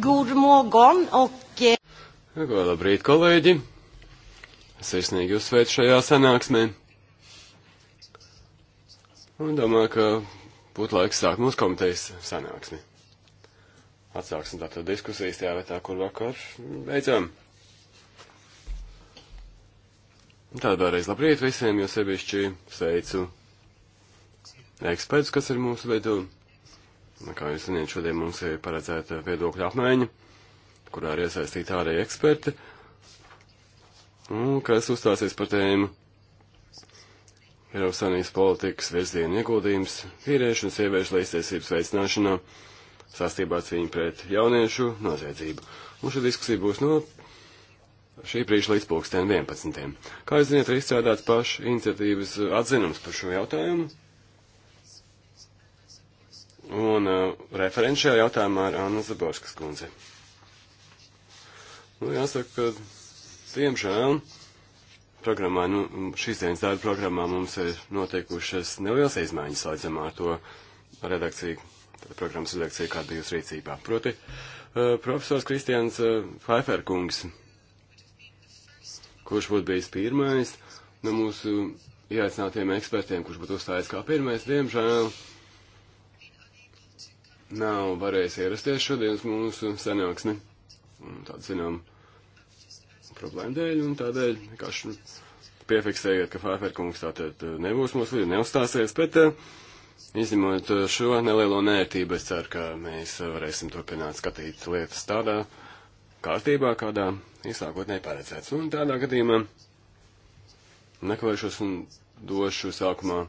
God morgon och... Labrīt, eh, kolēģi! Sirsnīgi jūs sveicu šajā sanāksmē. Un domāju, ka būtu laiks sākt mūsu komitejas sanāksmi. Atsāksim tātad diskusijas tajā vietā, kur vakar beidzām. Tātad vēlreiz labrīt visiem, jo sevišķi sveicu ekspertus, kas ir mūsu vidū. Kā jūs zināt, šodien mums ir paredzēta viedokļa apmaiņa, kurā ir iesaistīti ārēji eksperti, un kas uzstāsies par tēmu Eiropas Savienības politikas virzienu ieguldījums vīriešu un sieviešu līdztiesības veicināšanā sastībā cīņa pret jauniešu noziedzību. Un šī diskusija būs no šī brīža līdz pulkstēm 11. Kā jūs zināt, ir izstrādāts paši iniciatīvas atzinums par šo jautājumu. Un uh, referents šajā jautājumā ir Anna Zaborskas kundze. Nu, jāsaka, ka diemžēl programmā, nu, šīs dienas darba programmā mums ir notiekušas nelielas izmaiņas salīdzinājumā ar to redakciju, programmas redakciju, kāda bija jūsu rīcībā. Proti, uh, profesors Kristians uh, Pfeiferkungs, kurš būtu bijis pirmais no mūsu ieaicinātiem ekspertiem, kurš būtu uzstājies kā pirmais, diemžēl. Uh, nav varējis ierasties šodienas mūsu sanāksni. Tāda zinām problēma dēļ un tādēļ vienkārši piefiksējiet, ka Fāferkungs tātad eh, nebūs mūsu līdzi, neuzstāsies, bet eh, izņemot eh, šo nelielo nērtību, es ceru, ka mēs varēsim turpināt skatīt lietas tādā kārtībā, kādā izsākotnēji paredzēts. Un tādā gadījumā nekavēšos un došu sākumā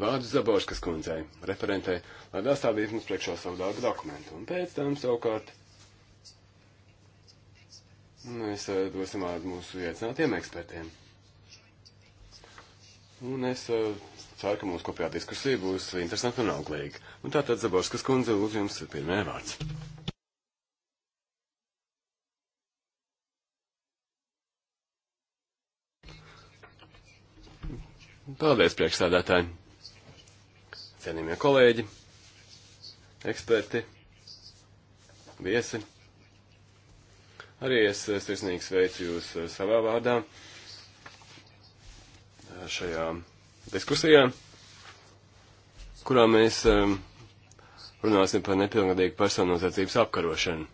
vārdu Zaborskas kundzei, referentei, lai dastādītu mums priekšā savu darbu dokumentu. Un pēc tam savukārt mēs eh, dosim vārdu mūsu iecinātiem ekspertiem. Un es eh, ceru, ka mūsu kopējā diskusija būs interesanta un auglīga. Un tātad Zaborskas kundze, lūdzu jums pirmie vārds. Paldies, priekšstādātāji! cienījamie kolēģi, eksperti, viesi. Arī es sirsnīgi sveicu jūs eh, savā vārdā eh, šajā diskusijā, kurā mēs eh, runāsim par nepilngadīgu personu nozadzības apkarošanu,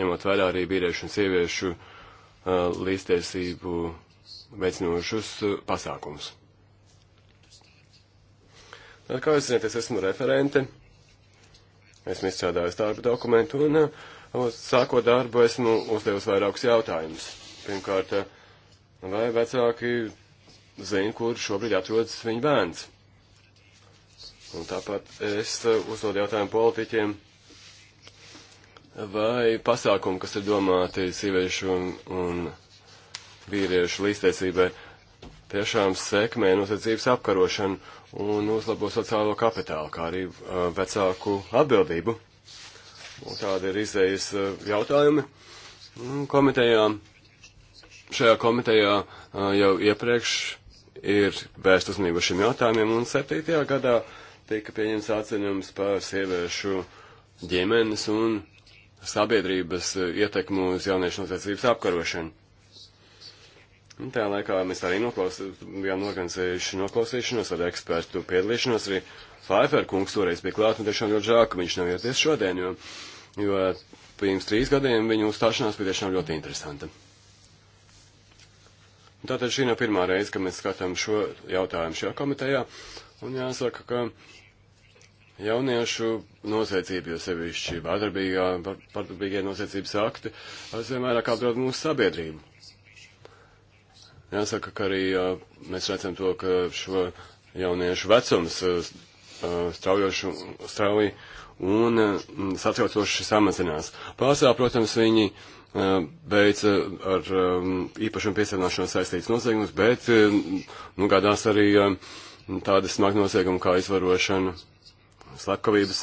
ņemot vērā arī vīriešu un sieviešu līdztiesību veicinošus pasākumus. Kā jūs zināt, es esmu referente, esmu izstrādājis darba dokumentu un uh, sākot darbu esmu uzdevusi vairākus jautājumus. Pirmkārt, uh, vai vecāki zina, kur šobrīd atrodas viņa bērns? Un tāpat es uh, uzdodu jautājumu politiķiem, vai pasākumi, kas ir domāti sieviešu un, un vīriešu līdztiesībai, tiešām sekmē nosacības apkarošanu un uzlabo sociālo kapitālu, kā arī uh, vecāku atbildību. Un tādi ir izējas uh, jautājumi mm, komitejā. Šajā komitejā uh, jau iepriekš ir vērst uzmanību šiem jautājumiem, un 7. gadā tika pieņems atceļums par sieviešu ģimenes un sabiedrības uh, ietekmu uz jauniešu noziedzības apkarošanu. Un nu, tajā laikā mēs arī noklaus, bijām nogansējuši noklausīšanos ar ekspertu piedalīšanos. Arī Pfeiffer kungs toreiz bija klāt, un tiešām ļoti žēl, ka viņš nav ieradies šodien, jo, jo pirms trīs gadiem viņu uzstāšanās bija tiešām ļoti interesanta. Tātad šī nav pirmā reize, kad mēs skatām šo jautājumu šajā komitejā, un jāsaka, ka jauniešu nosacība, jo sevišķi vārdarbīgie nosacības akti, aizvien vairāk apdraud mūsu sabiedrību. Jāsaka, ka arī mēs redzam to, ka šo jauniešu vecums straujoši, strauji un satraucoši samazinās. Pārsvarā, protams, viņi beidz ar īpašumu piesavināšanu saistīts noziegumus, bet nu, gādās arī tādas smagi noziegumi kā izvarošana, slepkavības.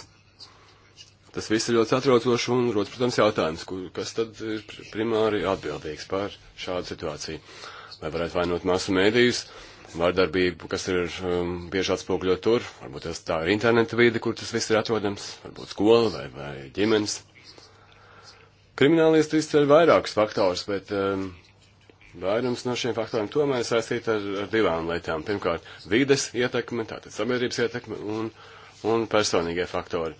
Tas viss ir ļoti satraucoši un rodas, protams, jautājums, kas tad ir primāri atbildīgs par šādu situāciju lai varētu vainot masu mēdījus, vardarbību, kas ir um, bieži atspūgļot tur, varbūt tas tā ir interneta vide, kur tas viss ir atrodams, varbūt skola vai, vai ģimenes. Kriminālisti izceļ vairākus faktorus, bet um, vairums no šiem faktoriem tomēr ir saistīta ar, ar divām lietām. Pirmkārt, vides ietekme, tātad sabiedrības ietekme un, un personīgie faktori.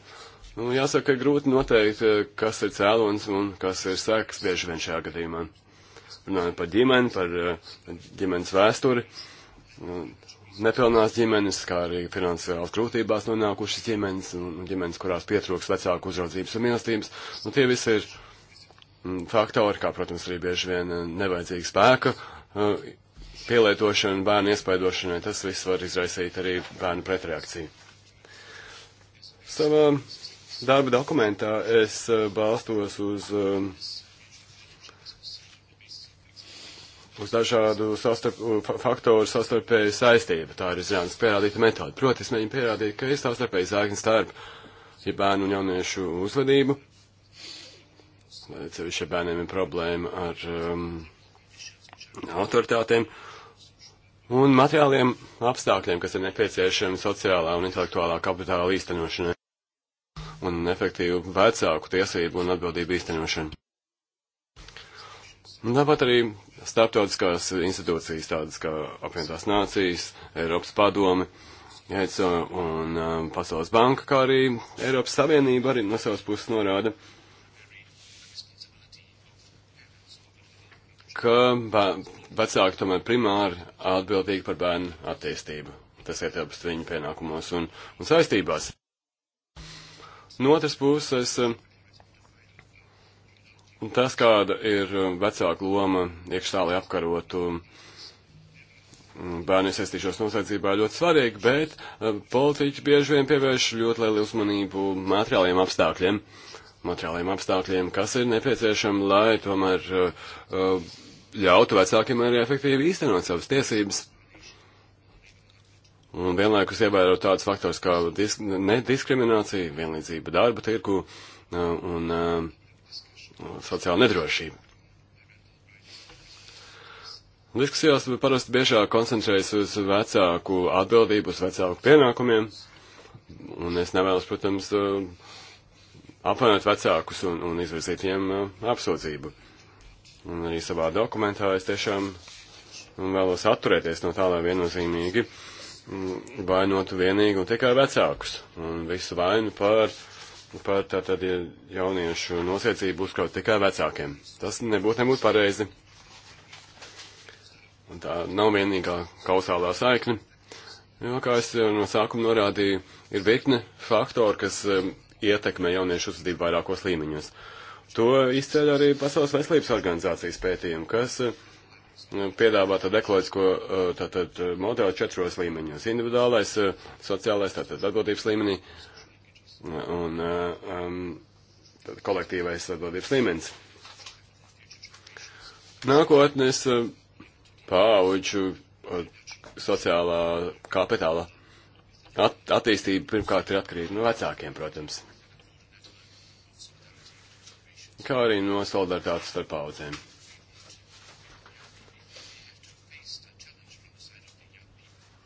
Nu, jāsaka, ka grūti noteikt, eh, kas ir cēlons un kas ir sekas bieži vien šajā gadījumā runājam par ģimeni, par, eh, par ģimenes vēsturi. Nepilnās ģimenes, kā arī finansiālās grūtībās nonākušas ģimenes un ģimenes, kurās pietrūks vecāku uzraudzības un mīlestības. Un tie visi ir mm, faktori, kā, protams, arī bieži vien eh, nevajadzīga spēka eh, pielietošana bērnu iespaidošanai. Tas viss var izraisīt arī bērnu pretreakciju. Savā darba dokumentā es balstos uz uh, uz dažādu sastarp, faktoru sastarpēju saistību. Tā ir zināms pierādīta metode. Proti, es mēģinu pierādīt, ka ir sastarpēji zākņi starp ja bērnu un jauniešu uzvedību. Cevišķi, ja bērniem ir problēma ar um, autoritātēm un materiāliem apstākļiem, kas ir nepieciešami sociālā un intelektuālā kapitāla īstenošanai un efektīvu vecāku tiesību un atbildību īstenošanu. Un tāpat arī starptautiskās institūcijas, tādas kā apvienotās nācijas, Eiropas padome, ECO uh, un um, Pasaules banka, kā arī Eiropas Savienība arī no savas puses norāda, ka vecāki tomēr primāri atbildīgi par bērnu attīstību. Tas ietilpst viņu pienākumos un, un saistībās. No otras puses, uh, Tas, kāda ir um, vecāka loma iekštālē apkarotu um, bērnu iesaistīšos noslēdzībā, ir ļoti svarīga, bet um, politiķi bieži vien pievērš ļoti lielu uzmanību materiāliem apstākļiem. Materiāliem apstākļiem, kas ir nepieciešami, lai tomēr uh, uh, ļautu vecākiem arī efektīvi īstenot savas tiesības. Un vienlaikus ievērot tādus faktors kā disk nediskriminācija, vienlīdzība darba tirku uh, un uh, sociāla nedrošība. Diskusijās parasti biežāk koncentrējas uz vecāku atbildību, uz vecāku pienākumiem, un es nevēlos, protams, eh, apvainot vecākus un, un izvirzīt viņiem eh, apsūdzību. Un arī savā dokumentā es tiešām mm, vēlos atturēties no tā, lai viennozīmīgi mm, vainotu vienīgi un tikai vecākus, un visu vainu par par tātad jauniešu nosacību uzkraut tikai vecākiem. Tas nebūtu nebūtu pareizi. Un tā nav vienīgā kausālā saikne. Jo, kā es eh, no sākuma norādīju, ir virkne faktori, kas um, ietekmē jauniešu uzvedību vairākos līmeņos. To izceļ arī Pasaules veselības organizācijas pētījumi, kas uh, piedāvā tādu ekoloģisko uh, tātad, modeli četros līmeņos - individuālais, uh, sociālais, tātad atbildības līmenī, uh, un um, eh, kolektīvais atbildības līmenis. Nākotnes eh, paaudžu eh, sociālā kapitāla at, attīstība pirmkārt ir atkarīga no vecākiem, protams. Kā arī no solidaritātes starp paudzēm.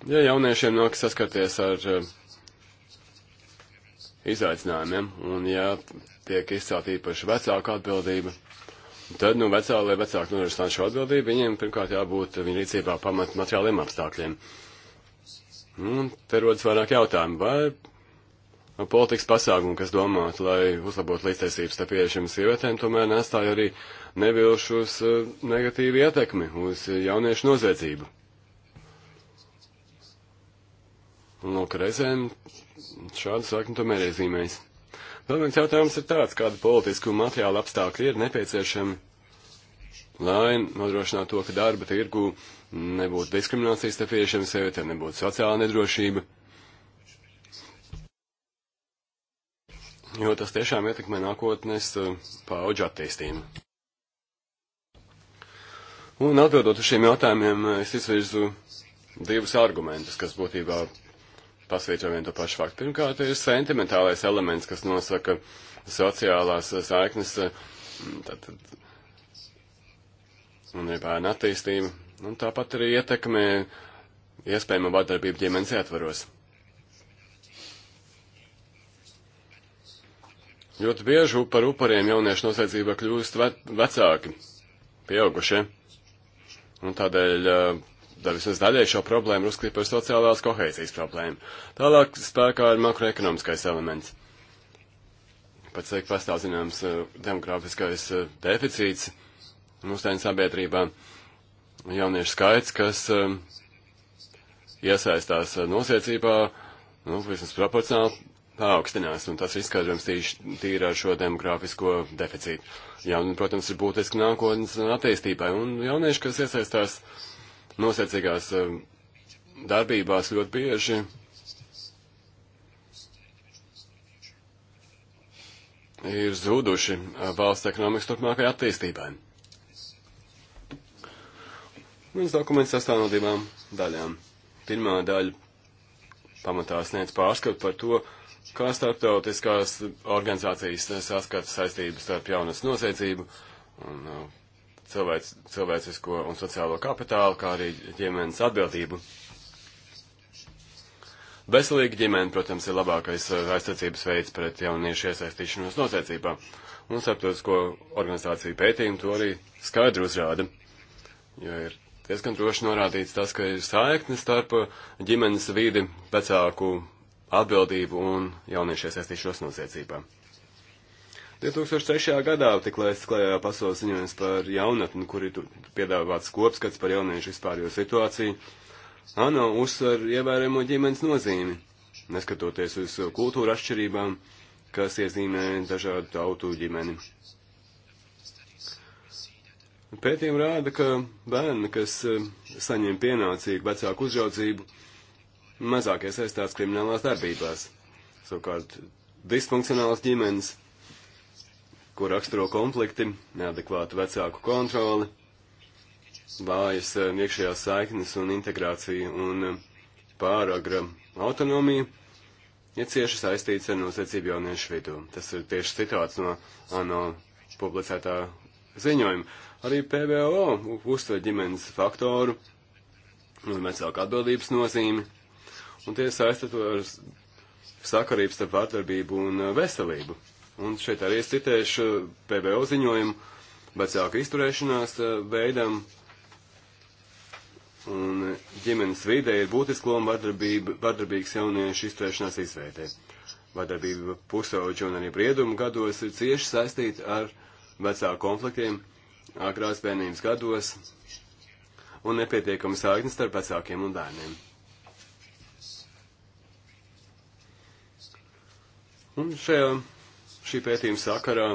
Ja jauniešiem nāk saskarties ar uh, izaicinājumiem, un ja tiek izcelt īpaši vecāka atbildība, tad, nu, vecā, lai vecāki nodrošinātu šo atbildību, viņiem pirmkārt jābūt viņa rīcībā pamat materiāliem apstākļiem. Un te rodas vairāk jautājumu, vai politikas pasākumi, kas domāti, lai uzlabotu līdztaisības starp vīriešiem un sievietēm, tomēr nestāja arī nevilšus eh, negatīvu ietekmi uz jauniešu noziedzību. Un, lūk, reizēm šādu sakni tomēr iezīmējas. Vēl viens jautājums ir tāds, kāda politisku materiālu apstākļi ir nepieciešami, lai nodrošinātu to, ka darba tirgu nebūtu diskriminācijas starp vīriešiem un sievietēm, nebūtu sociāla nedrošība. Jo tas tiešām ietekmē nākotnes eh, paauģu attīstību. Un atbildot uz šiem jautājumiem, eh, es izvirzu divus argumentus, kas būtībā pasvītro vienu to pašu faktu. Pirmkārt, ir sentimentālais elements, kas nosaka sociālās saiknes, tātad, eh, un ir bērna attīstība, un tāpat arī ietekme iespējama vardarbība ģimenes ietvaros. Ļoti bieži par upuriem jauniešu noslēdzībā kļūst ve vecāki, pieaugušie, un tādēļ uh, tad vismaz daļēji šo problēmu uzskatīt par sociālās kohēzijas problēmu. Tālāk spēkā ir makroekonomiskais elements. Pats teikt, pastāv zināms eh, demografiskais eh, deficīts mūsdienu sabiedrībā. Jauniešu skaits, kas eh, iesaistās nosiecībā, nu, vismaz proporcionāli paaugstinās, un tas izskaidrojums tīši tīri ar šo demografisko deficītu. Jā, un, protams, ir būtiski nākotnes attīstībai, un jaunieši, kas iesaistās nosacīgās um, darbībās ļoti bieži ir zuduši uh, valsts ekonomikas turpmākajai attīstībai. Viens dokuments sastāv no divām daļām. Pirmā daļa pamatā sniedz pārskatu par to, kā starptautiskās organizācijas saskata saistības starp jaunas nosacību un uh, cilvēc, cilvēcisko un sociālo kapitālu, kā arī ģimenes atbildību. Veselīga ģimene, protams, ir labākais uh, aizsardzības veids pret jauniešu iesaistīšanos noziedzībā, un starptautisko organizāciju pētījumu to arī skaidri uzrāda, jo ir diezgan droši norādīts tas, ka ir saikne starp uh, ģimenes vīdi, vecāku atbildību un jauniešu iesaistīšanos noziedzībā. 2006. gadā tik lēsts klējā pasaules ziņojums par jaunatni, kur ir piedāvāts kopskats par jauniešu vispārējo situāciju. ANO uzsver ievērojamo ģimenes nozīmi, neskatoties uz kultūra atšķirībām, kas iezīmē dažādu tautu ģimeni. Pētījumi rāda, ka bērni, kas eh, saņem pienācīgu vecāku uzraudzību, mazāk iesaistās kriminālās darbībās. Savukārt, disfunkcionālas ģimenes ko raksturo konflikti, neadekvāta vecāku kontroli, vājas eh, iekšējās saiknes un integrācija un eh, pāragra autonomija ir cieši saistīts ar nosacību jauniešu vidū. Tas ir tieši citāts no ANO publicētā ziņojuma. Arī PVO uztver ģimenes faktoru un vecāku atbildības nozīmi, un tie saista to ar sakarības starp vārdarbību un eh, veselību. Un šeit arī es citēšu PBO ziņojumu vecāku izturēšanās eh, veidam. Un ģimenes vidē ir būtiska loma vardarbīgas jauniešu izturēšanās izveidē. Vardarbība pusauģu un arī briedumu gados ir cieši saistīta ar vecāku konfliktiem, agrās bērnības gados un nepietiekama sāknes starp vecākiem un bērniem. Un šajā šī pētījuma sakarā.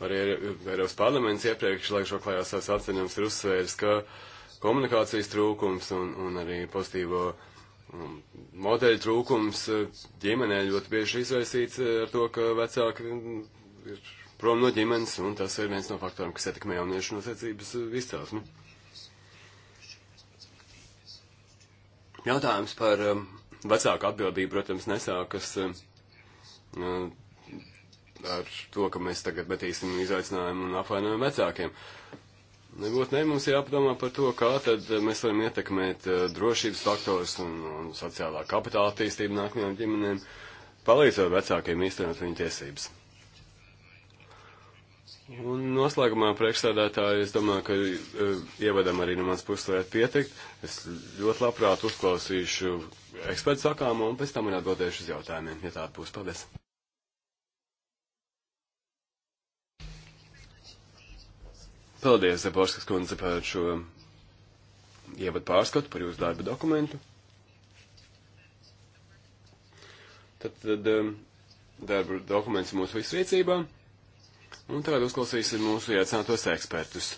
Arī Eiropas parlaments iepriekš laižo klājā savas atceņums ir uzsvērs, ka komunikācijas trūkums un, un arī pozitīvo um, modeļu trūkums uh, ģimenē ļoti bieži izraisīts uh, ar to, ka vecāki um, ir prom no ģimenes, un tas ir viens no faktoriem, kas ietekmē jauniešu nosacības uh, izcelsmi. Jautājums par um, vecāku atbildību, protams, nesākas um, ar to, ka mēs tagad metīsim izaicinājumu un apvainojam vecākiem. Nebūt ne, mums jāpadomā par to, kā tad mēs varam ietekmēt eh, drošības faktors un, un sociālā kapitāla attīstību nākamajām ģimenēm, palīdzot vecākiem īstenot viņu tiesības. Un noslēgumā priekšstādātāji, es domāju, ka eh, ievadam arī no mans puses varētu pietikt. Es ļoti labprāt uzklausīšu ekspertu sakāmo un pēc tam arī atbildēšu uz jautājumiem, ja tāda būs. Paldies! Paldies, Zaborskas kundze, par šo ievadu pārskatu, par jūsu darba dokumentu. Tad, tad um, darba dokuments mūsu visu rīcībā, un tagad uzklausīsim mūsu iecinātos ekspertus.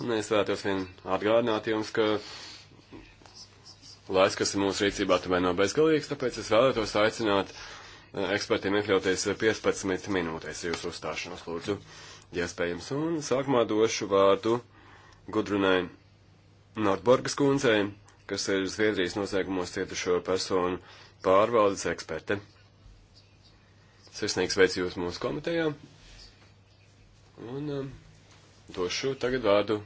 Un es vēlētos vien atgādināt jums, ka laiks, kas ir mūsu rīcībā, tomēr nav bezgalīgs, tāpēc es vēlētos aicināt uh, ekspertiem iekļauties 15 minūtēs jūsu uzstāšanos, lūdzu iespējams. Un sākumā došu vārdu Gudrunai Nortborgas kundzei, kas ir Zviedrijas noslēgumos cietušo personu pārvaldes eksperte. Sirsnīgs veids jūs mūsu komitejā. Un um, došu tagad vārdu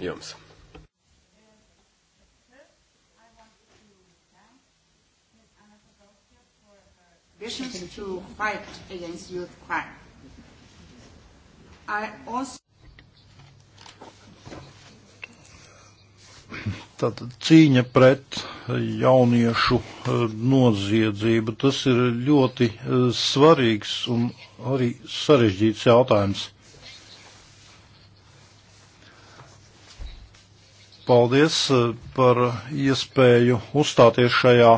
jums. visions to fight against youth crime. Also... Tātad cīņa pret jauniešu eh, noziedzību, tas ir ļoti eh, svarīgs un arī sarežģīts jautājums. Paldies eh, par iespēju uzstāties šajā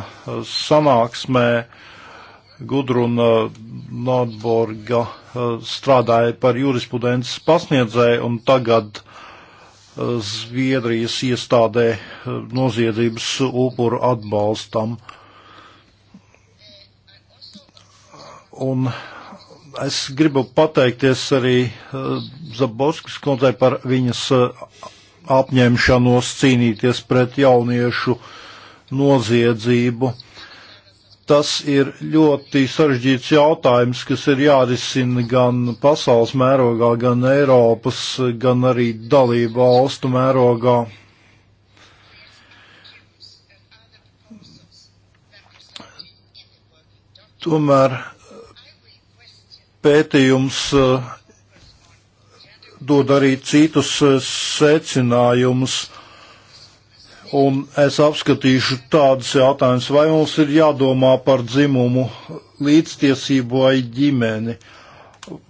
sanāksmē. Gudruna uh, Nordborga uh, strādāja par jurisprudences pasniedzēju un tagad uh, Zviedrijas iestādē noziedzības upuru atbalstam. Un es gribu pateikties arī Zaboskas kundzei par viņas apņemšanos cīnīties pret jauniešu noziedzību Tas ir ļoti sarežģīts jautājums, kas ir jārisina gan pasaules mērogā, gan Eiropas, gan arī dalību valstu mērogā. Tomēr pētījums uh, dod arī citus uh, secinājumus Un es apskatīšu tādus jautājumus, vai mums ir jādomā par dzimumu līdztiesību vai ģimeni,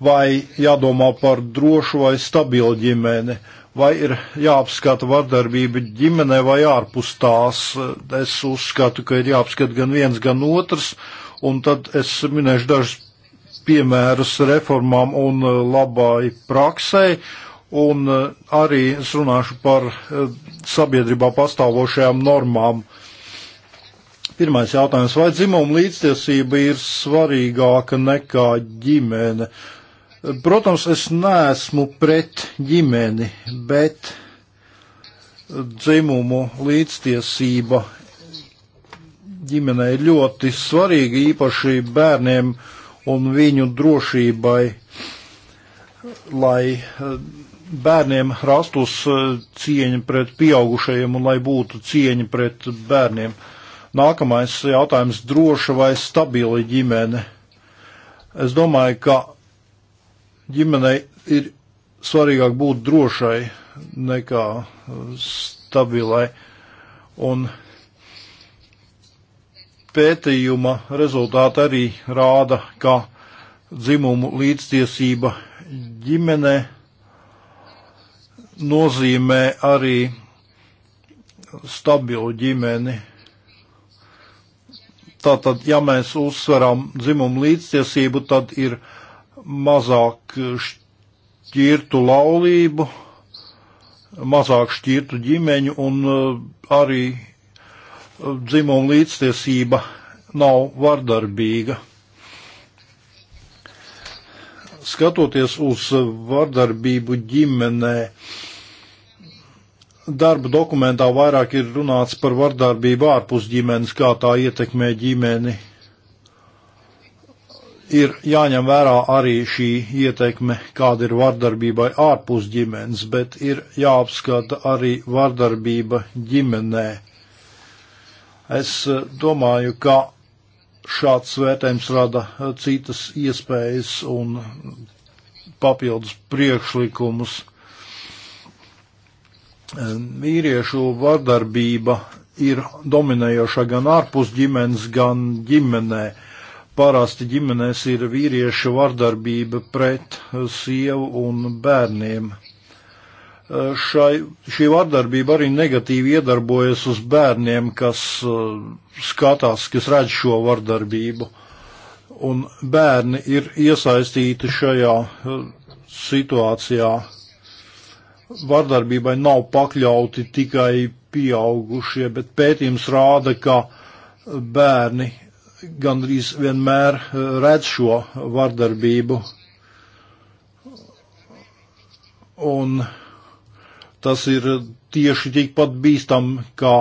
vai jādomā par drošu vai stabilu ģimeni, vai ir jāapskata vardarbība ģimenē vai ārpus tās. Es uzskatu, ka ir jāapskata gan viens, gan otrs, un tad es minēšu dažus piemērus reformām un labai praksēji un eh, arī es runāšu par eh, sabiedrībā pastāvošajām normām. Pirmais jautājums, vai dzimuma līdztiesība ir svarīgāka nekā ģimene? Protams, es neesmu pret ģimeni, bet eh, dzimumu līdztiesība ģimenei ļoti svarīga, īpaši bērniem un viņu drošībai, lai bērniem rastos e, cieņa pret pieaugušajiem un lai būtu cieņa pret bērniem. Nākamais jautājums - droša vai stabila ģimene? Es domāju, ka ģimenei ir svarīgāk būt drošai nekā e, stabilai. Un pētījuma rezultāti arī rāda, ka dzimumu līdztiesība ģimenei nozīmē arī stabilu ģimeni. Tātad, ja mēs uzsveram dzimumu līdztiesību, tad ir mazāk šķirtu laulību, mazāk šķirtu ģimeņu un e, arī e, dzimumu līdztiesība nav vardarbīga skatoties uz vardarbību ģimenē, darba dokumentā vairāk ir runāts par vardarbību ārpus ģimenes, kā tā ietekmē ģimeni. Ir jāņem vērā arī šī ietekme, kāda ir vardarbībai ārpus ģimenes, bet ir jāapskata arī vardarbība ģimenē. Es eh, domāju, ka šāds vērtējums rada eh, citas iespējas un papildus priekšlikumus. Mīriešu eh, vardarbība ir dominējoša gan ārpus ģimenes, gan ģimenē. Parasti ģimenēs ir vīrieša vardarbība pret eh, sievu un bērniem šai, šī vardarbība arī negatīvi iedarbojas uz bērniem, kas eh, skatās, kas redz šo vardarbību. Un bērni ir iesaistīti šajā eh, situācijā. Vardarbībai nav pakļauti tikai pieaugušie, bet pētījums rāda, ka bērni gandrīz vienmēr eh, redz šo vardarbību. Un uh, tas ir tieši tikpat bīstam kā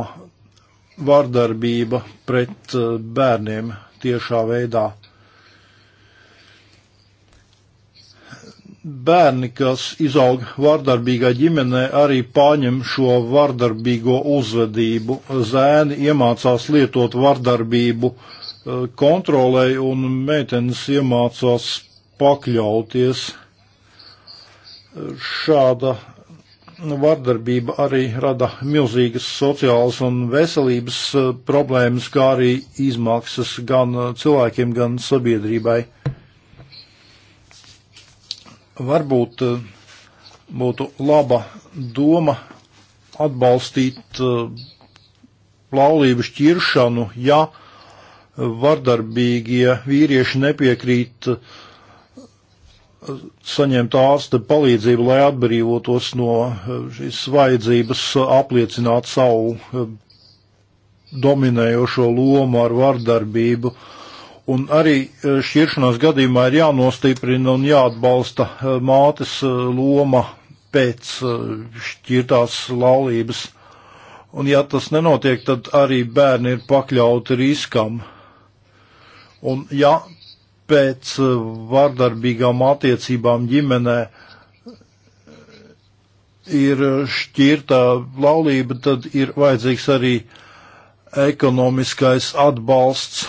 vardarbība pret eh, bērniem tiešā veidā. Bērni, kas izaug vardarbīgā ģimenē, arī pāņem šo vardarbīgo uzvedību. Zēni iemācās lietot vardarbību eh, kontrolē, un meitenes iemācās pakļauties šāda vardarbība arī rada milzīgas sociālas un veselības eh, problēmas, kā arī izmaksas gan eh, cilvēkiem, gan sabiedrībai. Varbūt eh, būtu laba doma atbalstīt laulību šķiršanu, ja vardarbīgie vīrieši nepiekrīt uh, saņemt ārsta palīdzību, lai atbrīvotos no eh, šīs vajadzības apliecināt savu eh, dominējošo lomu ar vardarbību. Un arī eh, šķiršanās gadījumā ir jānostiprina un jāatbalsta mātes loma pēc šķirtās laulības. Un ja tas nenotiek, tad arī bērni ir pakļauti riskam. Un ja pēc eh, vardarbīgām attiecībām ģimenē eh, ir šķirta laulība, tad ir vajadzīgs arī ekonomiskais atbalsts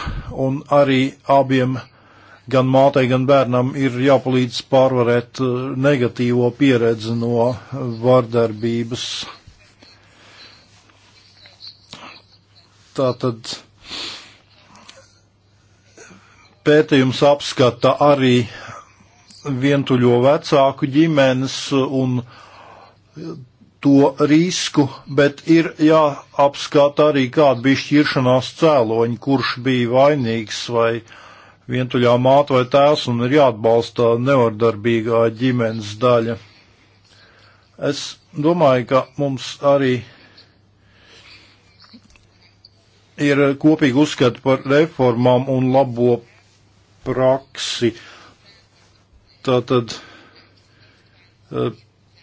un arī abiem gan mātei, gan bērnam ir jāpalīdz pārvarēt eh, negatīvo pieredzi no vardarbības. Tātad Pētījums apskata arī vientuļo vecāku ģimenes un to risku, bet ir jāapskata arī kāda bija šķiršanās cēloņa, kurš bija vainīgs vai vientuļā māte vai tēvs un ir jāatbalsta nevardarbīgā ģimenes daļa. Es domāju, ka mums arī ir kopīgi uzskati par reformām un labo praksi. Tātad e,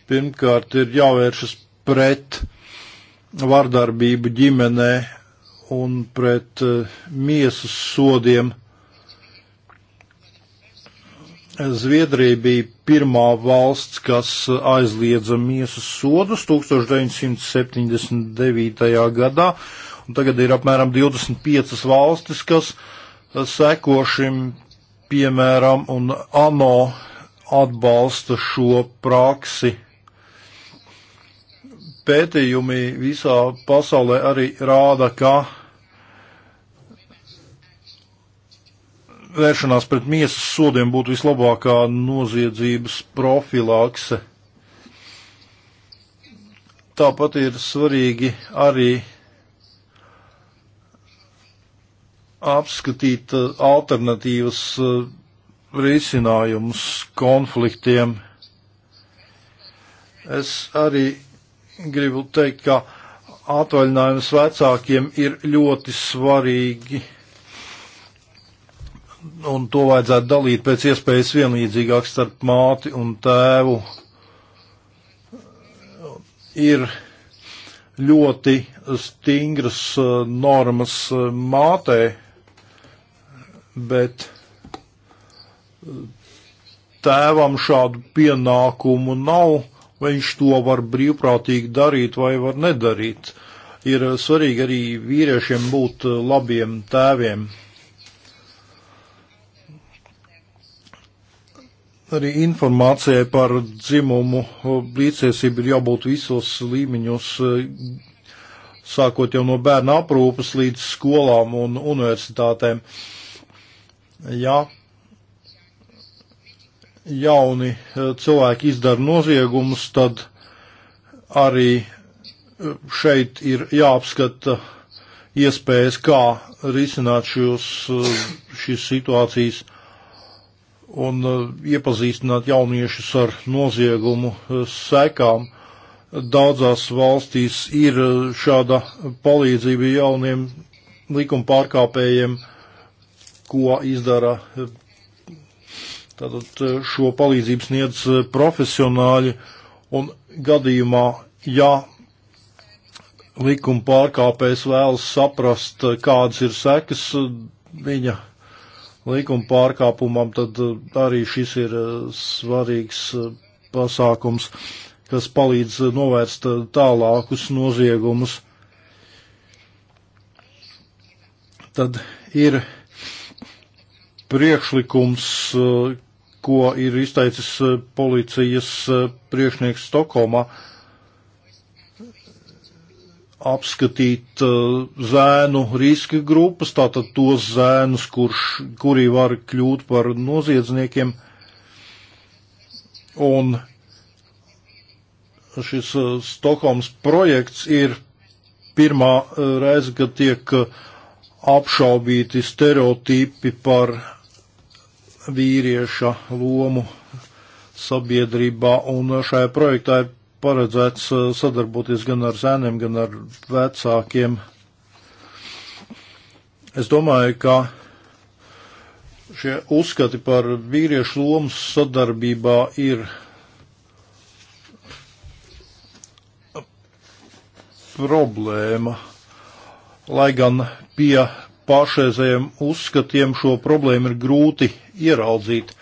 pirmkārt ir jāvēršas pret vardarbību ģimenē un pret e, miesas sodiem. Zviedrija bija pirmā valsts, kas aizliedza miesas sodus 1979. gadā, un tagad ir apmēram 25 valstis, kas e, seko šim piemēram, un ANO atbalsta šo praksi. Pētījumi visā pasaulē arī rāda, ka vēršanās pret miesas sodiem būtu vislabākā noziedzības profilakse. Tāpat ir svarīgi arī apskatīt eh, alternatīvas eh, risinājumus konfliktiem. Es arī gribu teikt, ka atvaļinājums vecākiem ir ļoti svarīgi, un to vajadzētu dalīt pēc iespējas vienlīdzīgāk starp māti un tēvu. Ir ļoti stingras eh, normas mātei bet eh, tēvam šādu pienākumu nav, viņš to var brīvprātīgi darīt vai var nedarīt. Ir eh, svarīgi arī vīriešiem būt eh, labiem tēviem. Arī informācijai par dzimumu līdziesību ir jābūt visos līmeņos, sākot jau no bērna aprūpas līdz skolām un universitātēm. Uh, ja jauni eh, cilvēki izdara noziegumus, tad arī eh, šeit ir jāapskata iespējas, kā risināt šos, eh, šīs situācijas un iepazīstināt jauniešus ar noziegumu sekām. Daudzās valstīs ir šāda palīdzība jauniem likuma pārkāpējiem. Uh, ko izdara tātad eh, šo palīdzību sniedz eh, profesionāļi un gadījumā, ja likuma pārkāpējs vēlas saprast, eh, kādas ir sekas viņa likuma pārkāpumam, tad arī šis ir svarīgs pasākums, kas palīdz novērst tālākus noziegumus. Tad ir priekšlikums, eh, ko ir izteicis eh, policijas eh, priekšnieks Stokholmā, apskatīt zēnu riska grupas, tātad tos zēnus, kurš, kuri var kļūt par noziedzniekiem. Un šis Stokholmas projekts ir pirmā reize, kad tiek apšaubīti stereotipi par vīrieša lomu sabiedrībā, un šajā projektā ir paredzēts uh, sadarboties gan ar zēniem, gan ar vecākiem. Es domāju, ka šie uzskati par vīriešu lomu sadarbībā ir problēma, lai gan pie pašreizējiem uzskatiem šo problēmu ir grūti ieraudzīt,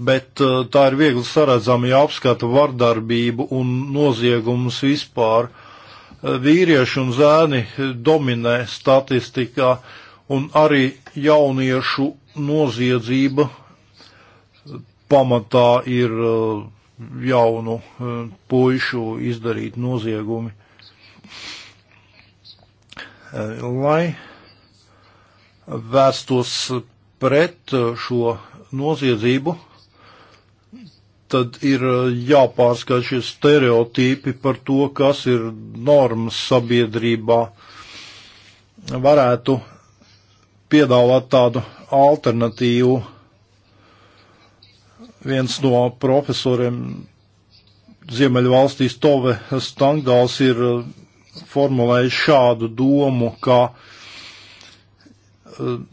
bet uh, tā ir viegli saredzama, ja apskata vardarbību un noziegumus vispār. Uh, vīrieši un zēni dominē statistikā, un arī jauniešu noziedzība pamatā ir uh, jaunu puišu izdarīt noziegumi. Lai vērstos pret uh, šo noziedzību, tad ir uh, jāpārskata šie stereotipi par to, kas ir normas sabiedrībā. Varētu piedāvāt tādu alternatīvu. Viens no profesoriem Ziemeļvalstīs Tove Stangdāls ir uh, formulējis šādu domu, ka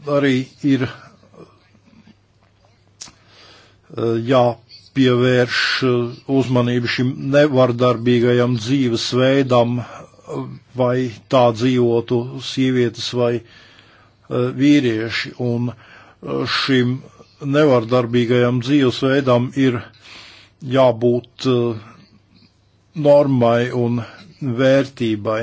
arī ir jāpievērš uh, uzmanība šim nevardarbīgajam dzīvesveidam, uh, vai tā dzīvotu sievietes vai uh, vīrieši. Un šim nevardarbīgajam dzīvesveidam ir jābūt normai un vērtībai.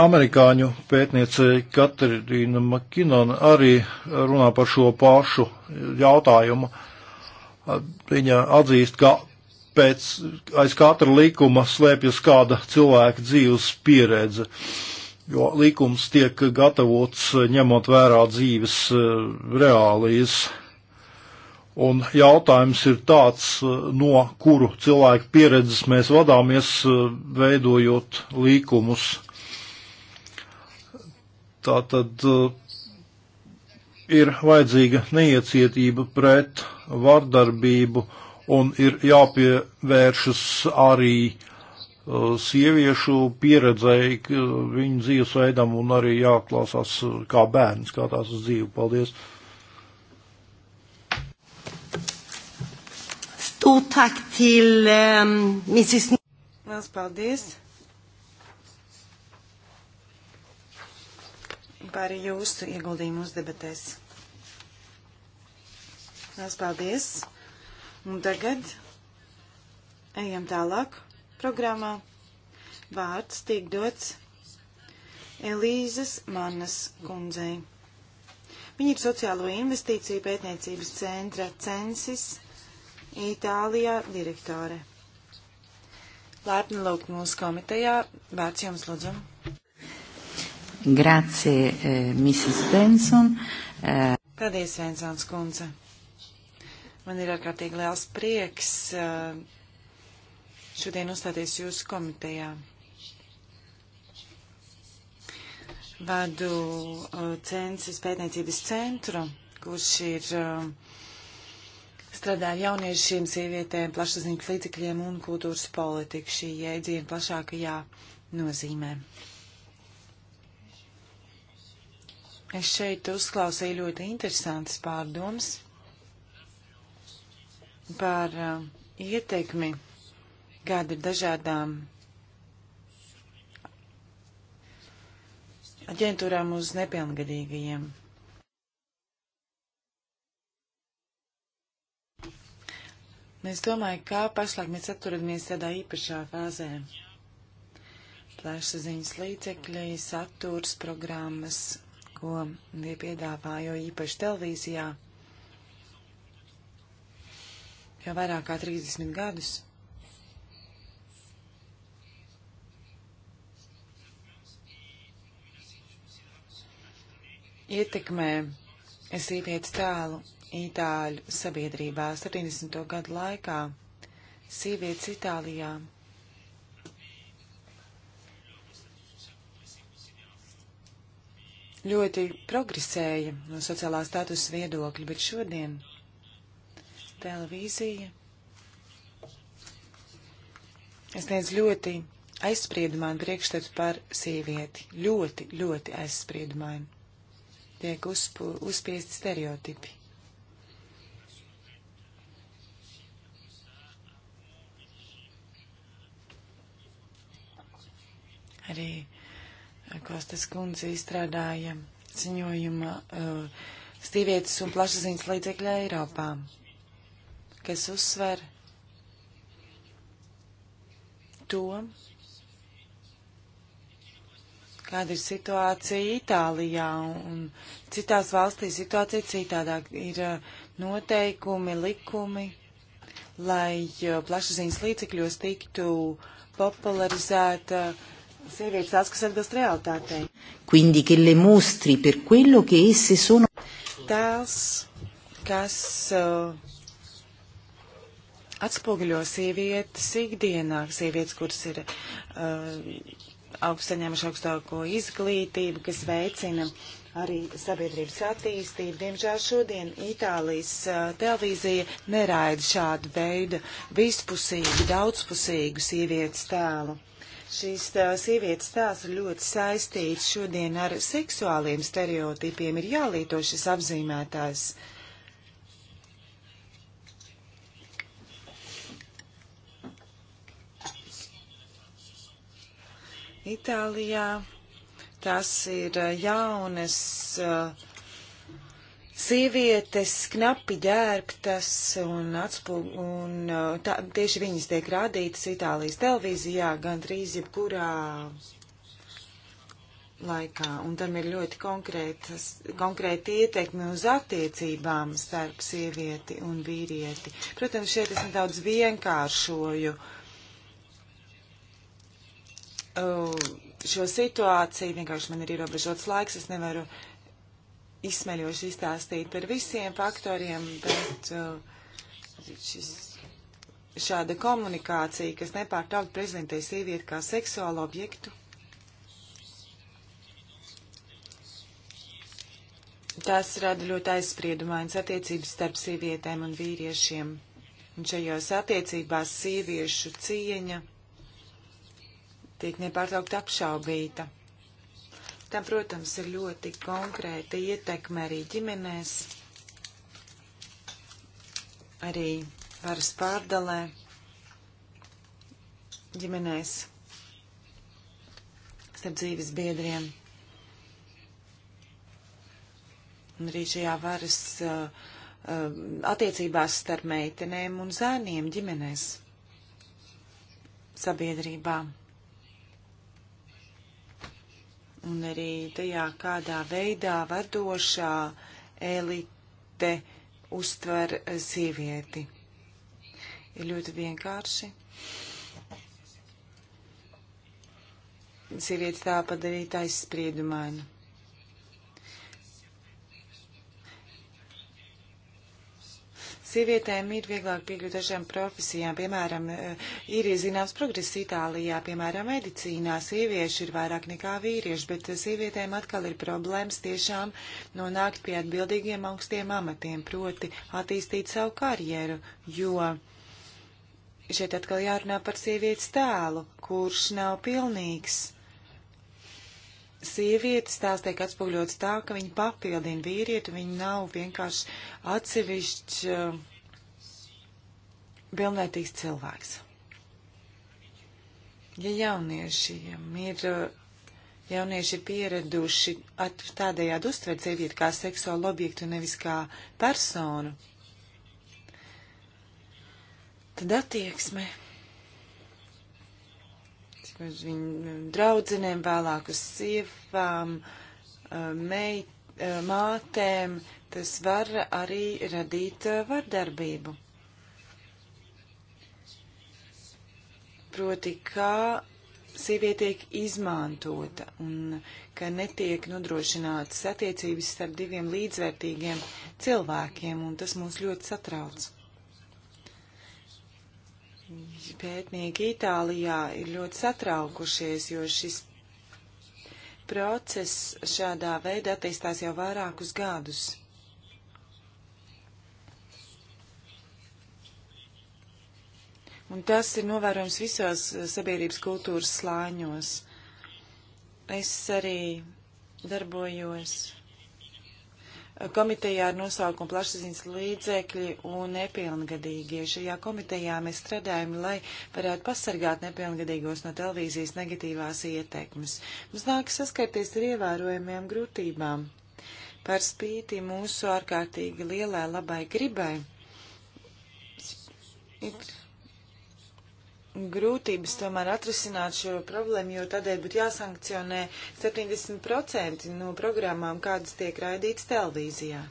Amerikāņu pētniece Katerina Makinona arī runā par šo pašu jautājumu. Viņa atzīst, ka pēc aiz katra likuma slēpjas kāda cilvēka dzīves pieredze, jo likums tiek gatavots ņemot vērā dzīves eh, reālijas. Un jautājums ir tāds, eh, no kuru cilvēku pieredzes mēs vadāmies, eh, veidojot līkumus. Tā tad uh, ir vajadzīga neiecietība pret vardarbību un ir jāpievēršas arī uh, sieviešu pieredzēji, viņu dzīvesveidam un arī jāklāsās uh, kā bērns, kā tās uz dzīvi. Paldies! Stort tack till um, Mrs. Liels paldies! par jūsu ieguldījumu mūsu debatēs. Lielas paldies! Un tagad ejam tālāk programmā. Vārds tiek dots Elīzes Mannas kundzei. Viņa ir sociālo investīciju pētniecības centra Censis Itālijā direktore. Lēpni lūgt mūsu komitejā. Vārds jums lūdzu. Grazie, eh, Mrs. Benson. Eh. Paldies, Vensons kundze. Man ir ārkārtīgi liels prieks eh, šodien uzstāties jūsu komitejā. Vadu eh, Censis pētniecības centru, kurš ir eh, strādā ar jauniešiem, sievietēm, plašsaziņas līdzekļiem un kultūras politiku šī jēdziena plašākajā nozīmē. Es šeit uzklausīju ļoti interesantas pārdomas par uh, ietekmi, kāda ir dažādām aģentūrām uz nepilngadīgajiem. Es domāju, kā pašlaik mēs aturamies tādā īpašā fāzē. Plašsaziņas līdzekļi, saturs, programmas, ko viņi piedāvā, jo īpaši televīzijā jau vairāk kā 30 gadus. Ietekmē sievietes tēlu Itāļu sabiedrībā 70. gadu laikā sievietes Itālijā ļoti progresēja no sociālā statusa viedokļa, bet šodien televīzija sniedz ļoti aizspriedumānu priekšstatu par sievieti. Ļoti, ļoti aizspriedumānu. Tiek uzpu, uzspiesti stereotipi. Arī Kostas kundze izstrādāja ziņojuma uh, stīvietas un plašsaziņas līdzekļa Eiropā, kas uzsver to, kāda ir situācija Itālijā un citās valstīs situācija citādāk. Ir uh, noteikumi, likumi, lai uh, plašsaziņas līdzekļos tiktu popularizēta uh, sievietes tās, kas atbilst realitātei. Quindi che le mostri per quello che esse sono. Tās, kas uh, atspoguļo sievietes ikdienā, sievietes, kuras ir uh, augstsaņēmuši augstāko izglītību, kas veicina arī sabiedrības attīstību. Diemžēl šodien Itālijas uh, televīzija neraida šādu veidu vispusīgu, daudzpusīgu sievietes tēlu. Šīs sievietes stāsts ir ļoti saistīts šodien ar seksuāliem stereotipiem. Ir jālīto šis apzīmētājs. Itālijā tas ir eh, jaunas uh, sievietes knapi ģērbtas un, atspū, un uh, tā, tieši viņas tiek rādītas Itālijas televīzijā gandrīz jebkurā laikā. Un tam ir ļoti konkrēta ietekme uz attiecībām starp sievieti un vīrieti. Protams, šeit es nedaudz vienkāršoju uh, šo situāciju. Vienkārši man ir ierobežots laiks, es nevaru. Uh, izsmeļoši izstāstīt par visiem faktoriem, bet uh, šis, šāda komunikācija, kas nepārtraukt prezentē sievieti kā seksuālu objektu, tās rada ļoti aizspriedumainas attiecības starp sievietēm un vīriešiem. Un šajos attiecībās sieviešu cieņa tiek nepārtraukt apšaubīta. Tam, protams, ir ļoti konkrēta ietekme arī ģimenēs, arī varas pārdalē ģimenēs starp dzīves biedriem. Un arī šajā varas uh, uh, attiecībās starp meitenēm un zēniem ģimenēs sabiedrībā un arī tajā, kādā veidā vadošā elite uztver eh, sievieti. Ir ļoti vienkārši. Sievietes tā padarīta aizspriedumaina. Sievietēm ir vieglāk piekļūt dažām profesijām, piemēram, e, ir zināms progress Itālijā, piemēram, medicīnā sievieši ir vairāk nekā vīrieši, bet sievietēm atkal ir problēmas tiešām nonākt pie atbildīgiem augstiem amatiem, proti attīstīt savu karjeru, jo šeit atkal jārunā par sievietes tēlu, kurš nav pilnīgs sievietes tās tiek atspūļotas tā, ka viņi papildina vīrieti, viņi nav vienkārši atsevišķs eh, pilnvērtīgs uh, cilvēks. Ja jauniešiem ir, eh, jaunieši ir pieraduši at, tādējādi uztvert sievieti kā seksuālu objektu, nevis kā personu, tad attieksme uz viņu um, draudzenēm, vēlāk uz sievām, uh, mei, uh, mātēm, tas var arī radīt uh, vardarbību. Proti, kā sieviete tiek izmantota un ka netiek nodrošinātas attiecības starp diviem līdzvērtīgiem cilvēkiem, un tas mūs ļoti satrauc pētnieki Itālijā ir ļoti satraukušies, jo šis process šādā veidā attīstās jau vairākus gadus. Un tas ir novērojams visos sabiedrības kultūras slāņos. Es arī darbojos komitejā ar nosaukumu plašsaziņas līdzekļi un nepilngadīgie. Šajā komitejā mēs strādājam, lai varētu pasargāt nepilngadīgos no televīzijas negatīvās ietekmes. Mums nākas saskarties ar ievērojumiem grūtībām. Par spīti mūsu ārkārtīgi lielai labai gribai. Ir grūtības tomēr atrisināt šo problēmu, jo tādēļ būtu jāsankcionē 70% no programmām, kādas tiek raidītas televīzijā.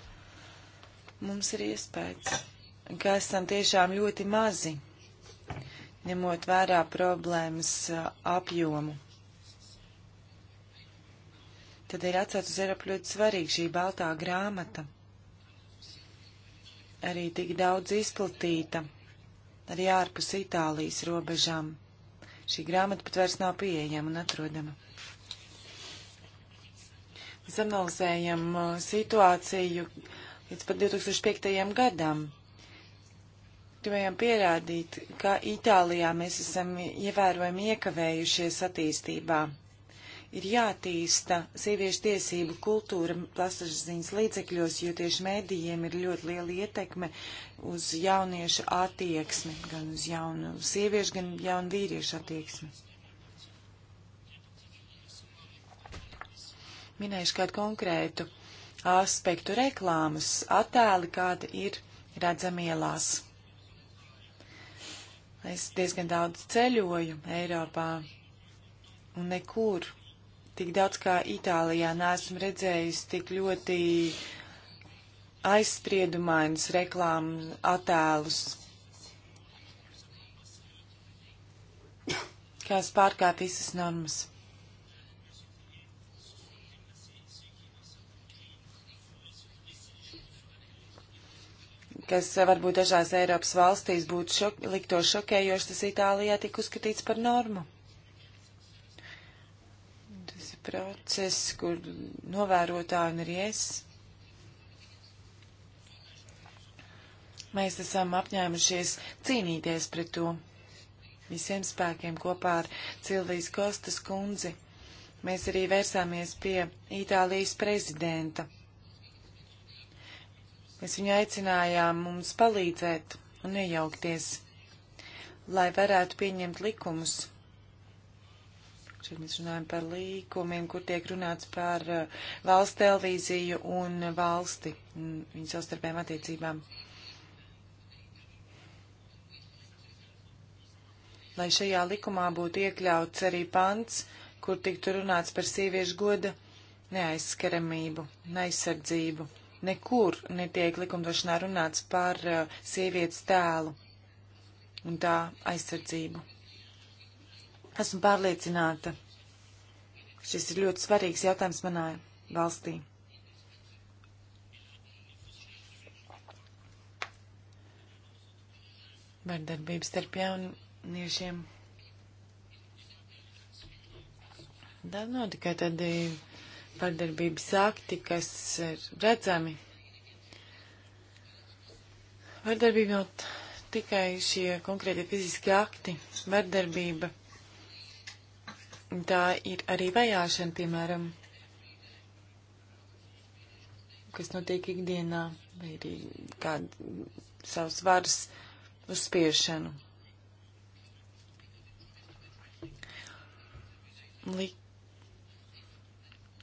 Mums ir iespējas, ka esam tiešām ļoti mazi, ņemot vērā problēmas apjomu. Tad ir atcelt uz Eiropu ļoti svarīga šī baltā grāmata. Arī tik daudz izplatīta arī ārpus Itālijas robežām. Šī grāmata pat vairs nav pieejama un atrodama. Mēs analizējam uh, situāciju līdz pat 2005. gadam. Gribējām pierādīt, ka Itālijā mēs esam ievērojami iekavējušies attīstībā ir jātīsta sieviešu tiesību kultūra plasažziņas līdzekļos, jo tieši mēdījiem ir ļoti liela ietekme uz jauniešu attieksmi, gan uz jaunu sieviešu, gan jaunu vīriešu attieksmi. Minējuši kādu konkrētu aspektu reklāmas attēli, kāda ir redzama ielās. Es diezgan daudz ceļoju Eiropā un nekur Tik daudz kā Itālijā neesmu redzējusi tik ļoti aizspriedumainus reklāmu attēlus, kas pārkāpj visas normas. kas varbūt dažās Eiropas valstīs būtu šok, likto šokējoši, tas Itālijā tika uzskatīts par normu process, kur novērotāji un arī es. Mēs esam apņēmušies cīnīties pret to visiem spēkiem kopā ar Cilvijas Kostas kundzi. Mēs arī vērsāmies pie Itālijas prezidenta. Mēs viņu aicinājām mums palīdzēt un nejaukties, lai varētu pieņemt likumus Šeit mēs runājam par līkumiem, kur tiek runāts par eh, valsts televīziju un valsti un viņu savstarpējām attiecībām. Lai šajā likumā būtu iekļauts arī pants, kur tiktu runāts par sieviešu goda neaizskaramību, neaizsardzību. Nekur netiek likumdošanā runāts par eh, sievietes tēlu un tā aizsardzību. Esmu pārliecināta, šis ir ļoti svarīgs jautājums manā valstī. Vardarbība starp jauniešiem. Tā nav tikai tādi vardarbības akti, kas ir redzami. Vardarbība nav tikai šie konkrēti fiziski akti. Vardarbība tā ir arī vajāšana, piemēram, kas notiek ikdienā, vai arī kāda savas varas uzspiešanu. Lik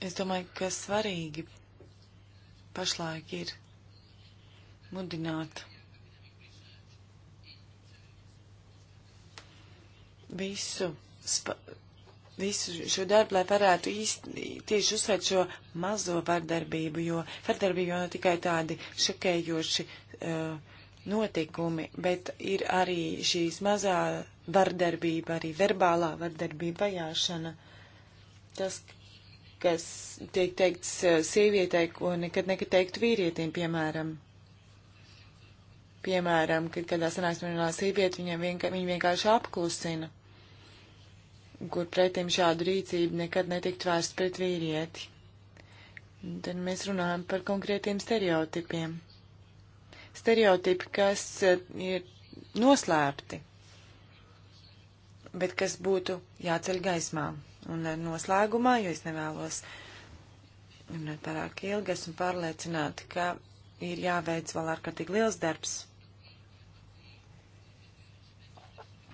es domāju, ka svarīgi pašlaik ir mudināt visu. Spa visu šo darbu, lai varētu īsti, tieši uzsvērt šo mazo vardarbību, jo vardarbība jau nav tikai tādi šokējoši uh, notikumi, bet ir arī šīs mazā vardarbība, arī verbālā vardarbība vajāšana. Tas, kas tiek teikts uh, sievietei, ko nekad nekad teikt vīrietim, piemēram piemēram, kad kādā sanāksmē runā sieviete, viņa, vienka, viņa vienkārši apklusina kur pretim šādu rīcību nekad netikt vērst pret vīrieti. Un tad mēs runājam par konkrētiem stereotipiem. Stereotipi, kas e, ir noslēpti, bet kas būtu jāceļ gaismā. Un noslēgumā, jo es nevēlos runāt pārāk ilgi, esmu pārliecināta, ka ir jāveic vēl ārkārtīgi liels darbs,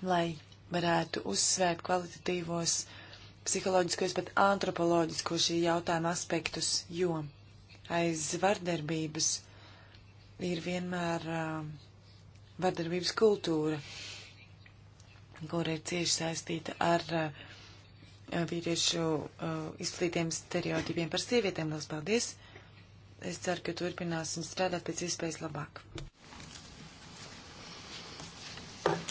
lai varētu uzsvērt kvalitatīvos, psiholoģiskos, pat antropoloģiskos šī jautājuma aspektus, jo aiz vardarbības ir vienmēr uh, vardarbības kultūra, kura ir cieši saistīta ar uh, vīriešu uh, izplatītiem stereotipiem par sievietēm. Lielas paldies! Es ceru, ka turpināsim strādāt pēc iespējas labāk.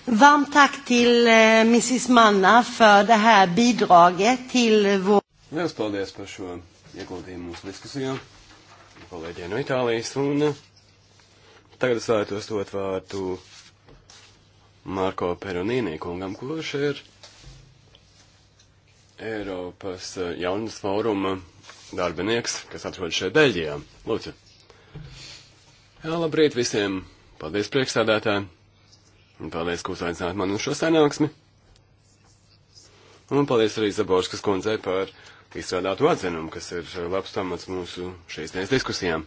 Varmt tack till eh, Mrs Manna för det här bidraget till vår... Liels paldies par šo ieguldījumu mūsu diskusijā. Kolēģiem no Itālijas un eh, tagad es vēlētos dot vārdu Marko Peronīnī kungam, kurš ir Eiropas eh, jaunas fóruma darbinieks, kas atrodas šeit Beļģijā. Lūdzu. Jā, labrīt visiem. Paldies priekšstādātājiem. Un paldies, ka uzaicinājāt mani uz šo sanāksmi. Un paldies arī Zaborskas kundzei par izstrādātu atzinumu, kas ir labs pamats mūsu šīs dienas diskusijām.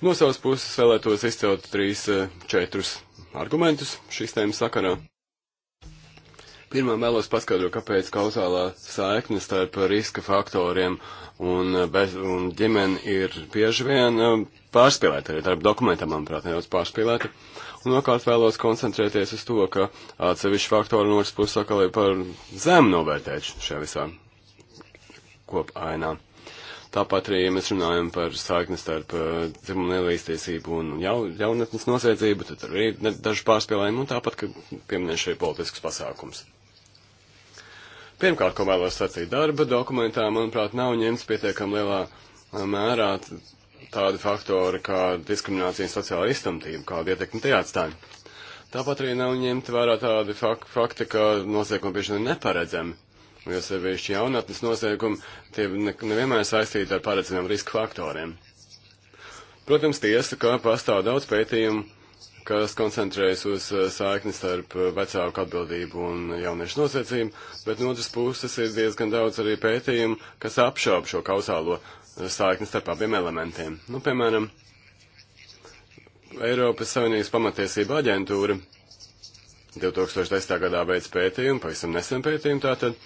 No savas puses vēlētos izcelt trīs, eh, četrus argumentus šīs tēmas sakarā. Pirmām vēlos paskaidrot, kāpēc kauzālā saikne starp riska faktoriem un, eh, bez, un ģimeni ir bieži vien eh, pārspīlēta, arī darba dokumentā, manuprāt, nedaudz pārspīlēta. Un nu, otrkārt vēlos koncentrēties uz to, ka atsevišķi faktori no otras puses atkal ir par zem novērtēt šajā visā kopainā. Tāpat arī, ja mēs runājam par saiknes starp uh, dzimumu nelīstiesību un jau, jaunatnes noziedzību, tad arī daži pārspēlējumi un tāpat, ka pieminēšu arī politiskus pasākums. Pirmkārt, ko vēlos sacīt, darba dokumentā, manuprāt, nav ņemts pietiekam lielā uh, mērā tādi faktori kā diskriminācija un sociāla iztumtība, kādu ietekmi tie atstāja. Tāpat arī nav ņemti vērā tādi fak fakti, ka noziegumi bieži vien neparedzami, jo sevišķi jaunatnes noziegumi tie ne nevienmēr saistīti ar paredzamiem riska faktoriem. Protams, tiesa, ka pastāv daudz pētījumu, kas koncentrējas uz uh, saikni starp uh, vecāku atbildību un jauniešu nosacījumu, bet no otras puses ir diezgan daudz arī pētījumu, kas apšauba šo kausālo sākni starp abiem elementiem. Nu, piemēram, Eiropas Savienības pamatiesība aģentūra 2010. gadā veids pētījumu, pavisam nesen pētījumu tātad,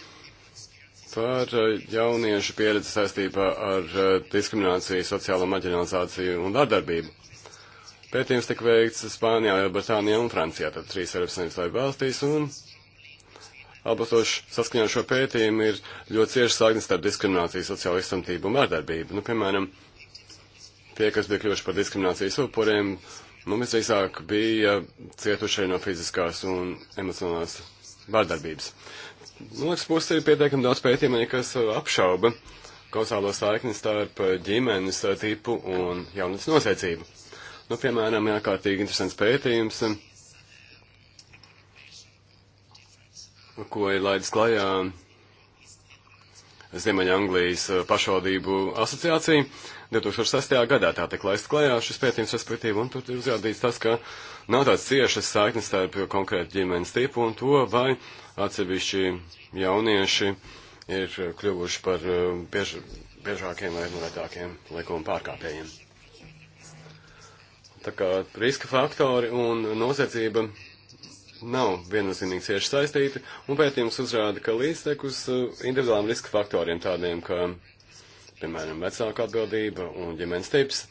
par uh, jauniešu pieredzi saistībā ar uh, diskrimināciju, sociālo maģinalizāciju un vardarbību. Pētījums tika veikts Spānijā, Britānijā un Francijā, tad trīs Eiropas Savienības valstīs, un Atbalstoši saskaņā ar šo pētījumu ir ļoti cieši saiknes starp diskrimināciju, sociālo izsamtību un vārdarbību. Nu, piemēram, tie, kas bija kļuvuši par diskriminācijas upuriem, nu, visdrīzāk bija cietušie no fiziskās un emocionālās vārdarbības. Man liekas, pusē ir pietiekami daudz pētījumu, kas apšauba kausālo saikni starp ģimenes tipu un jaunatnes nosacību. Nu, piemēram, ārkārtīgi interesants pētījums ko ir laidis klajā Ziemeļa Anglijas eh, pašvaldību asociācija 2006. gadā. Tā tika laista klajā šis pētījums, respektīvi, un tur ir uzrādīts tas, ka nav tāds ciešas saiknes starp konkrētu ģimenes tipu un to, vai atsevišķi jaunieši ir kļuvuši par eh, biež, biežākiem vai noretākiem likuma pārkāpējiem. Tā kā riska faktori un noziedzība nav viennozīmīgi cieši saistīti, un pētījums uzrāda, ka līdztekus uh, individuāliem riska faktoriem tādiem, kā, piemēram, vecāka atbildība un ģimenes tips,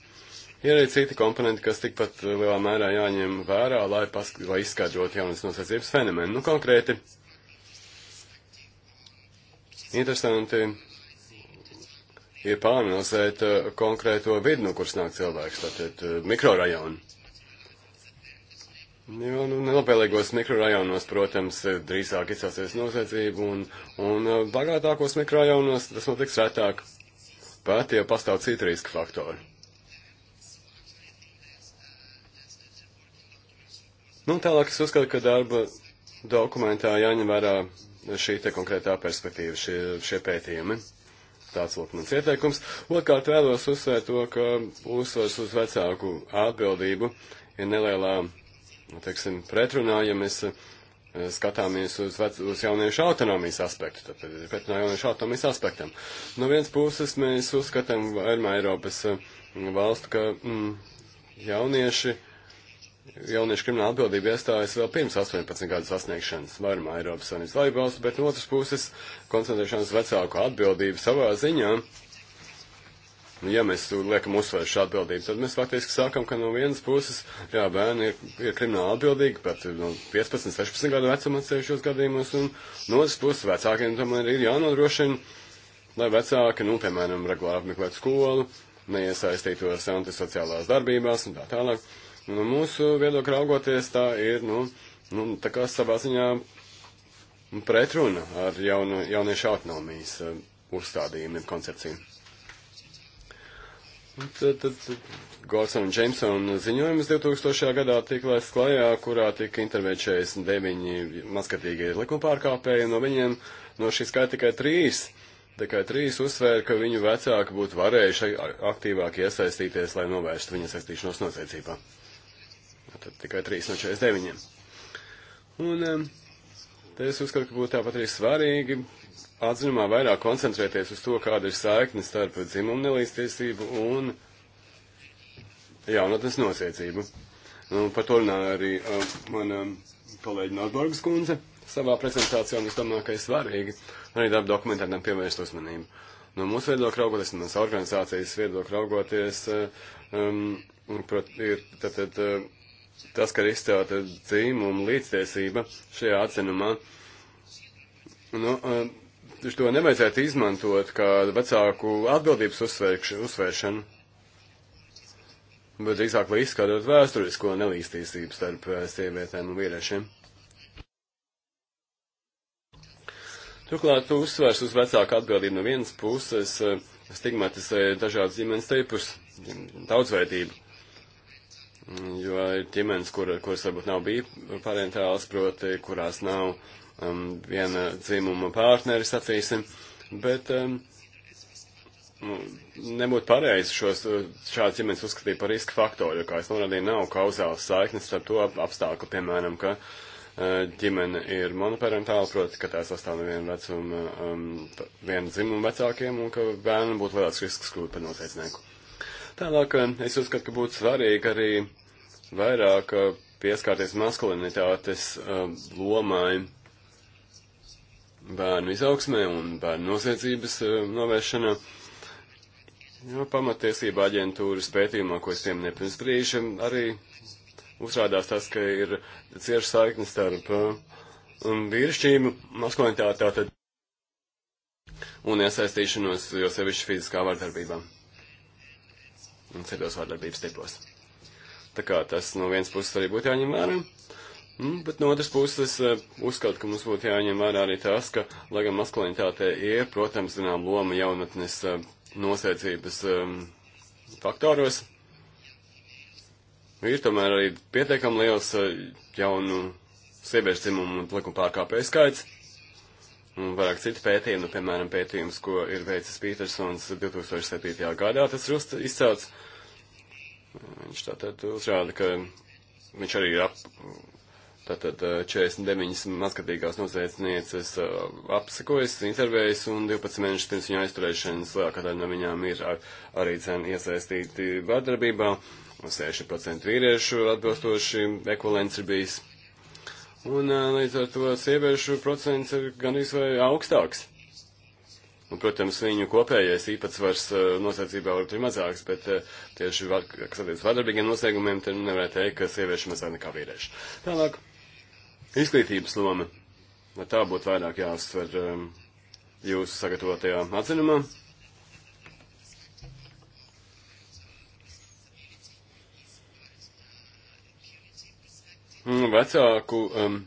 ir arī citi komponenti, kas tikpat uh, lielā mērā jāņem vērā, lai, pask lai izskaidrotu jaunas nosacības fenomenu. Nu, konkrēti, interesanti ir pāranalizēt uh, konkrēto vidu, no kuras nāk cilvēks, tātad mikrorajonu Jo, nu, nu, nelabvēlīgos mikrorajonos, protams, drīzāk izcelsies noziedzība, un, un uh, bagātākos mikrorajonos tas notiks retāk, pat, ja pastāv citi riska faktori. Nu, tālāk es uzskatu, ka darba dokumentā jāņem vērā šī te konkrētā perspektīva, šie, šie pētījumi. Tāds lūk mans ieteikums. Otrkārt vēlos uzsvērt to, ka uzsvars uz vecāku atbildību ir nelielā Nu, teiksim, pretrunā, ja mēs e, skatāmies uz, vec, uz jauniešu autonomijas aspektu, tad ir pretrunā jauniešu autonomijas aspektam. No vienas puses mēs uzskatām vairumā Eiropas e, valstu, ka mm, jaunieši, jauniešu krimināla atbildība iestājas vēl pirms 18 gadu sasniegšanas vairumā Eiropas Savienības valstu, bet no otras puses koncentrēšanās vecāku atbildību savā ziņā Nu, ja mēs liekam uzsveru šo atbildību, tad mēs faktiski sākam, ka no vienas puses, jā, bērni ir, ir krimināli atbildīgi, pat no 15, 16 gadu vecuma atsevišķos gadījumos, un no otras puses vecākiem tomēr ir jānodrošina, lai vecāki, nu, piemēram, regulāri apmeklētu skolu, neiesaistītos antisociālās darbībās un tā tālāk. Nu, mūsu viedokļa raugoties, tā ir, nu, nu tā kā savā ziņā pretruna ar jaunu, jauniešu autonomijas uh, eh, uzstādījumiem, koncepcijiem. Un tad, tad Gorsona Džeimsona ziņojums 2000. gadā tika laists klajā, kurā tika intervēt 49 maskatīgie likumpārkāpēji, no viņiem no šī skaita tikai trīs. Tikai trīs uzsvēra, ka viņu vecāki būtu varējuši aktīvāk iesaistīties, lai novērstu viņa saistīšanos noziedzībā. Tad tikai trīs no 49. Un te es uzskatu, ka būtu tāpat arī svarīgi atzinumā vairāk koncentrēties uz to, kāda ir saikne starp dzimumu nelīdztiesību un jaunatnes nosiecību. Nu, par to runāja arī uh, mana kolēģi Norbergas kundze savā prezentācijā, un es domāju, ka ir svarīgi arī darba dokumentētām pievērst uzmanību. No nu, mūsu viedokļa raugoties, no mūsu organizācijas viedokļa raugoties, uh, um, prot, ir tātad uh, tas, ka ir izcelta dzīmuma līdztiesība šajā atzinumā. Nu, uh, Taču to nevajadzētu izmantot kā vecāku atbildības uzsvēršanu, bet drīzāk, lai izskatot vēsturisko nelīstīstību starp eh, sievietēm un vīriešiem. Turklāt tu uzsvērs uz vecāku atbildību no vienas puses, eh, stigmatizē dažādas ģimenes tipus, daudzveidību. Mm, jo ir ģimenes, kur, kuras varbūt nav bija parentāls, proti, kurās nav um, viena dzimuma partneri, sacīsim, bet um, nu, nebūtu pareizi šos šādas ģimenes uzskatīt par riska faktoru, jo, kā es norādīju, nav kauzāls saiknes starp to apstākļu, piemēram, ka uh, ģimene ir monoparentāla, proti, ka tā sastāv no viena vecuma, um, viena dzimuma vecākiem, un ka bērnam būtu lielāks risks kļūt par noteicinieku. Tālāk um, es uzskatu, ka būtu svarīgi arī vairāk uh, pieskārties maskulinitātes uh, lomai bērnu izaugsmē un bērnu noziedzības e, novēršanā. Jo pamatiesība aģentūras pētījumā, ko es pieminēju pirms brīža, arī uzrādās tas, ka ir cieši saikni starp e, um, vīrišķību, maskulinitāti tātad un iesaistīšanos, jo sevišķi fiziskā vārdarbībā un citos vārdarbības tipos. Tā kā tas no vienas puses arī būtu jāņem vērā. Mm, bet no otras puses eh, uzskatu, ka mums būtu jāņem vērā arī tas, ka, lai gan maskulinitāte ir, protams, zinām, loma jaunatnes eh, nosēcības um, ehm, faktoros, ir tomēr arī pietiekami liels eh, jaunu sieviešu dzimumu un likuma pārkāpēju skaits. Un vairāk citu pētījumu, nu, piemēram, pētījums, ko ir veicis Pītersons 2007. gadā, tas ir izcelts. Viņš tātad uzrāda, ka viņš arī ir ap, Tātad 49 maskatīgās noziedznieces apsekojas, intervējas un 12 mēnešus pirms viņa aizturēšanas lielākā daļa no viņām ir ar, arī cen iesaistīti vārdarbībā. 6% vīriešu atbilstoši ekvalents ir bijis. Un līdz ar to sieviešu procents ir gandrīz vai augstāks. Un, protams, viņu kopējais īpatsvars nosacībā varbūt ir mazāks, bet tieši, var, kas attiecas vardarbīgiem noslēgumiem, tad nevarētu teikt, ka sievieši mazāk nekā vīrieši. Tālāk. Izglītības loma, lai tā būtu vairāk jāuzsver um, jūsu sagatavotajā atzinumā. Mm, vecāku um,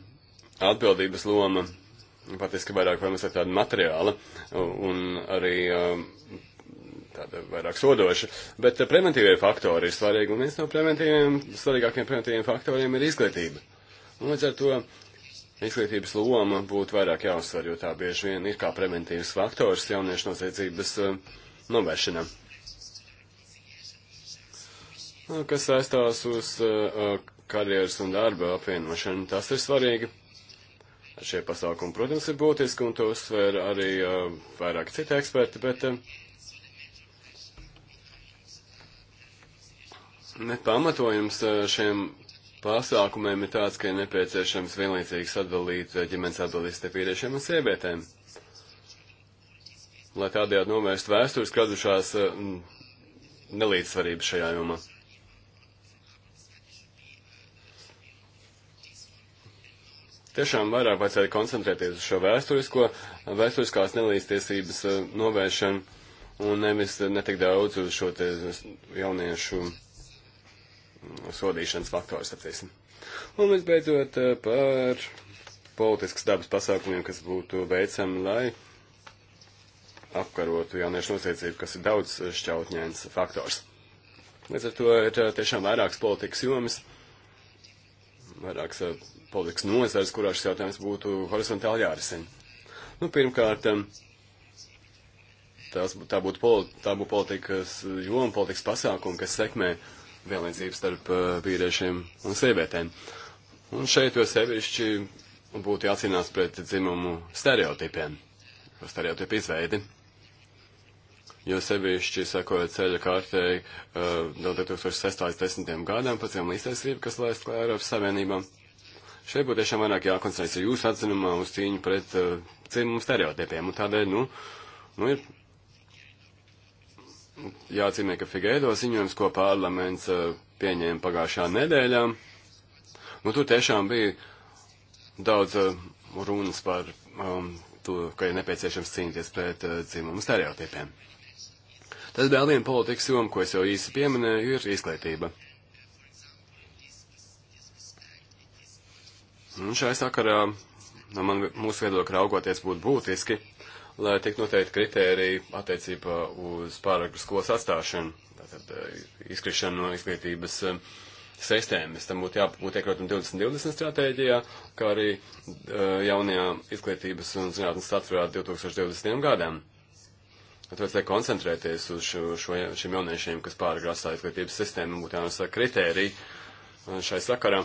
atbildības loma patiesībā vairāk vai mazliet tāda materiāla un arī um, tāda vairāk sodoša, bet preventīvie faktori ir svarīgi, un viens no preventīviem, svarīgākiem preventīviem faktoriem ir izglītība. Un līdz ar to izglītības loma būtu vairāk jāuzsver, jo tā bieži vien ir kā preventīvs faktors jauniešu noziedzības eh, novēršanā. Nu, kas saistās uz eh, karjeras un darba apvienošanu, tas ir svarīgi. Šie pasākumi, protams, ir būtiski, un to uzsver arī eh, vairāk citi eksperti, bet nepamatojums šiem pasākumiem ir tāds, ka ir nepieciešams vienlīdzīgi sadalīt eh, ģimenes atbildības starp vīriešiem un sievietēm. Lai tādējādi novērstu vēstures radušās eh, nelīdzsvarības šajā jomā. Tiešām vairāk vajadzētu koncentrēties uz šo vēsturisko, vēsturiskās nelīdztiesības eh, novēršanu un nevis netik daudz uz šo te jauniešu sodīšanas faktors, sacīsim. Un visbeidzot eh, par politiskas dabas pasākumiem, kas būtu veicami, lai apkarotu jauniešu noziedzību, kas ir daudz šķautņēns faktors. Līdz ar to ir eh, tiešām vairākas politikas jomas, vairākas eh, politikas nozares, kurā šis jautājums būtu horizontāli jārisina. Nu, pirmkārt, tās, tā būtu poli, tā būtu politikas joma, politikas pasākumi, kas sekmē uh, vienlīdzību starp uh, vīriešiem un sievietēm. Un šeit jau sevišķi būtu jācīnās pret dzimumu stereotipiem, stereotipu izveidi. Jo sevišķi sekoja ceļa kārtēji uh, no 2006. līdz 10. gadam pēc tam līdztaisību, kas laist klāja Eiropas Savienībām. Šeit būtu tiešām vairāk jākoncentrējas jūsu atzinumā uz cīņu pret uh, dzimumu stereotipiem. Un tādēļ, nu, nu ir jāatzīmē, ka Figeido ziņojums, ko parlaments eh, pieņēma pagājušā nedēļā, nu tur tiešām bija daudz eh, runas par um, to, ka ir nepieciešams cīnīties pret uh, dzimumu stereotipiem. Tad vēl viena politikas joma, ko es jau īsi pieminēju, ir izglītība. Un šai sakarā, no man, mūsu viedokļa raugoties, būtu būtiski lai tiek noteikti kritēriji attiecībā uz pārāku skolas atstāšanu, tātad eh, izkrišanu no izglītības eh, sistēmas. Tam būtu jābūt iekļautam 2020 stratēģijā, kā arī eh, jaunajā izglītības un zinātnes satvarā 2020. gadam. Tāpēc, lai koncentrēties uz šo, šo, šiem jauniešiem, kas pārāk rasā izglītības sistēmu, būtu jānosaka kritēriji šai sakarā.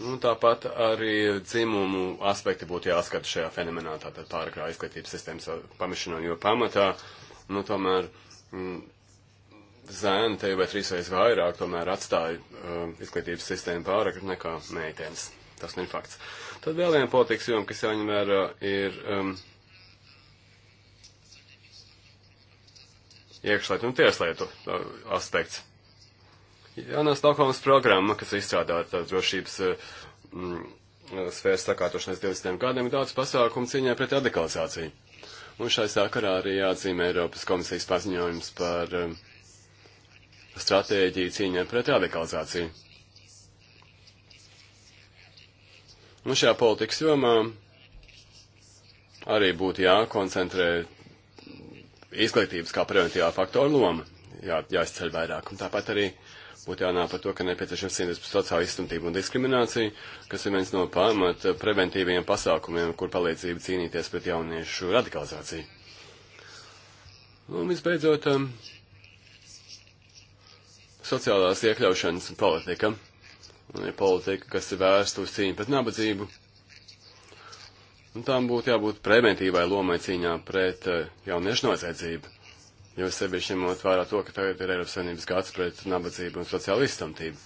Nu, tāpat arī dzimumu aspekti būtu jāskata šajā fenomenā, tātad pāragrā izglītības sistēmas pamišanā, jo pamatā, nu, tomēr m, mm, zēni te vai trīsreiz vairāk tomēr atstāja uh, izglītības sistēmu pārāk nekā meitenes. Tas nu ir fakts. Tad vēl viena politikas joma, kas jāņem vērā, ir um, iekšlietu un tieslietu uh, aspekts. Jaunā Stokholmas programma, kas izstrādāta drošības eh, mm, eh, sfēras sakārtošanas 20. gadiem, ir daudz pasākumu cīņā pret radikalizāciju. Un šai sakarā arī jāatzīmē Eiropas komisijas paziņojums par um, stratēģiju cīņā pret radikalizāciju. Un šajā politikas jomā arī būtu jākoncentrē izglītības kā preventīvā faktora loma, jā, jāizceļ vairāk. Un tāpat arī uh, būtu jānā par to, ka nepieciešams cīnīties par sociālu izstumtību un diskrimināciju, kas ir viens no pamat preventīviem pasākumiem, kur palīdzība cīnīties pret jauniešu radikalizāciju. Nu, un visbeidzot, um, sociālās iekļaušanas politika. Un ir politika, kas ir vērsta uz cīņu pret nabadzību. Un tām būtu jābūt preventīvai lomai cīņā pret uh, jauniešu noziedzību jo sevišķi ņemot vērā to, ka tagad ir Eiropas Savienības gads pret nabadzību un sociālu izstamtību.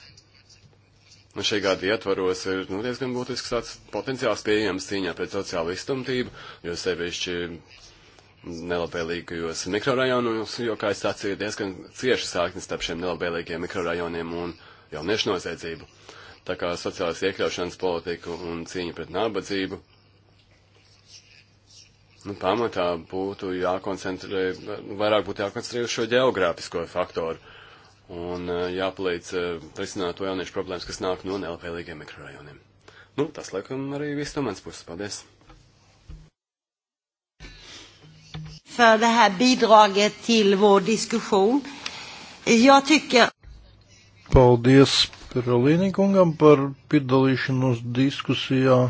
Un šī gada ietvaros ir nu, diezgan būtisks tāds potenciāls pieejams cīņā pret sociālu izstumtību, jo sevišķi nelabvēlīgajos mikrorajonos, jo, kā es sacīju, diezgan cieši sāknis starp šiem nelabvēlīgajiem mikrorajoniem un jauniešu noziedzību. Tā kā sociālās iekļaušanas politika un cīņa pret nabadzību nu, pamatā būtu jākoncentrē, vairāk būtu jākoncentrē uz šo geogrāfisko faktoru un eh, jāpalīdz uh, risināt to jauniešu problēmas, kas nāk no nelabvēlīgiem mikrorajoniem. Nu, tas, laikam, arī viss no mans puses. Paldies! för det här bidraget till vår diskussion. Jag tycker... Paldies Perolīni kungam par piedalīšanos diskusijā.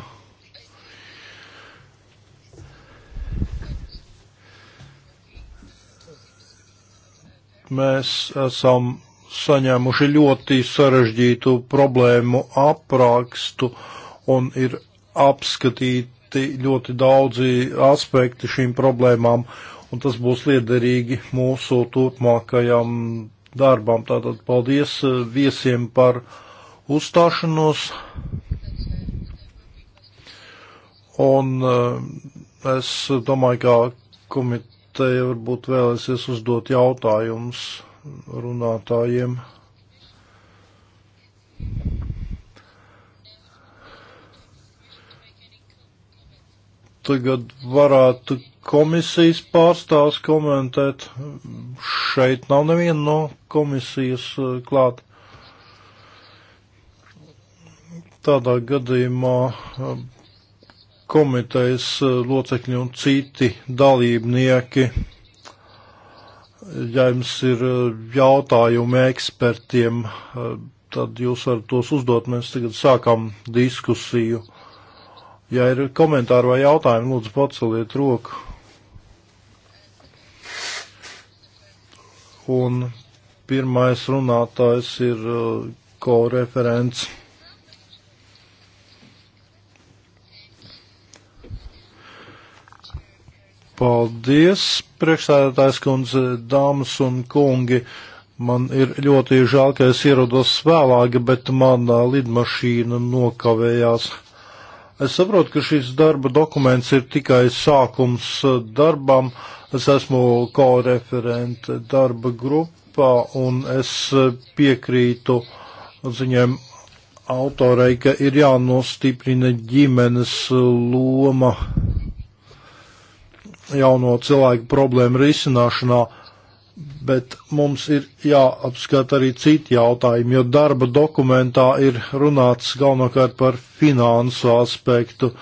mēs esam saņēmuši ļoti sarežģītu problēmu aprakstu un ir apskatīti ļoti daudzi aspekti šīm problēmām, un tas būs liederīgi mūsu turpmākajam darbam. Tātad paldies viesiem par uzstāšanos. Un eh, es domāju, ka komiteja te varbūt vēlēsies uzdot jautājumus runātājiem. Tagad varētu komisijas pārstāvs komentēt. Šeit nav neviena no komisijas eh, klāt. Tādā gadījumā eh, komitejas eh, locekļi un citi dalībnieki. Ja jums ir eh, jautājumi ekspertiem, eh, tad jūs varat tos uzdot. Mēs tagad sākam diskusiju. Ja ir komentāri vai jautājumi, lūdzu paceliet roku. Un pirmais runātājs ir koreferents. Uh, Paldies, priekšstādātājs kundze, dāmas un kungi. Man ir ļoti žēl, ka es ierados vēlāk, bet manā lidmašīna nokavējās. Es saprotu, ka šis darba dokuments ir tikai sākums darbam. Es esmu koreferente darba grupā un es piekrītu ziņiem autorei, ka ir jānostiprina ģimenes loma jauno cilvēku problēmu risināšanā, bet mums ir jāapskata arī citi jautājumi, jo darba dokumentā ir runāts galvenokārt par finansu aspektu,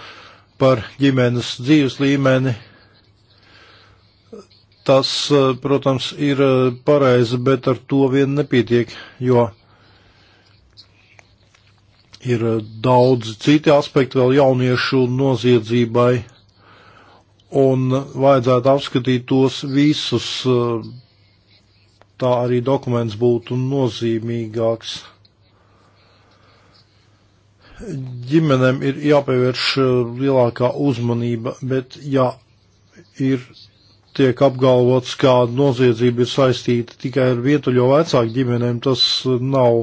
par ģimenes dzīves līmeni. Tas, protams, ir pareizi, bet ar to vien nepietiek, jo ir daudz citi aspekti vēl jauniešu noziedzībai un vajadzētu apskatīt tos visus, eh, tā arī dokuments būtu nozīmīgāks. Ģimenēm ir jāpievērš eh, lielākā uzmanība, bet ja ir tiek apgalvots, ka noziedzība ir saistīta tikai ar vietuļo vecāku ģimenēm, tas eh, nav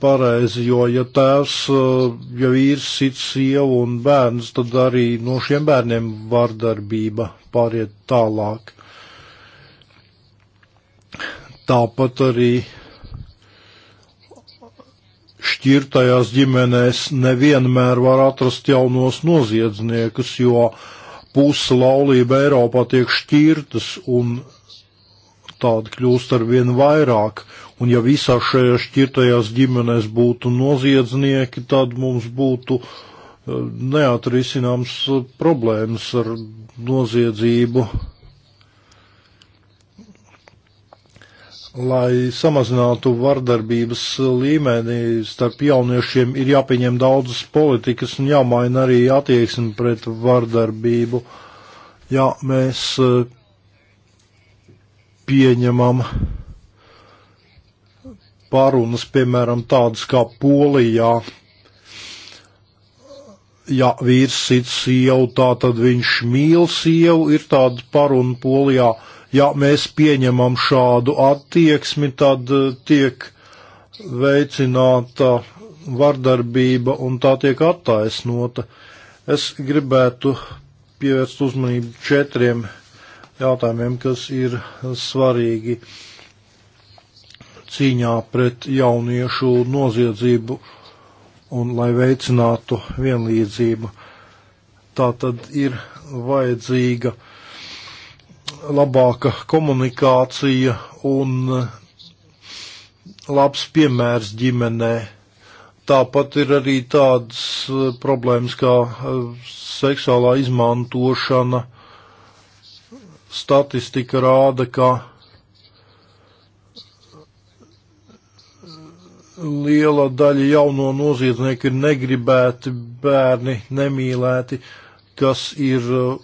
pareizi, jo ja tēvs, eh, ja vīrs sit sievu un bērns, tad arī no šiem bērniem vardarbība pāriet tālāk. Tāpat arī šķirtajās ģimenēs nevienmēr var atrast jaunos noziedzniekus, jo puse laulība Eiropā tiek šķirtas un tāda kļūst ar vien vairāk Un ja visā šajā šķirtajās ģimenēs būtu noziedznieki, tad mums būtu eh, neatrisināms eh, problēmas ar noziedzību. Lai samazinātu vardarbības līmeni starp jauniešiem, ir jāpieņem daudzas politikas un jāmaina arī attieksme pret vardarbību. Ja mēs eh, pieņemam uh, pārunas, piemēram, tādas kā Polijā. Ja vīrs sit sievu, tā tad viņš mīl sievu, ir tāda paruna Polijā. Ja mēs pieņemam šādu attieksmi, tad eh, tiek veicināta vardarbība un tā tiek attaisnota. Es gribētu pievērst uzmanību četriem jautājumiem, kas ir svarīgi. Uh, cīņā pret jauniešu noziedzību un lai veicinātu vienlīdzību. Tā tad ir vajadzīga labāka komunikācija un labs piemērs ģimenē. Tāpat ir arī tādas eh, problēmas kā eh, seksuālā izmantošana. Statistika rāda, ka liela daļa jauno noziedznieku ir negribēti bērni, nemīlēti, kas ir uh,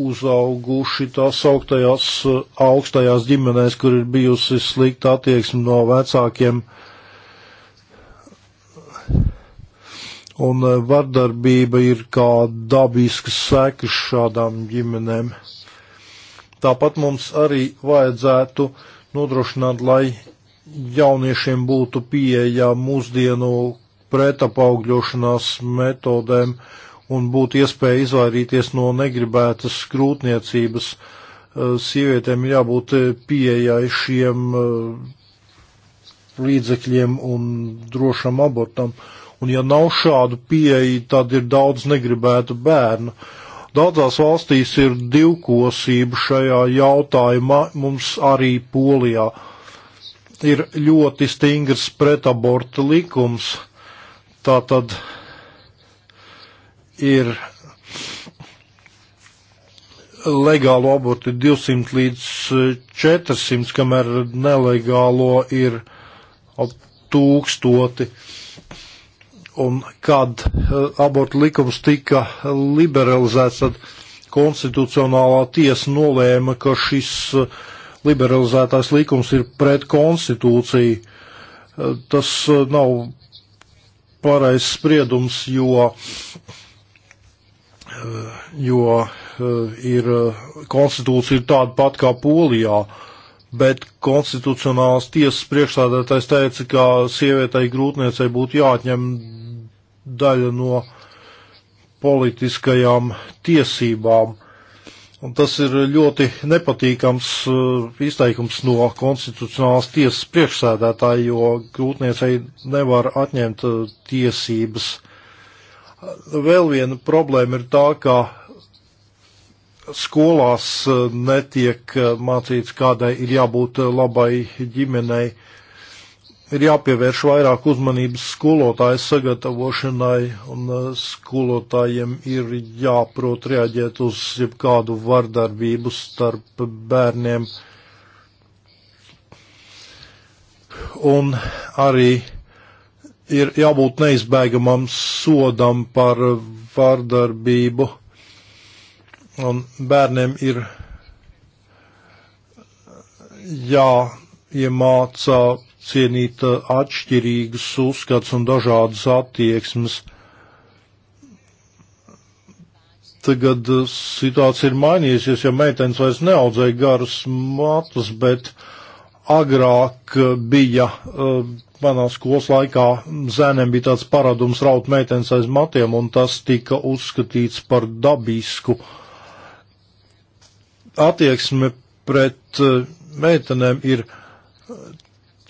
uzauguši tās augtajās, uh, augstajās ģimenēs, kur ir bijusi slikta attieksme no vecākiem. Un uh, vardarbība ir kā dabiska sēka šādām ģimenēm. Tāpat mums arī vajadzētu nodrošināt, lai jauniešiem būtu pieeja mūsdienu pretapaugļošanās metodēm un būtu iespēja izvairīties no negribētas grūtniecības. Eh, sievietēm jābūt pieejai šiem eh, līdzekļiem un drošam abortam. Un ja nav šādu pieeju, tad ir daudz negribētu bērnu. Daudzās valstīs ir divkosība šajā jautājumā, mums arī Polijā. Uh, ir ļoti stingrs pretaborta likums. Tā tad ir legālo abortu 200 līdz 400, kamēr nelegālo ir ap tūkstoti. Un kad eh, abortu likums tika liberalizēts, tad konstitucionālā tiesa nolēma, ka šis uh, liberalizētais likums ir pret konstitūciju. Tas eh, nav pareizs spriedums, jo, eh, jo eh, ir, konstitūcija ir tāda pat kā Polijā, bet konstitucionālās tiesas priekšstādātais teica, ka sievietei grūtniecei būtu jāatņem daļa no politiskajām tiesībām. Un tas ir ļoti nepatīkams eh, izteikums no konstitucionālās tiesas priekšsēdētāja, jo grūtniecei nevar atņemt eh, tiesības. Vēl viena problēma ir tā, ka skolās eh, netiek mācīts, kādai ir jābūt labai ģimenei ir jāpievērš vairāk uzmanības skolotāju sagatavošanai, un uh, skolotājiem ir jāprot reaģēt uz jebkādu vardarbību starp bērniem. Un arī ir jābūt neizbēgamam sodam par vardarbību, un bērniem ir jāiemācā cienīt atšķirīgas uzskats un dažādas attieksmes. Tagad uh, situācija ir mainījusies, jo meitenes vairs neaudzēja garus matus, bet agrāk uh, bija, uh, manā skolas laikā zēniem bija tāds paradums raut meitenes aiz matiem, un tas tika uzskatīts par dabisku. Attieksme pret meitenēm ir uh,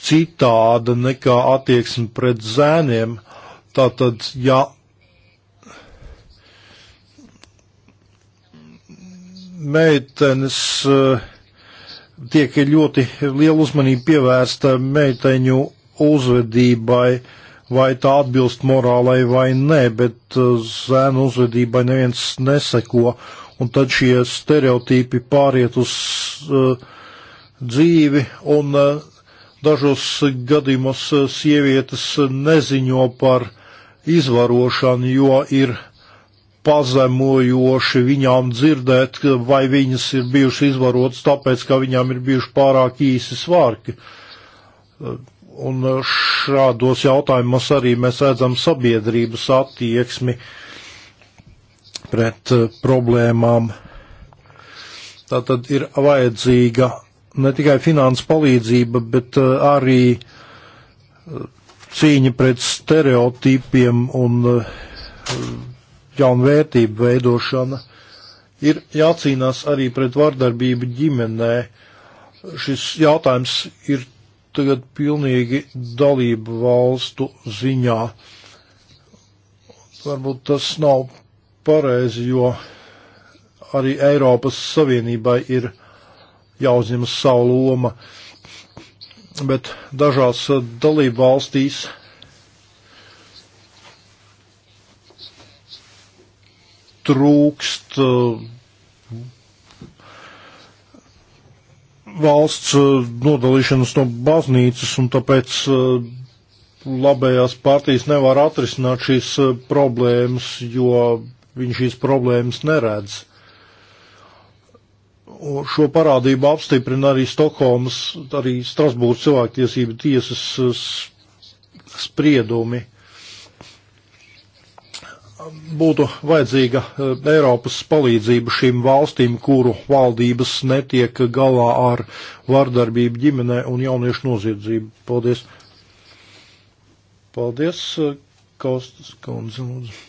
citāda nekā attieksme pret zēniem. Tātad, ja meitenes eh, tiek ļoti liela uzmanība pievērsta meiteņu uzvedībai, vai tā atbilst morālai vai nē, bet eh, zēnu uzvedībai neviens neseko, un tad šie stereotīpi pāriet uz uh, dzīvi, un uh, Dažos gadījumos eh, sievietes neziņo par izvarošanu, jo ir pazemojoši viņām dzirdēt, vai viņas ir bijušas izvarotas tāpēc, ka viņām ir bijuši pārāk īsi svārki. Eh, un eh, šādos jautājumos arī mēs redzam sabiedrības attieksmi pret problēmām. Tātad ir vajadzīga ne tikai finanses palīdzība, bet uh, arī uh, cīņa pret stereotipiem un uh, jaunu vērtību veidošana. Ir jācīnās arī pret vardarbību ģimenē. Šis jautājums ir tagad pilnīgi dalību valstu ziņā. Varbūt tas nav pareizi, jo arī Eiropas Savienībai ir uh, jāuzņemas savu loma, bet dažās eh, dalību valstīs trūkst eh, valsts eh, nodalīšanas no baznīcas, un tāpēc labējās partijas nevar atrisināt šīs problēmas, jo viņi šīs problēmas neredz šo parādību apstiprina arī Stokholmas, arī Strasbūras cilvēktiesība tiesas spriedumi. Būtu vajadzīga e, Eiropas palīdzība šīm valstīm, kuru valdības netiek galā ar vardarbību ģimenē un jauniešu noziedzību. Paldies! Paldies, e, Kostas Kundze, lūdzu!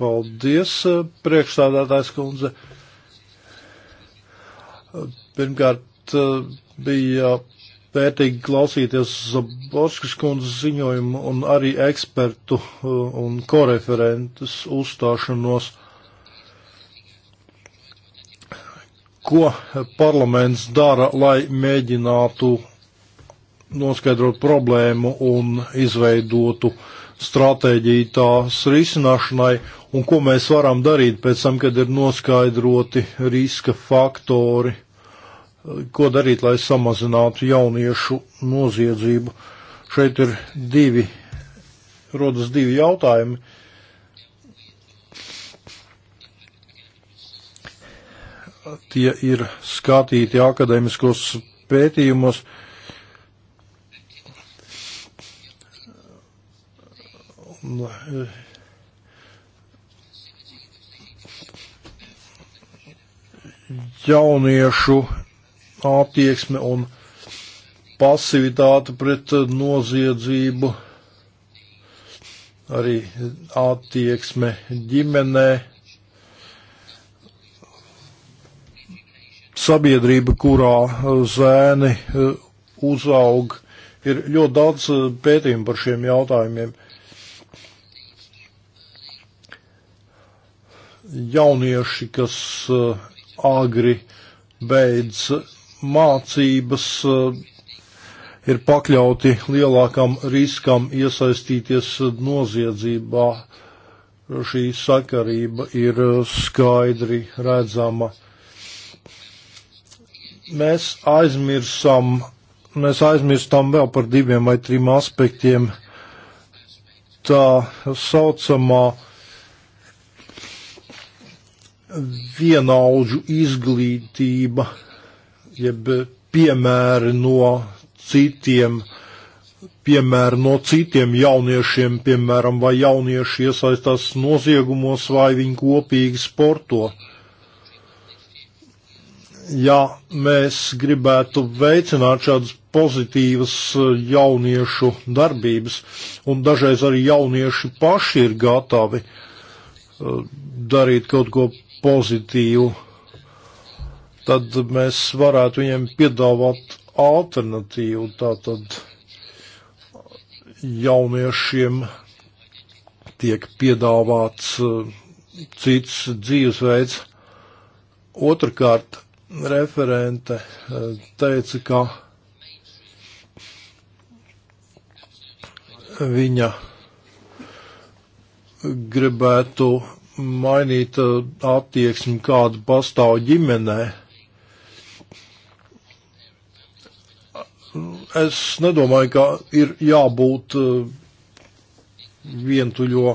Paldies, eh, priekšstādātājs kundze. Pirmkārt, eh, bija vērtīgi klausīties Zaborskas kundzes ziņojumu un arī ekspertu eh, un koreferentes uzstāšanos, ko parlaments dara, lai mēģinātu noskaidrot problēmu un izveidotu uh, stratēģiju tās risināšanai un ko mēs varam darīt pēc tam, kad ir noskaidroti riska faktori, ko darīt, lai samazinātu jauniešu noziedzību. Šeit ir divi, rodas divi jautājumi. Tie ir skatīti akadēmiskos pētījumos. Uh, Nu, jauniešu attieksme un pasivitāte pret eh, noziedzību, arī attieksme ģimenē, sabiedrība, kurā eh, zēni eh, uzaug. Ir ļoti daudz pētījumu par šiem jautājumiem. jaunieši, kas eh, agri beidz mācības, eh, ir pakļauti lielākam riskam iesaistīties noziedzībā. Šī sakarība ir eh, skaidri redzama. Mēs aizmirsam, mēs aizmirstam vēl par diviem vai trim aspektiem. Tā saucamā uh, vienaudžu izglītība, jeb piemēri no citiem, piemēri no citiem jauniešiem, piemēram, vai jaunieši iesaistās noziegumos vai viņi kopīgi sporto. Ja mēs gribētu veicināt šādas pozitīvas jauniešu darbības, un dažreiz arī jaunieši paši ir gatavi eh, darīt kaut ko pozitīvu, tad mēs varētu viņiem piedāvāt alternatīvu tātad jauniešiem tiek piedāvāts uh, cits dzīvesveids. Otrakārt, referente uh, teica, ka viņa gribētu mainīt uh, attieksmi, kāda pastāv ģimenē. Es nedomāju, ka ir jābūt uh, vientuļo,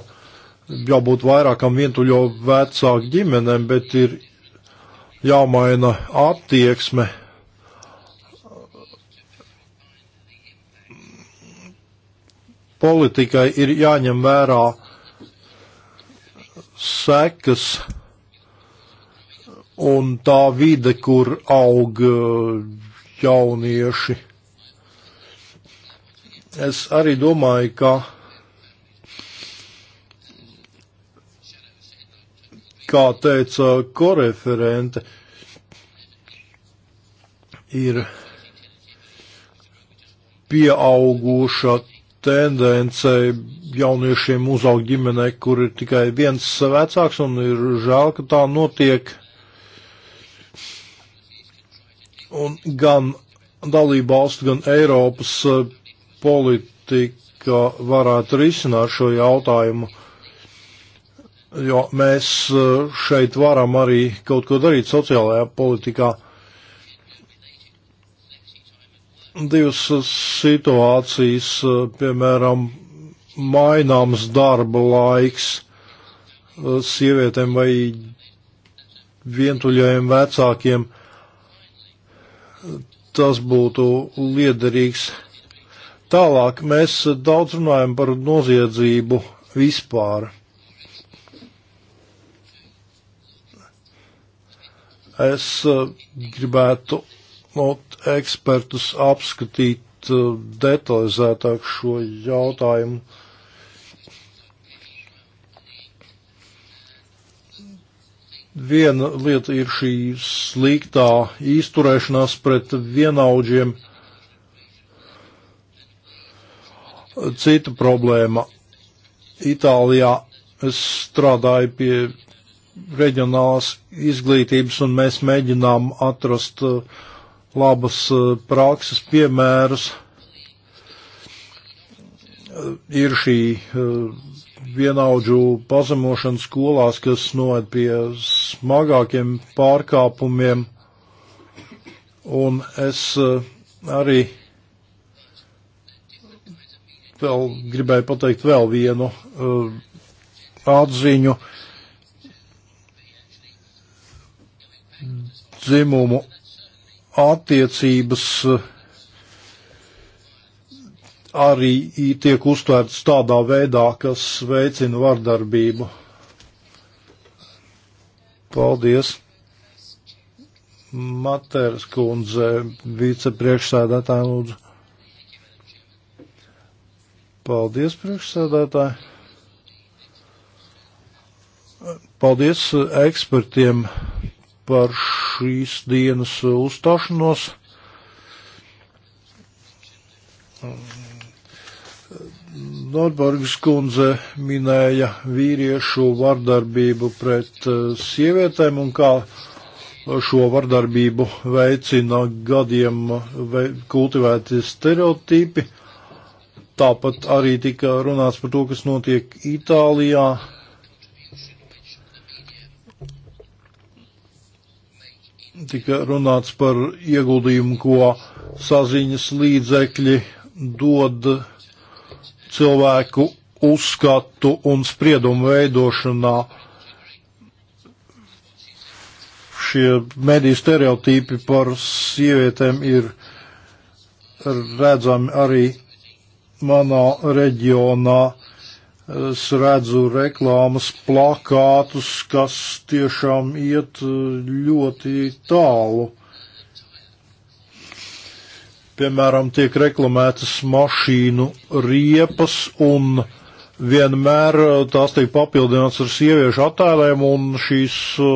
jābūt vairākam vientuļo vecāku ģimenēm, bet ir jāmaina attieksme. Politikai ir jāņem vērā sekas un tā vide, kur aug uh, jaunieši. Es arī domāju, ka kā teica koreferente, ir pieauguša tendencei jauniešiem uzaugt ģimenē, kur ir tikai viens vecāks, un ir žēl, ka tā notiek. Un gan dalība valsts, gan Eiropas eh, politika varētu risināt šo jautājumu, jo mēs eh, šeit varam arī kaut ko darīt sociālajā politikā. divas situācijas, piemēram, maināms darba laiks eh, sievietēm vai vientuļajiem vecākiem. Tas būtu liederīgs. Tālāk mēs daudz runājam par noziedzību vispār. Es eh, gribētu nu, ekspertus apskatīt uh, detalizētāk šo jautājumu. Viena lieta ir šī sliktā izturēšanās pret vienaudžiem. Cita problēma. Itālijā es strādāju pie reģionālās izglītības un mēs mēģinām atrast uh, labas eh, prakses piemērus. Eh, ir šī eh, vienaudžu pazemošana skolās, kas noved pie smagākiem pārkāpumiem. Un es arī vēl gribēju pateikt vēl vienu atziņu dzimumu attiecības eh, arī tiek uztvērts tādā veidā, kas veicina vardarbību. Paldies! Matērs kundze, vicepriekšsēdētāja lūdzu. Paldies, priekšsēdētāji. Paldies eh, ekspertiem par šīs dienas uzstāšanos. Norbergs kundze minēja vīriešu vardarbību pret eh, sievietēm un kā šo vardarbību veicina gadiem kultivēti stereotipi. Tāpat arī tika runāts par to, kas notiek Itālijā, tika runāts par ieguldījumu, ko saziņas līdzekļi dod cilvēku uzskatu un spriedumu veidošanā. Šie mediju stereotipi par sievietēm ir redzami arī manā reģionā Es redzu reklāmas plakātus, kas tiešām iet e, ļoti tālu. Piemēram, tiek reklamētas mašīnu riepas un vienmēr e, tās tiek papildināts ar sieviešu attēliem, un šīs, e,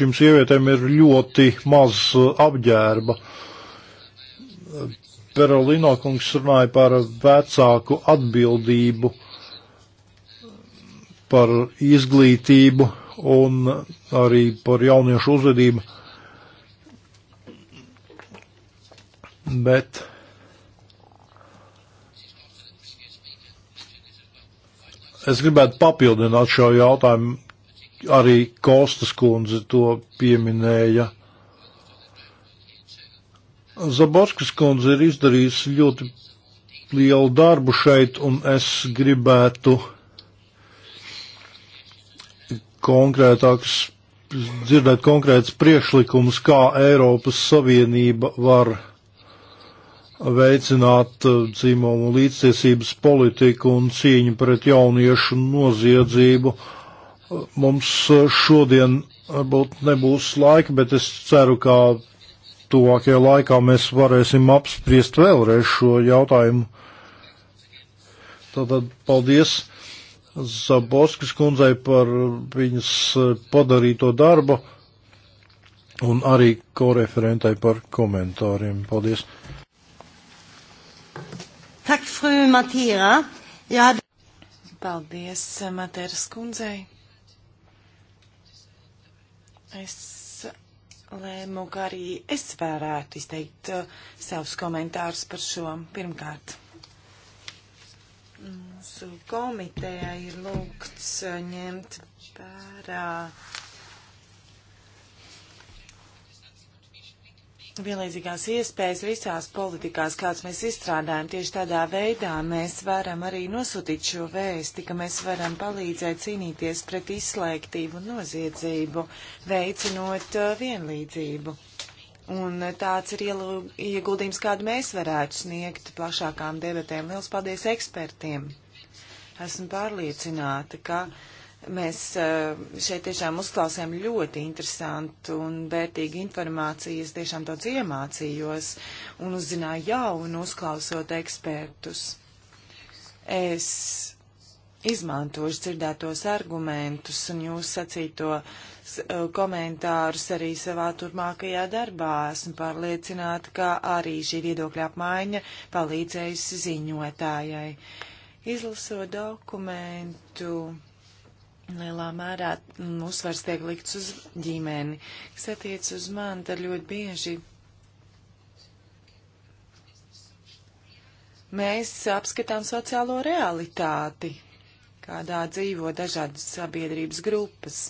šīm sievietēm ir ļoti maz apģērba. Perolino kungs runāja par vecāku atbildību par izglītību un arī par jauniešu uzvedību. Bet es gribētu papildināt šo jautājumu. Arī Kostas kundze to pieminēja. Zaborskas kundze ir izdarījusi ļoti lielu darbu šeit, un es gribētu konkrētākus, dzirdēt konkrētus priekšlikumus, kā Eiropas Savienība var veicināt uh, dzimumu līdztiesības politiku un cīņu pret jauniešu noziedzību. Uh, mums uh, šodien varbūt nebūs laika, bet es ceru, ka tuvākajā laikā mēs varēsim apspriest vēlreiz šo jautājumu. Tātad paldies! Zaborskas kundzei par viņas eh, padarīto darbu un arī koreferentai par komentāriem. Paldies! Tak, fru Matīra! Jā. Paldies, eh, Matēras kundzei! Es lēmu, ka arī es varētu izteikt eh, savus komentārus par šo pirmkārt mūsu komitejā ir lūgts uh, ņemt vērā vienlīdzīgās iespējas visās politikās, kāds mēs izstrādājam. Tieši tādā veidā mēs varam arī nosūtīt šo vēsti, ka mēs varam palīdzēt cīnīties pret izslēgtību un noziedzību, veicinot uh, vienlīdzību. Un uh, tāds ir ieguldījums, kādu mēs varētu sniegt plašākām debatēm. Liels paldies ekspertiem! Esmu pārliecināta, ka mēs eh, šeit tiešām uzklausām ļoti interesantu un vērtīgu informāciju. Es tiešām daudz iemācījos un uzzināju jaunu uzklausot ekspertus. Es izmantošu dzirdētos argumentus un jūs sacīto eh, komentārus arī savā turpmākajā darbā. Esmu pārliecināta, ka arī šī viedokļa apmaiņa palīdzējusi ziņotājai. Izlasot dokumentu, lielā mērā mm, uzsvars tiek likts uz ģimeni. Kas attiec uz mani, tad ļoti bieži mēs apskatām sociālo realitāti, kādā dzīvo dažādas sabiedrības grupas.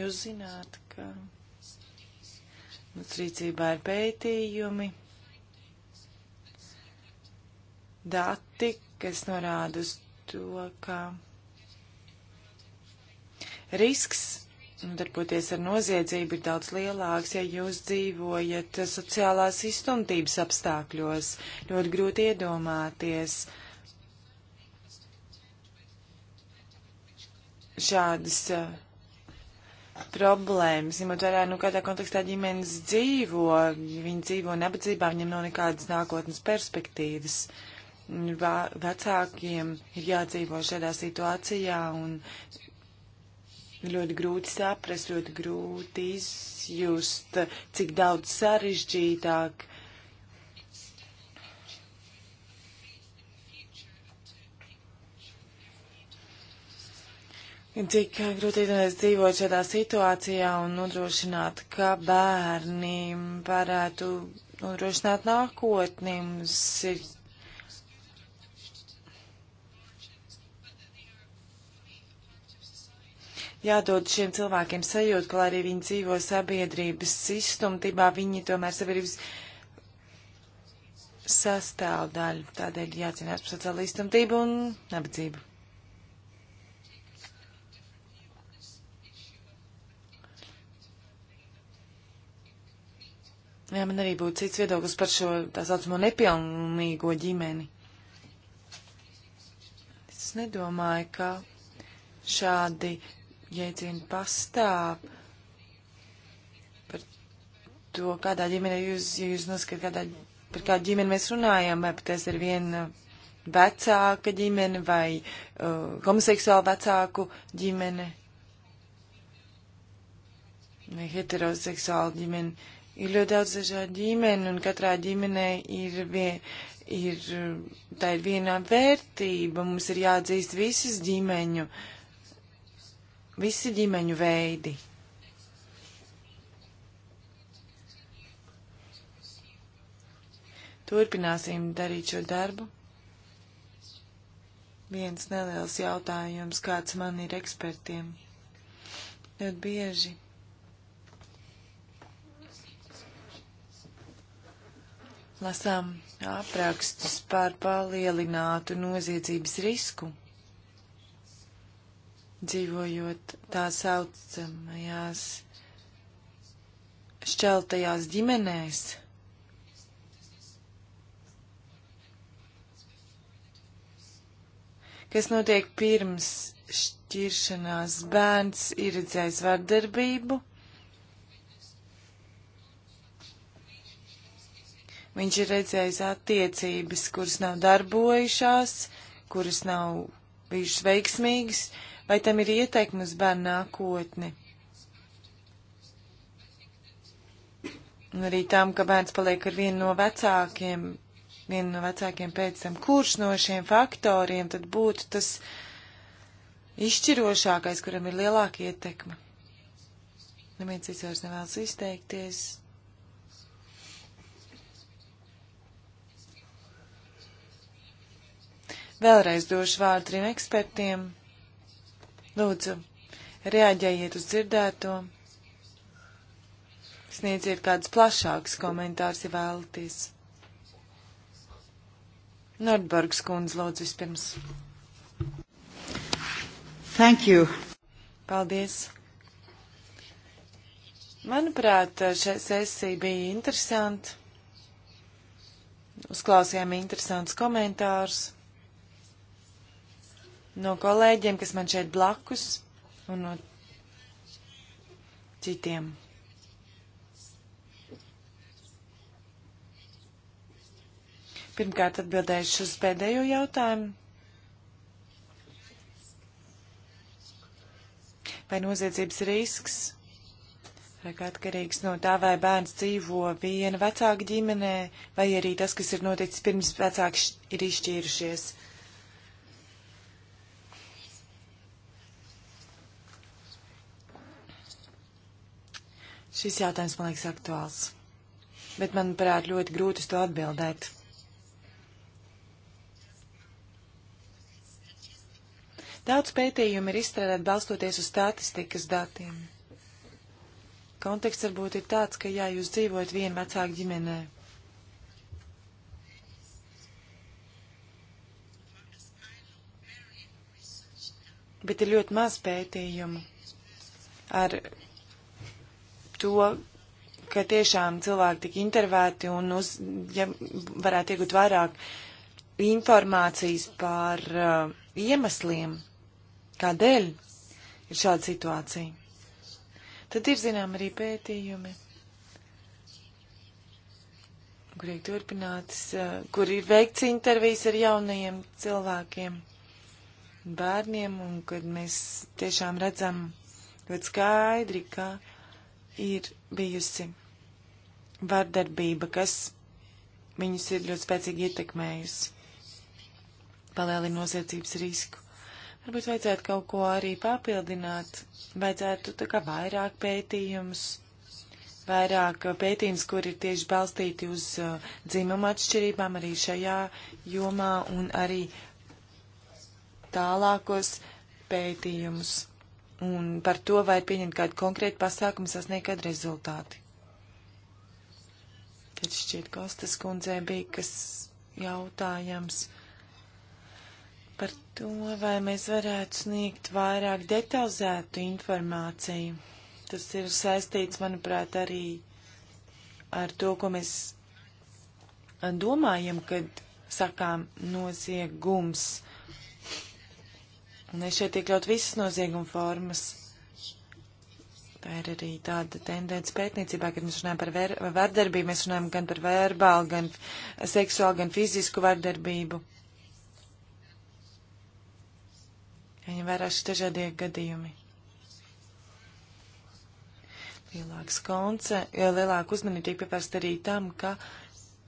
Jūs zināt, ka mums rīcībā ir pētījumi, dati, kas norāda uz to, ka risks darboties ar noziedzību ir daudz lielāks, ja jūs dzīvojat sociālās izstumtības apstākļos. Ļoti grūti iedomāties šādas problēmas, ņemot vērā, nu, kādā kontekstā ģimenes dzīvo, viņi dzīvo nebadzībā, viņam nav nekādas nākotnes perspektīvas. Uh, vecākiem ir jādzīvo šādā situācijā un ļoti grūti saprast, ļoti grūti izjust, cik daudz sarežģītāk. Cik grūti dzīvot šādā situācijā un nodrošināt, ka bērni varētu nodrošināt nākotni. Mums ir jādod šiem cilvēkiem sajūta, ka, lai arī viņi dzīvo sabiedrības izstumtībā, viņi tomēr sabiedrības sastāvdaļu. Tādēļ jācīnās par sociālo izstumtību un nabadzību. Jā, man arī būtu cits viedoklis par šo tā saucamo nepilnīgo ģimeni. Es nedomāju, ka šādi jēdzieni pastāv. Par to, kādā ģimenē jūs, ja jūs noskatāt, kādā, par kādu ģimeni mēs runājam, vai pat tas ir viena vecāka ģimene vai uh, homoseksuāla vecāku ģimene vai heteroseksuāla ģimene. Ir ļoti daudz dažādu ģimeni, un katrā ģimenē ir, vien, ir, tā ir vienā vērtība. Mums ir jāatzīst visas ģimeņu uh, visi ģimeņu veidi. Turpināsim darīt šo darbu. Viens neliels jautājums, kāds man ir ekspertiem. Ļoti bieži. Lasām aprakstus par palielinātu noziedzības risku dzīvojot tā saucamajās šķeltajās ģimenēs. Kas notiek pirms šķiršanās bērns ir redzējis vardarbību. Viņš ir redzējis attiecības, kuras nav darbojušās, kuras nav bijušas veiksmīgas, uh, vai tam ir ieteikumi uz bērnu nākotni. Un arī tam, ka bērns paliek ar vienu no vecākiem, vienu no vecākiem pēc tam, kurš no šiem faktoriem tad būtu tas izšķirošākais, kuram ir lielāka ietekme. Neviens cits vairs nevēlas izteikties. Vēlreiz došu vārdu trim ekspertiem. Lūdzu, reaģējiet uz dzirdēto, sniedziet kādus plašākus komentārus, ja vēlaties. Nordbergs kundze, lūdzu, vispirms. Thank you. Paldies. Manuprāt, šī sesija bija interesanta. Uzklausījām interesants komentārus no kolēģiem, kas man šeit blakus, un no citiem. Pirmkārt, atbildējuši uz pēdējo jautājumu. Vai noziedzības risks tiek atkarīgs no tā, vai bērns dzīvo viena vecāka ģimenē, vai arī tas, kas ir noticis pirms vecāki ir izšķīrušies? Uh, Šis jautājums man liekas aktuāls, bet manuprāt ļoti grūti uz to atbildēt. Daudz pētījumu ir izstrādāt balstoties uz statistikas datiem. Konteksts varbūt ir tāds, ka jā, jūs dzīvojat vienu vecāku ģimenē. Bet ir ļoti maz pētījumu ar to, ka tiešām cilvēki tik intervēti un uz, ja varētu iegūt vairāk informācijas par uh, iemesliem, kādēļ ir šāda situācija. Tad ir zinām arī pētījumi, kur ir turpināts, uh, kur ir veikts intervijas ar jaunajiem cilvēkiem, bērniem, un kad mēs tiešām redzam ļoti skaidri, ka. Kā ir bijusi vardarbība, kas viņus ir ļoti spēcīgi ietekmējusi, palielina nosiecības risku. Varbūt vajadzētu kaut ko arī papildināt, vajadzētu tā kā vairāk pētījumus, vairāk uh, pētījums, kur ir tieši balstīti uz uh, dzimumu atšķirībām arī šajā jomā un arī tālākos pētījumus un par to, vai pieņemt kādu konkrētu pasākumu sasniegt kādu rezultāti. Tad šķiet, Kostas kundzē bija kas jautājams par to, vai mēs varētu sniegt vairāk detalizētu informāciju. Tas ir saistīts, manuprāt, arī ar to, ko mēs domājam, kad sakām noziegums. Un es šeit iekļaut visas nozieguma formas. Tā ir arī tāda tendence pētniecībā, kad mēs runājam par ver vardarbību, mēs runājam gan par verbālu, gan seksuālu, gan fizisku vardarbību. Viņam vērā šie dažādie gadījumi. Lielāks konce, lielāka uzmanība tiek pievērsta arī tam, ka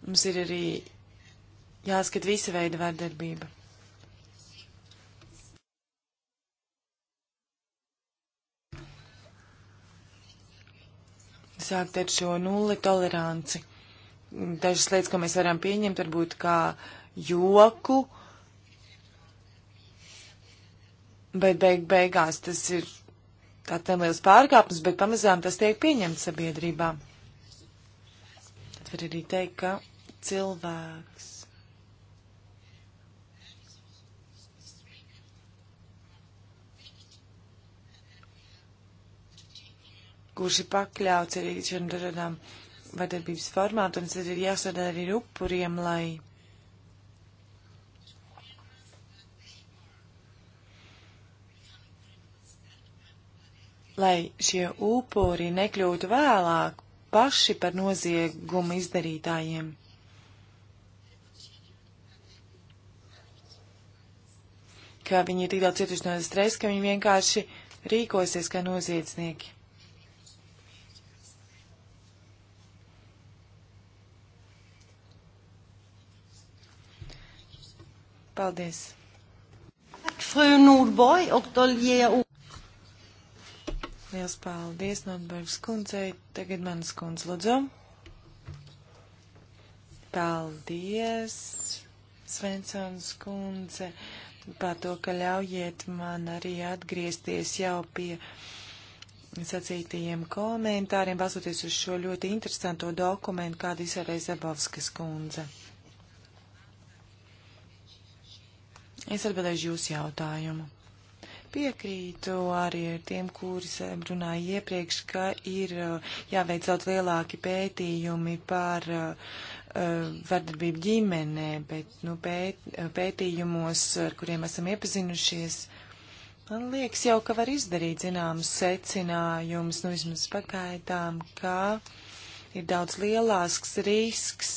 mums ir arī jāskat visa veida vardarbība. sākt ar šo nulli toleranci. Dažas lietas, ko mēs varam pieņemt, varbūt kā joku, bet beig beigās tas ir tāds neliels pārkāpums, bet pamazām tas tiek pieņemts sabiedrībā. Tad var arī teikt, ka cilvēks kurš ir pakļauts arī šiem dažādām vardarbības formām, un tas ir jāsadā arī ar upuriem, lai. Lai šie upuri nekļūtu vēlāk paši par noziegumu izdarītājiem. Kā viņi ir tik daudz cietuši no stresa, ka viņi vienkārši rīkosies kā noziedznieki. Paldies! Fru Nordborg, och då ger jag Liels paldies Nordbergs kundzei. Tagad manas kundze, lūdzu. Paldies, Svensons kundze, par to, ka ļaujiet man arī atgriezties jau pie sacītajiem komentāriem, balsoties uz šo ļoti interesanto dokumentu, kādu izsarēja Zabavskas kundze. Es atbildēšu jūsu jautājumu. Piekrītu arī ar tiem, kuri runāja iepriekš, ka ir uh, jāveic daudz lielāki pētījumi par uh, uh vardarbību ģimenē, bet nu, pēt, uh, pētījumos, ar kuriem esam iepazinušies, man liekas jau, ka var izdarīt zināmas secinājumus, nu vismaz pagaidām, ka ir daudz lielāks risks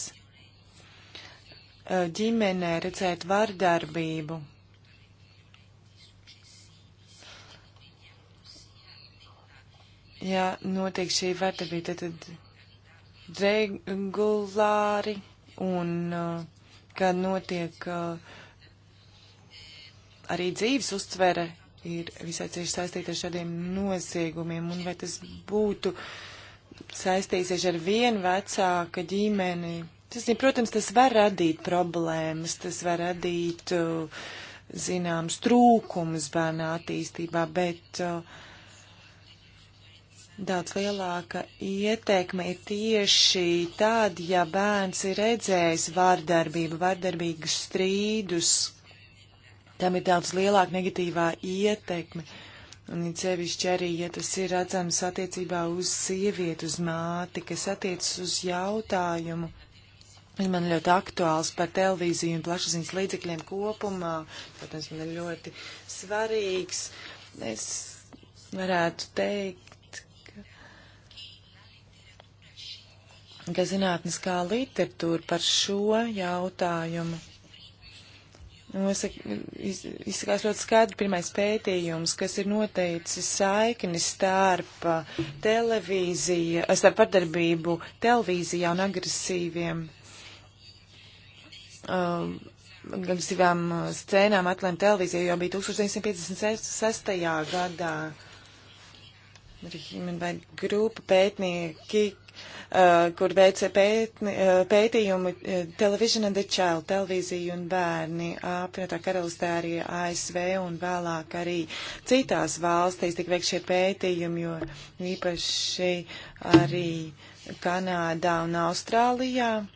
ģimenē redzēt vardarbību. Ja notiek šī vardarbība, tad, tad regulāri un uh, kad notiek uh, arī dzīves uztvere ir visai cieši saistīta ar šādiem noziegumiem, un vai tas būtu saistīsies ar vienu vecāka ģimeni, Tas, protams, tas var radīt problēmas, tas var radīt uh, zināms trūkums bērna attīstībā, bet uh, daudz lielāka ietekme ir tieši tad, ja bērns ir redzējis vārdarbību, vārdarbīgus strīdus, tam ir daudz lielāka negatīvā ietekme. Un it sevišķi arī, ja tas ir redzams attiecībā uz sievieti, uz māti, kas attiecas uz jautājumu Viņa man ļoti aktuāls par televīziju un plašsaziņas līdzekļiem kopumā. Protams, man ir ļoti svarīgs. Es varētu teikt, ka, ka zinātniskā literatūra par šo jautājumu. Nosaka, nu, iz, izsakās ļoti skaidri pirmais pētījums, kas ir noteicis saikni starp televīzija, starp padarbību televīzijā un agresīviem um, agresīvām scēnām atlēma televīzija jau bija 1956. gadā. Rīmenberg grupa pētnieki, uh, kur veica pētni, uh, pētījumi uh, Television and the Child, televīzija un bērni, apvienotā karalistē arī ASV un vēlāk arī citās valstīs tik veikšie pētījumi, jo īpaši arī Kanādā un Austrālijā. Uh,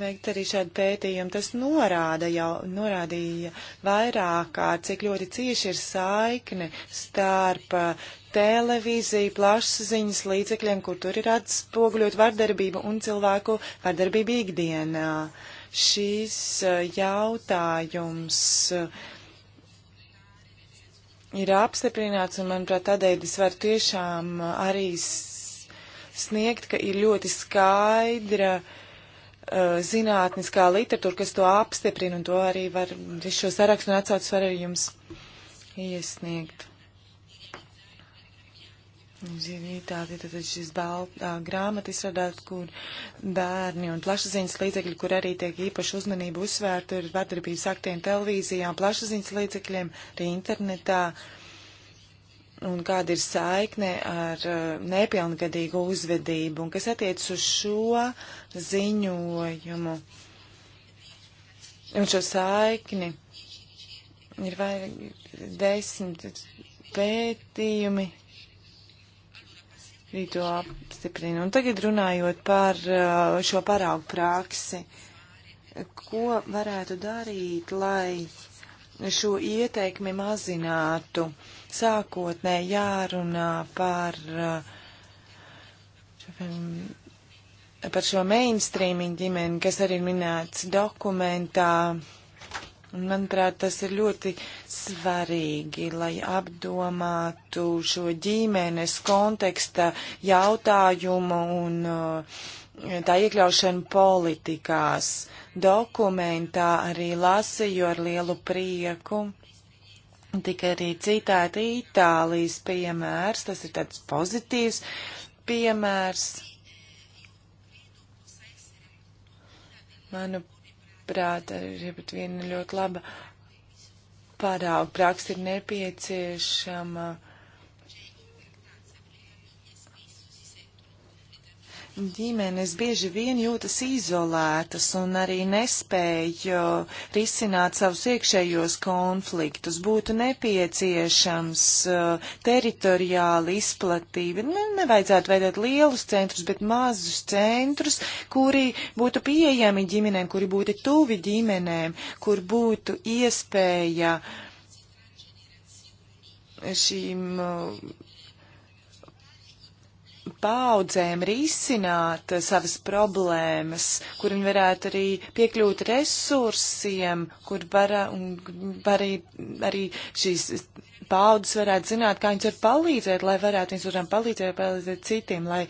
veikt arī šādu pētījumu. Tas norāda jau, norādīja vairāk kā, cik ļoti cieši ir saikne starp uh, televīziju, plašsaziņas līdzekļiem, kur tur ir atspoguļot vardarbību un cilvēku vardarbību ikdienā. Šis uh, jautājums uh, ir apstiprināts, un, manuprāt, tādēļ es varu tiešām arī sniegt, ka ir ļoti skaidra uh, uh, zinātniskā literatūra, kas to apstiprina, un to arī var visu šo sarakstu un atsaucus var arī jums iesniegt. Zivītāti, tad šis baltā grāmata izstrādāt, kur bērni un plašsaziņas līdzekļi, kur arī tiek īpaši uzmanību uzsvērta, ir vardarbības aktiem televīzijām, plašsaziņas līdzekļiem, arī internetā. Uh, un kāda ir saikne ar uh, nepilngadīgu uzvedību, un kas attiec uz šo ziņojumu un šo saikni. Ir vairāk desmit pētījumi, arī to apstiprina. Un tagad runājot par uh, šo paraugu praksi, ko varētu darīt, lai šo ieteikmi mazinātu? Uh, Sākotnē jārunā par, eh, par šo mainstreaming ģimeni, kas arī ir minēts dokumentā. Un, manuprāt, tas ir ļoti svarīgi, lai apdomātu šo ģimenes konteksta jautājumu un uh, tā iekļaušana politikās. Dokumentā arī lasīju ar lielu prieku Tika arī citāta Itālijas piemērs, tas ir tāds pozitīvs piemērs. Manuprāt, arī pat viena ļoti laba parāba praksa ir nepieciešama. Uh, ģimenes bieži vien jūtas izolētas un arī nespēj risināt savus iekšējos konfliktus. Būtu nepieciešams teritoriāli izplatība. Ne, nu, nevajadzētu veidot lielus centrus, bet mazus centrus, kuri būtu pieejami ģimenēm, kuri būtu tuvi ģimenēm, kur būtu iespēja šīm paudzēm risināt savas problēmas, kur viņi varētu arī piekļūt resursiem, kur var, var arī, arī šīs paudzes varētu zināt, kā viņas var palīdzēt, lai varētu viņas varam palīdzēt, palīdzēt citiem, lai,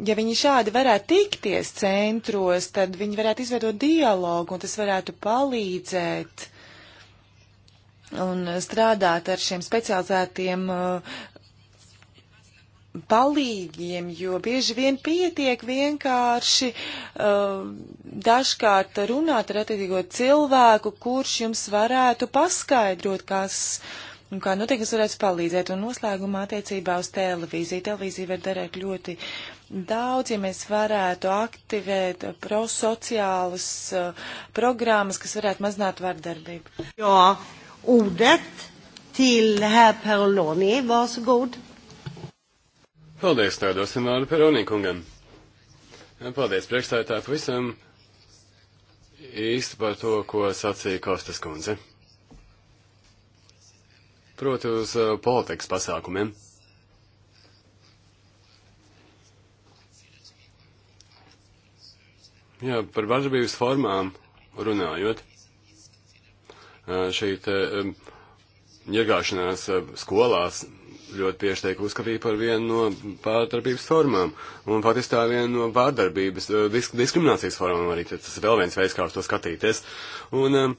ja viņi šādi varētu tikties centros, tad viņi varētu izveidot dialogu un tas varētu palīdzēt un strādāt ar šiem specializētiem uh, palīgiem, jo bieži vien pietiek vienkārši uh, dažkārt runāt ar attiecīgo cilvēku, kurš jums varētu paskaidrot, kas un kā notiek, kas varētu palīdzēt. Un noslēgumā attiecībā uz televīziju. Televīzija var darīt ļoti daudz, ja mēs varētu aktivēt prosociālas uh, programmas, kas varētu mazināt vardarbību. Jā, ūdet til herr Peroloni, varsågod. Paldies, tādos un vārdu Peronīkungam. Paldies, priekšstājotā pavisam īsti par to, ko sacīja Kostas kundze. Proti uz uh, politikas pasākumiem. Jā, par vardarbības formām runājot. Uh, šī te um, iegāšanās uh, skolās ļoti bieži tiek uzskatīta par vienu no pārdarbības formām. Un faktiski tā viena no pārdarbības, eh, disk, diskriminācijas formām arī tas ir vēl viens veids, kā uz to skatīties. Un um,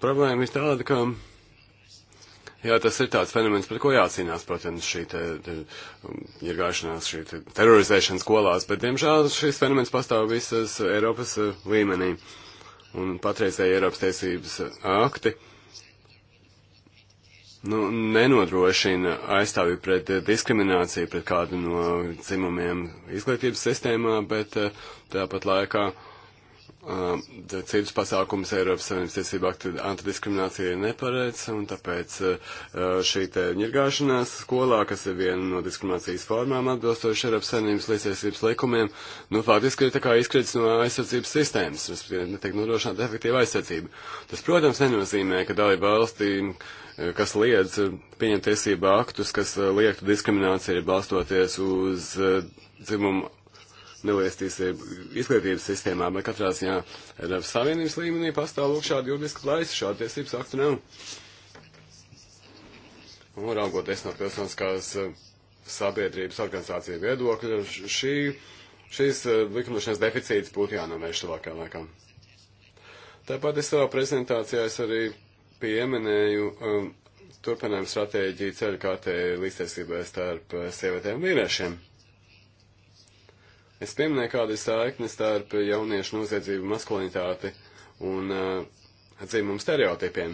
problēma ir tāda, ka. Jā, tas ir tāds fenomens, pret ko jācīnās, protams, šī te, te, ir gāšanās, šī te, terorizēšana skolās, bet, diemžēl, šis fenomens pastāv visas Eiropas eh, līmenī. Un patreizēja Eiropas tiesības akti. Uh, nu, nenodrošina aizstāvju pret eh, diskrimināciju, pret kādu no dzimumiem izglītības sistēmā, bet eh, tāpat laikā uh, Um, Cības pasākums Eiropas Savienības tiesība aktu antidiskriminācija ir nepareiz, un tāpēc uh, uh, šī te ņirgāšanās skolā, kas ir viena no diskriminācijas formām atbilstoši Eiropas Savienības līdztiesības likumiem, nu faktiski ir tā kā izkritis no aizsardzības sistēmas, respektīvi netiek nu, nodrošināta efektīva aizsardzība. Tas, protams, nenozīmē, ka dalība valstīm uh, kas liedz pieņemt tiesību aktus, kas liektu diskrimināciju balstoties uz dzimumu neviestīs izglītības sistēmā, bet katrā ziņā Eiropas Savienības līmenī pastāv lūk šādi juridiski laisi, šādi tiesības aktu nav. Un raugoties no pilsoniskās eh, sabiedrības organizācija viedokļa, šī, šīs eh, likumdošanas deficīts būtu jānovērš tuvākā laikā. Tāpat es savā prezentācijā es arī pieminēju um, turpinājumu stratēģiju ceļu kārtē līdztiesībai starp sievietēm un vīriešiem. Es pieminēju, kāda ir saikne starp jauniešu noziedzību, maskulinitāti un uh, dzīvumu stereotipiem.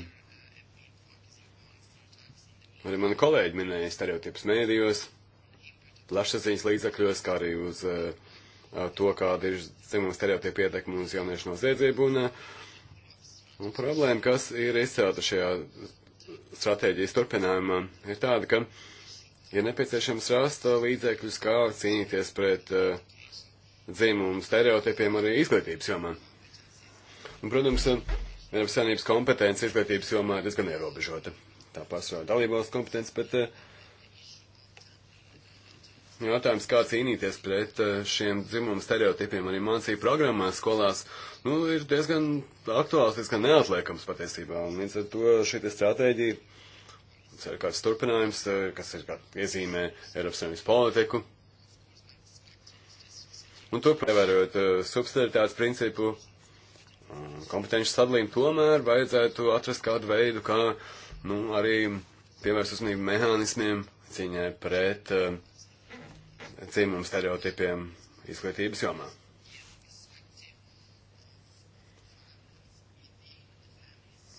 Arī mani kolēģi minēja stereotipus mēdījos, plašsaziņas līdzakļos, kā arī uz uh, uh to, kāda ir dzimumu stereotipu ietekme uz jauniešu noziedzību. Un, uh, un problēma, kas ir izcelta šajā stratēģijas turpinājumā, ir tāda, ka ir nepieciešams rast uh, līdzekļus, kā cīnīties pret uh, dzimumu stereotipiem arī izglītības jomā. Un, protams, Eiropas Savienības kompetence izglītības jomā ir diezgan ierobežota. Tā pasaules dalībvalsts kompetence, bet eh, jautājums, kā cīnīties pret eh, šiem dzimumu stereotipiem arī mācību programmās, skolās, nu, ir diezgan aktuāls, diezgan neatliekams patiesībā. Un līdz ar to šī stratēģija, tas ir kāds turpinājums, eh, kas ir kā iezīmē Eiropas Savienības politiku. Un nu, turpināt, ievērojot eh, subsidiaritātes principu, mm, kompetenci sadalījumu, tomēr vajadzētu atrast kādu veidu, kā nu, arī pievērst uzmanību mehānismiem cīņai pret uh, dzimumu stereotipiem izglītības jomā.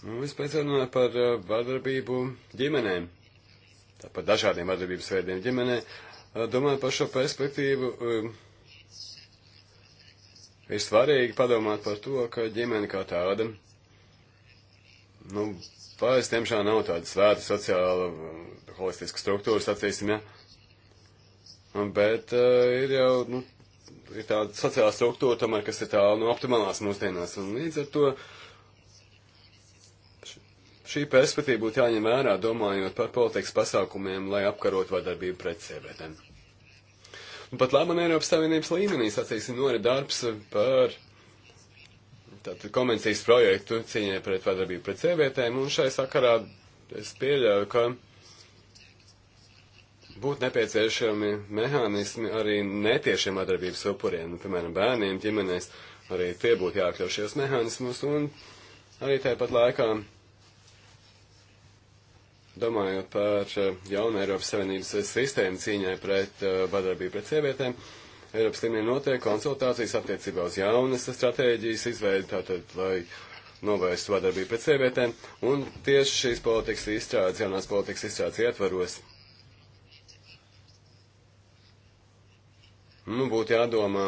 Nu, vispēc runāju par uh, vardarbību ģimenēm, tāpat dažādiem vardarbības veidiem ģimenē. Uh, domāju par šo perspektīvu. Uh, ir svarīgi padomāt par to, ka ģimene kā tāda, nu, pāris tiemžā nav tāda svēta sociāla, holistiska struktūra, sacīsim, ja. Bet uh, ir jau, nu, ir tāda sociāla struktūra, tomēr, kas ir tālu no optimālās mūsdienās. Un līdz ar to šī perspektīva būtu jāņem vērā, domājot par politikas pasākumiem, lai apkarot vardarbību pret sievietēm. Un pat labi, man Eiropas Savienības līmenī sacīsim nori nu darbs par tātad, konvencijas projektu cīņai pret vardarbību pret sievietēm, un šai sakarā es pieļauju, ka būtu nepieciešami mehānismi arī netiešiem vardarbības upuriem, nu, piemēram, bērniem, ģimenēs, arī tie būtu jākļaušies mehānismus, un arī tāpat laikā domājot par eh, jaunu Eiropas Savienības sistēmu cīņai pret eh, vardarbību pret sievietēm, Eiropas līmenī notiek konsultācijas attiecībā uz jaunas stratēģijas izveidu, tātad, lai novērstu vardarbību pret sievietēm, un tieši šīs politikas izstrādes, jaunās politikas izstrādes ietvaros. Nu, būtu jādomā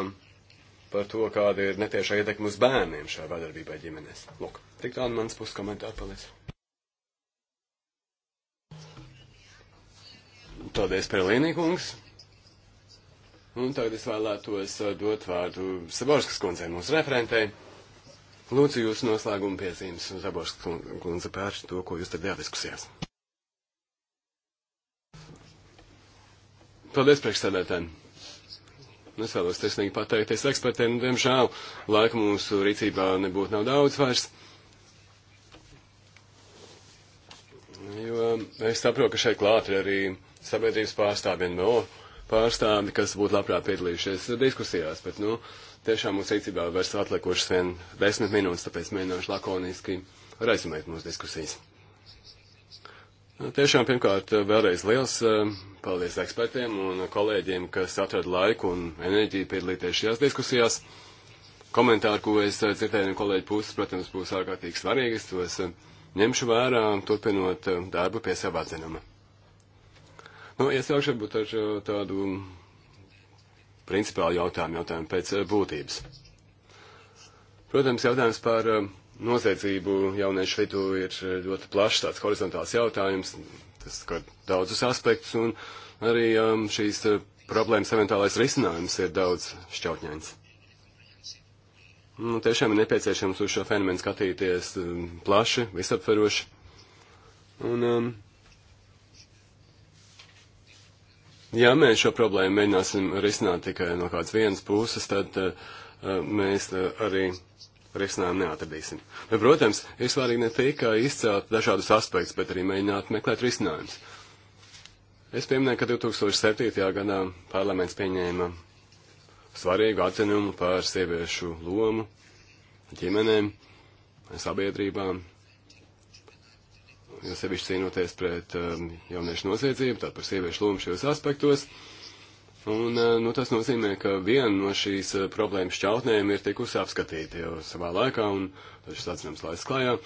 par to, kāda ir netiešā ietekme uz bērniem šajā vardarbībā ģimenēs. Lūk, tik tāda mans puskomentāra palīdz. Paldies, Perlīnī kungs. Un tagad es vēlētos uh, dot vārdu Saborskas kundzei, mūsu referentei. Lūdzu, jūsu noslēguma piezīmes un Zaborskas kundze pērš to, ko jūs te dēļ diskusijās. Paldies, priekšsēdētājiem! Nu, es vēlos tiesnīgi pateikties ekspertiem, un, diemžēl, laika mūsu rīcībā nebūtu nav daudz vairs. Jo es saprotu, ka šeit klāt ir arī sabiedrības pārstāvi, NVO pārstāvi, kas būtu labprāt piedalījušies diskusijās, bet, nu, tiešām mūsu rīcībā vairs atlikušas vien desmit minūtes, tāpēc mēģināšu lakoniski rezumēt mūsu diskusijas. Nu, tiešām pirmkārt vēlreiz liels eh, paldies ekspertiem un kolēģiem, kas atrada laiku un enerģiju piedalīties šajās diskusijās. Komentāri, ko es citēju eh, no kolēģi puses, protams, būs ārkārtīgi svarīgi. Es tos eh, ņemšu vērā, turpinot darbu pie sava atzinuma. Nu, iesākšu varbūt ar uh, tādu principālu jautājumu, jautājumu pēc uh, būtības. Protams, jautājums par uh, noziedzību jauniešu vidū ir ļoti plašs, tāds horizontāls jautājums, tas skar daudzus aspektus, un arī um, šīs problēmas eventuālais risinājums ir daudz šķautņains. Nu, tiešām ir nepieciešams uz šo fenomenu skatīties um, plaši, visaptveroši. Un, um, Ja mēs šo problēmu mēģināsim risināt tikai no kādas vienas puses, tad uh, mēs uh, arī risinājumu neatradīsim. Bet, protams, ir svarīgi ne tikai izcelt dažādus aspektus, bet arī mēģināt meklēt risinājumus. Es pieminēju, ka 2007. gadā parlaments pieņēma svarīgu atzinumu par sieviešu lomu ģimenēm, sabiedrībām, jo sevišķi cīnoties pret um, jauniešu noziedzību, tātad par sieviešu lomu šajos aspektos. Un, uh, nu, tas nozīmē, ka viena no šīs uh, problēmas šķautnēm ir tikusi apskatīta jau savā laikā, un tas ir atzinams laiks klājā.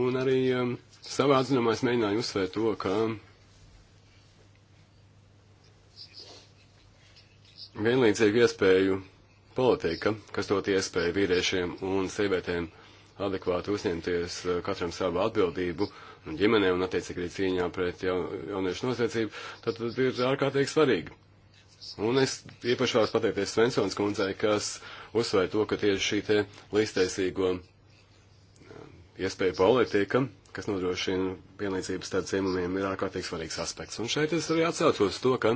Un arī um, savā atzinumā es mēģināju uzsvērt to, ka vienlīdzīgu iespēju politika, kas dot iespēju vīriešiem un sievietēm adekvāti uzņemties uh, katram savu atbildību, uh, un ģimenē un attiecīgi arī cīņā pret jau, jauniešu noziedzību, tad tas ir ārkārtīgi svarīgi. Un es īpaši vēlos pateikties Svensons kundzei, kas uzsvēra to, ka tieši šī te līdztaisīgo eh, iespēja politika, kas nodrošina vienlīdzības starp dzimumiem, ir ārkārtīgi svarīgs aspekts. Un šeit es arī atsaucos to, ka,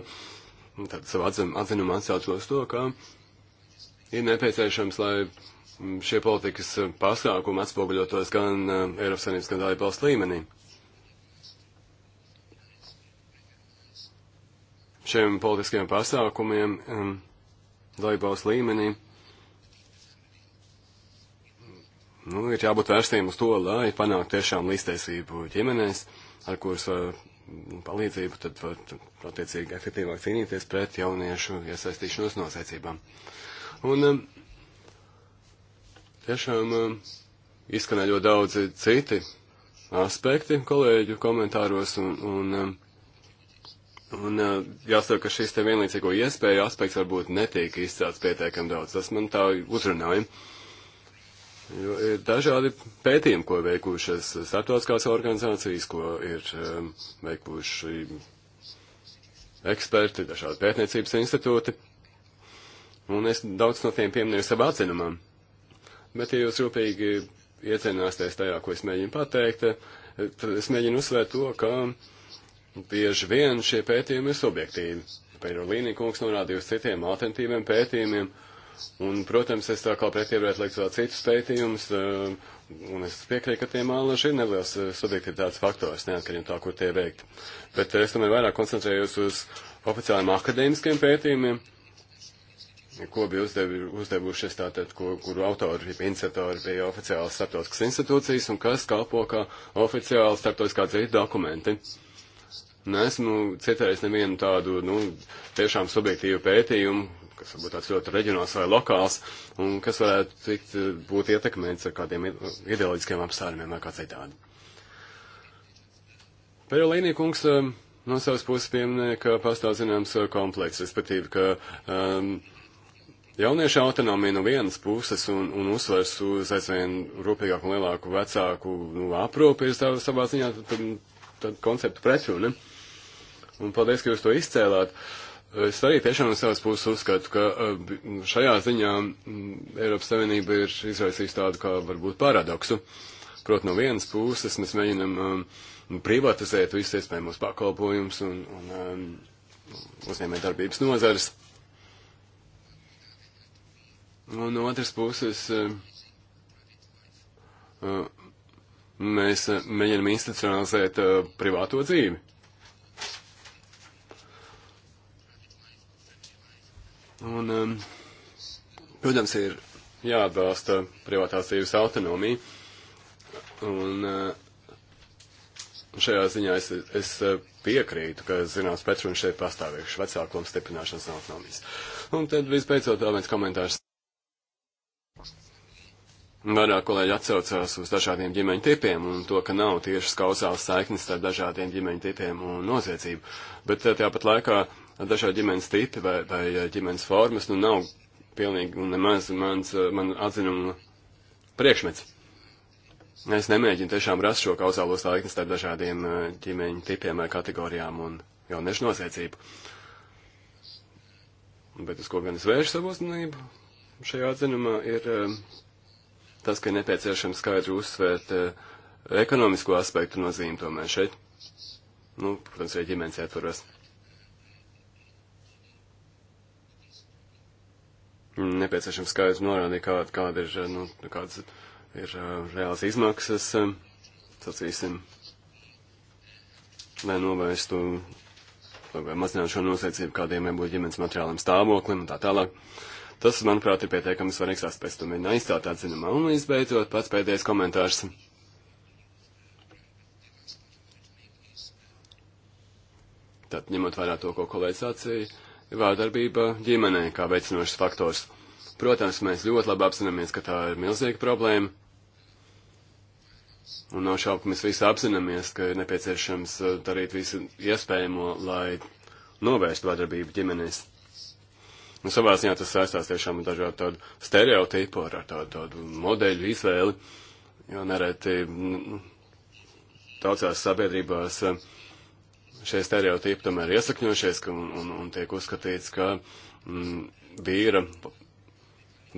nu, tad savu atzinumā atsaucos to, ka ir nepieciešams, lai šie politikas pasākumi atspoguļotos gan eh, Eiropas Savienības, gan dalībvalsts līmenī. Šiem politiskajiem pasākumiem dalībvalsts līmenī nu, ir jābūt vērstiem uz to, lai panāktu tiešām līdztiesību ģimenēs, ar kuras eh, palīdzību tad var attiecīgi efektīvāk cīnīties pret jauniešu iesaistīšanos nosaicībām. Un Tiešām um, izskanē ļoti daudzi citi aspekti kolēģu komentāros, un, un, um, un uh, jāsaka, ka šis te vienlīdzīgo iespēju aspekts varbūt netiek izcēlts pietiekam daudz. Tas man tā uzrunāja. Jo ir dažādi pētījumi, ko veikušas starptautiskās organizācijas, ko ir um, veikuši eksperti, dažādi pētniecības institūti. Un es daudz no tiem pieminēju savā atzinumā bet ja jūs rūpīgi iecenāsties tajā, ko es mēģinu pateikt, tad es mēģinu uzsvērt to, ka bieži vien šie pētījumi ir subjektīvi. Pēdējo līniju kungs norādīja uz citiem alternatīviem pētījumiem, un, protams, es tā kā pretī varētu likt vēl citus pētījumus, eh, un es piekrītu, ka tiem ālaži ir neliels eh, subjektivitātes faktors, neatkarīgi no tā, kur tie veikt. Bet eh, es tomēr vairāk koncentrējos uz oficiāliem akadēmiskiem pētījumiem, Nu, ko bija uzdevi, uzdevušies tātad, ko, kuru autori, iniciatori bija oficiāli starptautiskas institūcijas un kas kalpo kā oficiāli starptautiskā dzīta dokumenti. Nesmu citējis nevienu tādu, nu, tiešām subjektīvu pētījumu, kas varbūt tāds ļoti reģionāls vai lokāls, un kas varētu tikt būt ietekmēts ar kādiem ideoloģiskiem apstākļiem vai kā citādi. Pērolīnī kungs um, no savas puses pieminēja, ka pastāv zināms uh, komplekss, respektīvi, ka um, Jauniešu autonomija no vienas puses un, un uzsvers uz aizvien rūpīgāku un lielāku vecāku nu, aprūpi ir sav, savā ziņā tad, tad, tad konceptu pretruna. Un paldies, ka jūs to izcēlāt. Es arī tiešām no savas puses uzskatu, ka eh, šajā ziņā mm, Eiropas Savienība ir izraisījusi tādu kā varbūt paradoksu. Protams, no vienas puses mēs mēģinam um, privatizēt visus iespējamos pakalpojumus un, un um, eh, uzņēmē darbības nozares. Un no otras puses, eh, eh, mēs eh, mēģinam institucionalizēt privāto dzīvi. Un, um, protams, ir jāatbalsta privātās dzīves autonomija. Un uh, šajā ziņā es, es piekrītu, ka zināms Petruņš šeit pastāvīgs vecākuma stiprināšanas autonomijas. Un tad visbeidzot vēl viens komentārs. Vairāk kolēģi atcaucās uz dažādiem ģimeņu tipiem un to, ka nav tiešas kausāls saiknes ar dažādiem ģimeņu tipiem un noziedzību. Bet eh, tāpat laikā dažādi ģimenes tipi vai, vai eh, ģimenes formas nu nav pilnīgi un nemaz mans, eh, man atzinuma priekšmets. Es nemēģinu tiešām rast šo kauzālo saikni starp dažādiem ģimeņu tipiem vai kategorijām un jauniešu noziedzību. Bet uz ko gan es vēršu savu uzmanību šajā atzinumā ir tas, ka ir nepieciešams skaidri uzsvērt uh, ekonomisko aspektu nozīmi tomēr šeit. Nu, protams, arī ģimenes ietvaros. Nepieciešams skaidri norādīt, kāda, kāda ir, eh, nu, kādas ir uh, eh, reāls izmaksas, um, sacīsim, lai novērstu vai mazinātu šo nosacību kādiem jābūt ģimenes materiāliem stāvoklim un tā tālāk. Uh, Tas, manuprāt, ir pietiekami svarīgs aspekts, un viņa aizstāt atzinumā. Un visbeidzot, pats pēdējais komentārs. Tad, ņemot vērā to, ko kolēģis sacīja, ir vārdarbība ģimenē kā veicinošs faktors. Protams, mēs ļoti labi apzināmies, ka tā ir milzīga problēma. Un nav šaubu, ka mēs visi apzināmies, ka ir nepieciešams uh, darīt visu iespējamo, lai novērstu vārdarbību ģimenēs. Un nu, savā ziņā tas saistās tiešām ar dažādu tādu stereotipu, ar tādu, tādu modeļu izvēli, jo nereti nu, nu, daudzās sabiedrībās eh, šie stereotipi tomēr iesakņojušies, ka, un, un, un tiek uzskatīts, ka m, mm, vīra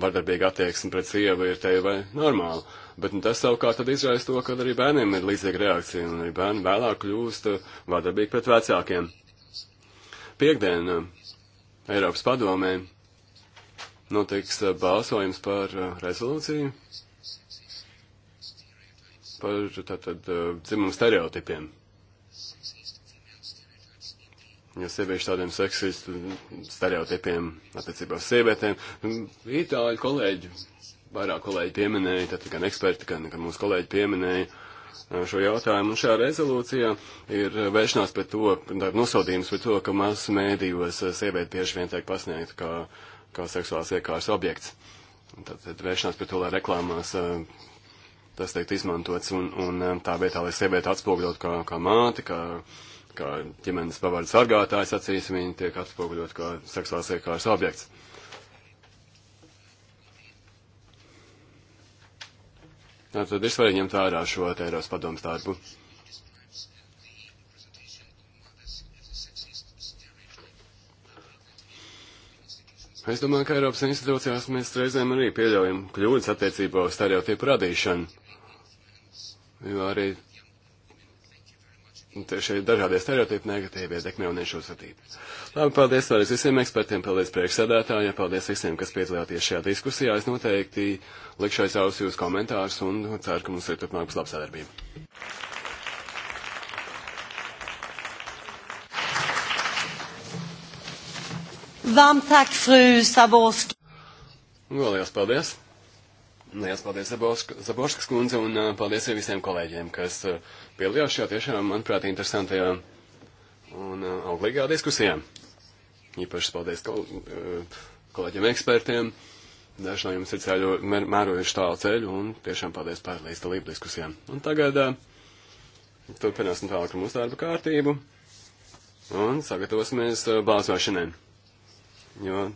vardarbīga attieksme pret sievu ir tevi vai normāla. Bet nu, tas savukārt izraisa to, ka arī bērniem ir līdzīga reakcija, un arī bērni vēlāk kļūst vardarbīgi pret vecākiem. Piektdiena Eiropas padomē noteiks uh, balsojums par uh, rezolūciju par tātad uh, dzimumu stereotipiem. Jo sieviešu tādiem seksistu stereotipiem attiecībā uz sievietēm. Itāļu kolēģi, vairāk kolēģi pieminēja, tātad gan eksperti, gan, gan mūsu kolēģi pieminēja Uh, šo jautājumu. Un šajā rezolūcijā ir uh, vēršanās pret to, nosodījums pret to, ka masu mēdījos uh, sievieti bieži vien tiek pasniegta kā, kā seksuāls iekārs objekts. Tad, tad vēršanās pret to, lai reklāmās tas tiek izmantots un, un tā vietā, lai sievieti atspoguļot kā, kā māti, kā, kā ģimenes pavārdu sargātājs acīs, viņi tiek atspoguļot kā seksuāls iekārs objekts. Tātad ir svarīgi ņemt vērā šo Eiropas padomu darbu. Es domāju, ka Eiropas institūcijās mēs reizēm arī pieļaujam kļūdas attiecībā uz stereotipu radīšanu. Jo arī šie dažādie stereotipi negatīvi ietekmē un viņš uzskatīt. Labi, paldies vēlreiz visiem ekspertiem, paldies priekšsēdētājiem, paldies visiem, kas piedalījāties šajā diskusijā. Es noteikti likšu aiz ausu jūs komentārus un ceru, ka mums ir turpmāk būs laba sadarbība. Varmt tack, fru Saborsk. Liels paldies! Lielas paldies Zaborskas kundze un uh, paldies arī visiem kolēģiem, kas uh, piedalījās šajā tiešām, manuprāt, interesantajā un uh, auglīgā diskusijā. Īpaši paldies kol kolēģiem ekspertiem. Daži no jums ir ceļu, mēr, mērojuši tālu ceļu un tiešām paldies par līdzdalību diskusijām. Un tagad uh, turpināsim tālāk ar mūsu darba kārtību un sagatavosimies uh, balsošanai. Jo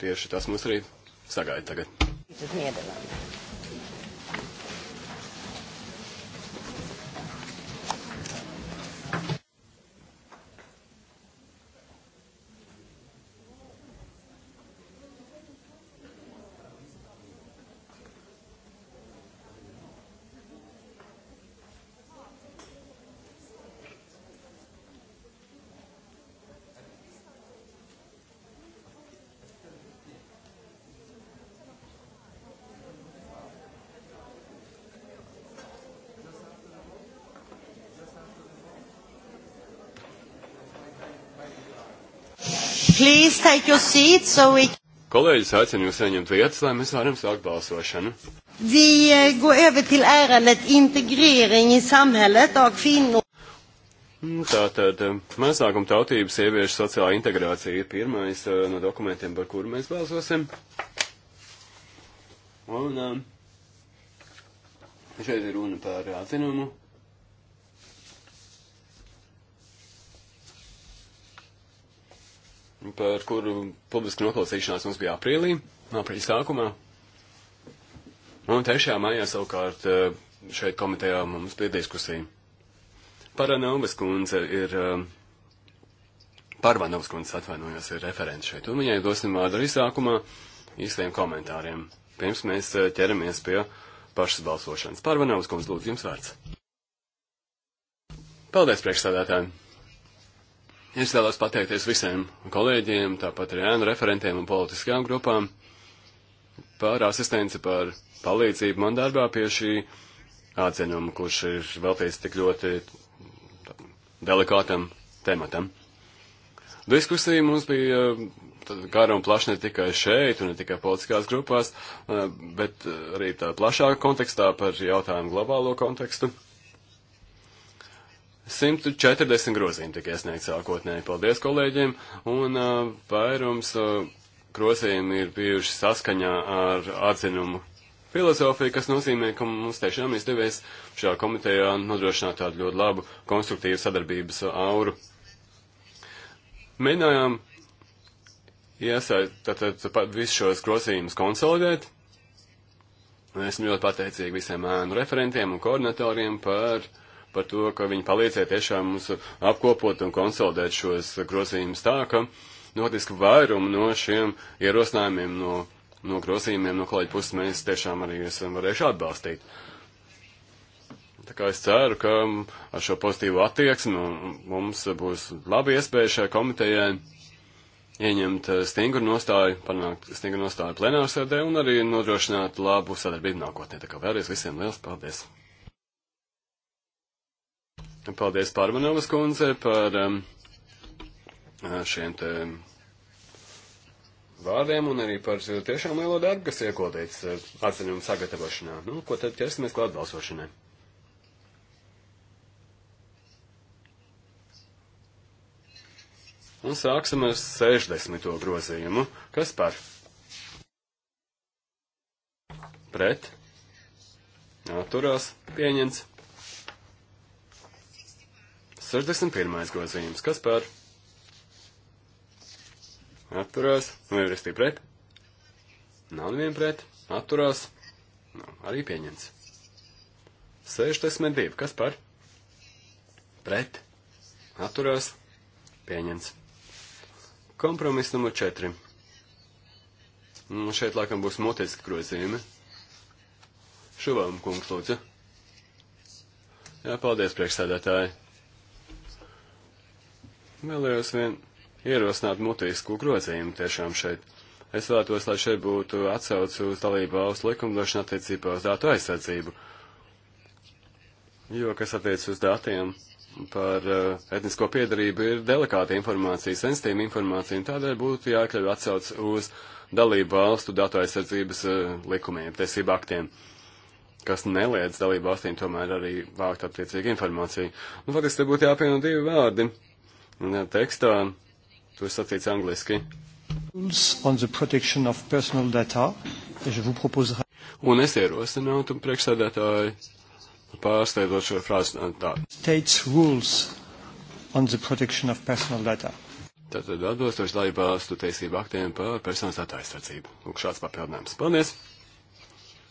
tieši tas mums arī sagaida tagad. Tas miedalām. Please take your seat, so we... Kolēģis aicina jūs ieņemt vietas, lai mēs varam sākt balsošanu. Vi eh, går över till ärendet integrering i samhället av kvinnor. Mm, tātad eh, mazākuma tautības sieviešu sociālā integrācija ir pirmais eh, no dokumentiem, par kuru mēs balsosim. Un šeit ir runa par atzinumu par kuru publiski noklausīšanās mums bija aprīlī, aprīļa sākumā. Un 3. maijā savukārt eh, šeit komitejā mums bija diskusija. Paranovas kundze ir, eh, Parvanovas kundze atvainojos, ir referents šeit, un viņai dosim vārdu arī sākumā īstiem komentāriem. Pirms mēs eh, ķeramies pie pašas balsošanas. Parvanovas kundze, lūdzu, jums vārds. Paldies, priekšstādātāji! Es vēlos pateikties visiem kolēģiem, tāpat arī ēnu referentiem un politiskajām grupām par asistenci, par palīdzību man darbā pie šī atzinuma, kurš ir veltīts tik ļoti delikātam tematam. Diskusija mums bija gara un plaša ne tikai šeit, un ne tikai politiskās grupās, eh, bet eh, arī tā plašāka kontekstā par jautājumu globālo kontekstu. 140 grozījumi tika iesniegts sākotnēji. Paldies kolēģiem, un uh, vairums uh, grozījumi ir bijuši saskaņā ar atzinumu filozofiju, kas nozīmē, ka mums tiešām izdevies šajā komitejā nodrošināt tādu ļoti labu konstruktīvu sadarbības auru. Mēģinājām iesaistīt visus šos grozījumus konsolidēt. Esmu ļoti pateicīgi visiem ēnu referentiem un koordinatoriem par uh, par to, ka viņi palīdzēja tiešām mums apkopot un konsolidēt šos grozījumus tā, ka notiski vairumu no šiem ierosinājumiem, no, no grozījumiem, no kolēģa puses mēs tiešām arī esam varējuši atbalstīt. Tā kā es ceru, ka ar šo pozitīvu attieksmi nu, mums būs labi iespēja šai komitejai ieņemt stingru nostāju, panākt stingru nostāju plenārsēdē un arī nodrošināt labu sadarbību nākotnē. Tā kā vēlreiz visiem liels paldies! Paldies Pārvanovas kundze par um, uh, šiem te vārdiem un arī par tiešām lielo darbu, kas iekotīts uh, atziņumu sagatavošanā. Nu, ko tad ķersimies klāt balsošanai? Un sāksim ar 60. grozījumu. Kas par? Pret? Atturās. Pieņemts. 61. grozījums. Kas par? Atturās. Nu, ir restī pret. Nav neviena pret. Atturās. Nu, arī pieņemts. 62. Kas par? Pret. Atturās. Pieņemts. Kompromiss numur 4. Nu, šeit laikam būs motiski grozījumi. Šuvam kungs lūdzu. Jā, paldies priekšsēdētāji. Vēlējos vien ierosināt mutisku grozījumu tiešām šeit. Es vēlētos, lai šeit būtu atsauce uz dalību valstu likumdošanu attiecībā uz datu aizsardzību. Jo, kas attiec uz datiem par uh, etnisko piedarību, ir delikāta informācija, sensitīva informācija, un tādēļ būtu jāiekļauj atsauce uz dalību valstu datu aizsardzības uh, likumiem, tiesību aktiem kas neliedz dalību valstīm tomēr arī vākt attiecīgu informāciju. Nu, faktiski te būtu jāpieno divi vārdi tekstā, tur sacīts angliski. Data, proposerai... Un es ierosinātu priekšsēdētāju pārsteidot šo frāzi tādu. Tātad atbilstoši laibāstu tiesību aktiem par personas datu aizsardzību. Lūk, šāds papildinājums. Paldies!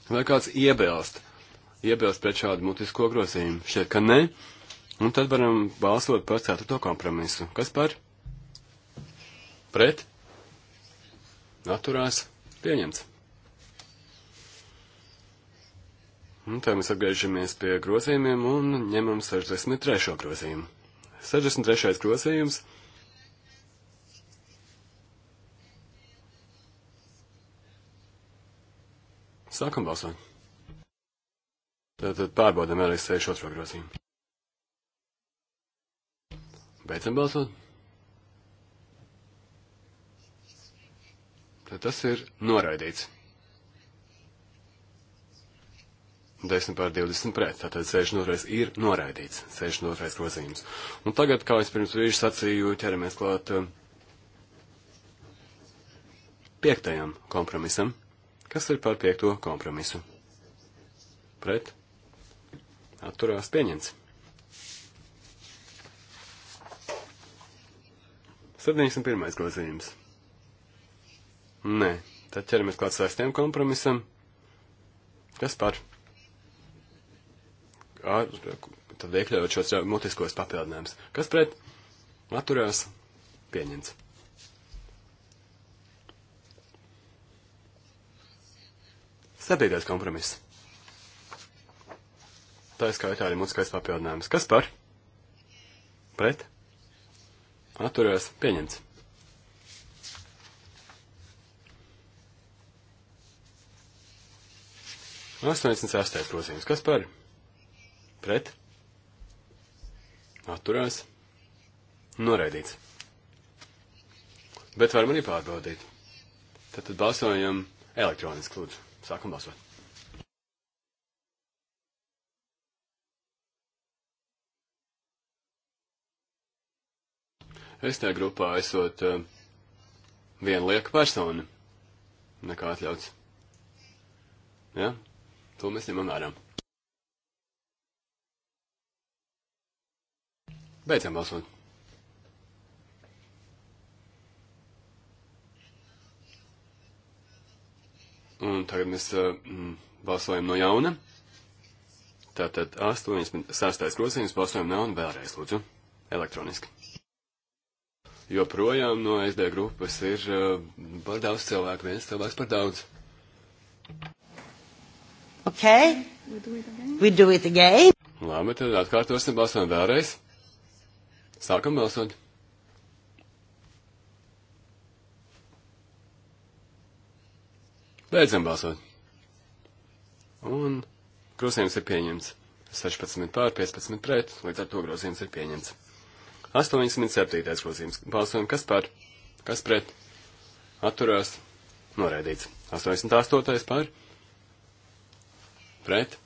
Vai kāds iebilst? Iebilst pret šādu mutisko grozījumu? Šķiet, ka nē. Ne. Un nu, tad varam balsot par ceturto kompromisu. Kas par? Pret? Naturās? Pieņemts. Un nu, tā mēs atgriežamies pie grozījumiem un ņemam 63. grozījumu. 63. grozījums. Sākam balsot. Tātad pārbaudam arī 62. grozījumu. Beidzam balsot. Tad tas ir noraidīts. 10 pār 20 pret, tātad 62 ir noraidīts, 62 grozījums. Un tagad, kā es pirms brīža sacīju, ķeramies klāt um, piektajam kompromisam. Kas ir par piekto kompromisu? Pret? Atturās pieņemts. 71. grozījums. Nē, tad ķeramies klāt sestiem kompromisam. Kas par? Ar, tad iekļaujot šos mutiskos papildinājumus. Kas pret? Atturās. Pieņemts. Septītais kompromiss. Tā ir skaitā arī mutiskais papildinājums. Kas par? Pret? atturējās pieņemts. Astoņdesmit sastais grozījums. Kas par? Pret? Atturās? Noraidīts. Bet varam arī pārbaudīt. Tad, tad balsojam elektroniski, lūdzu. Sākam balsot. Es tajā grupā esot eh, viena lieka persona, nekā atļauts. Ja? To mēs ņemam vērā. Beidzam balsot. Un tagad mēs mm, balsojam no jauna. Tātad 86. grozījums balsojam no jauna vēlreiz, lūdzu, elektroniski joprojām no SD grupas ir eh, par daudz cilvēku, viens cilvēks par daudz. Ok, we do it again. Labi, tad atkārtosim balsojumu vēlreiz. Sākam balsot. Beidzam balsot. Un grozījums ir pieņemts. 16 pār 15 pret, līdz ar to grozījums ir pieņemts. 807. grozījums. Balsojam, kas par, kas pret, atturās, noraidīts. 88. par, pret,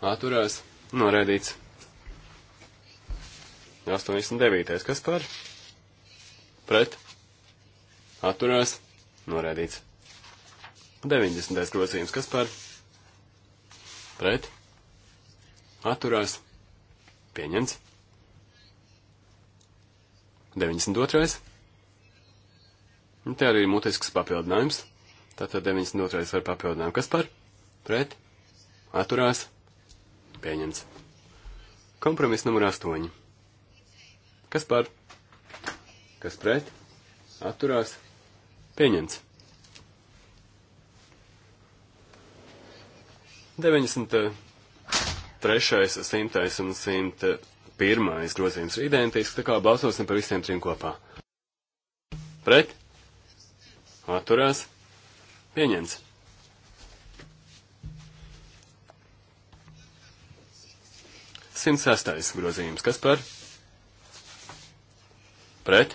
atturās, noraidīts. 89. kas par, pret, atturās, noraidīts. 90. grozījums, kas par, pret, atturās, pieņemts. 92. Un te arī ir mutisks papildinājums. Tātad 92. ar papildinājumu. Kas par? Pret? Atturās? Pieņemts. Kompromiss numur 8. Kas par? Kas pret? Atturās? Pieņemts. 93. 100. un 100. Pirmais grozījums ir identisks, tā kā balsosim par visiem trim kopā. Pret? Atturās? Pieņemts. Simt sastais grozījums. Kas par? Pret?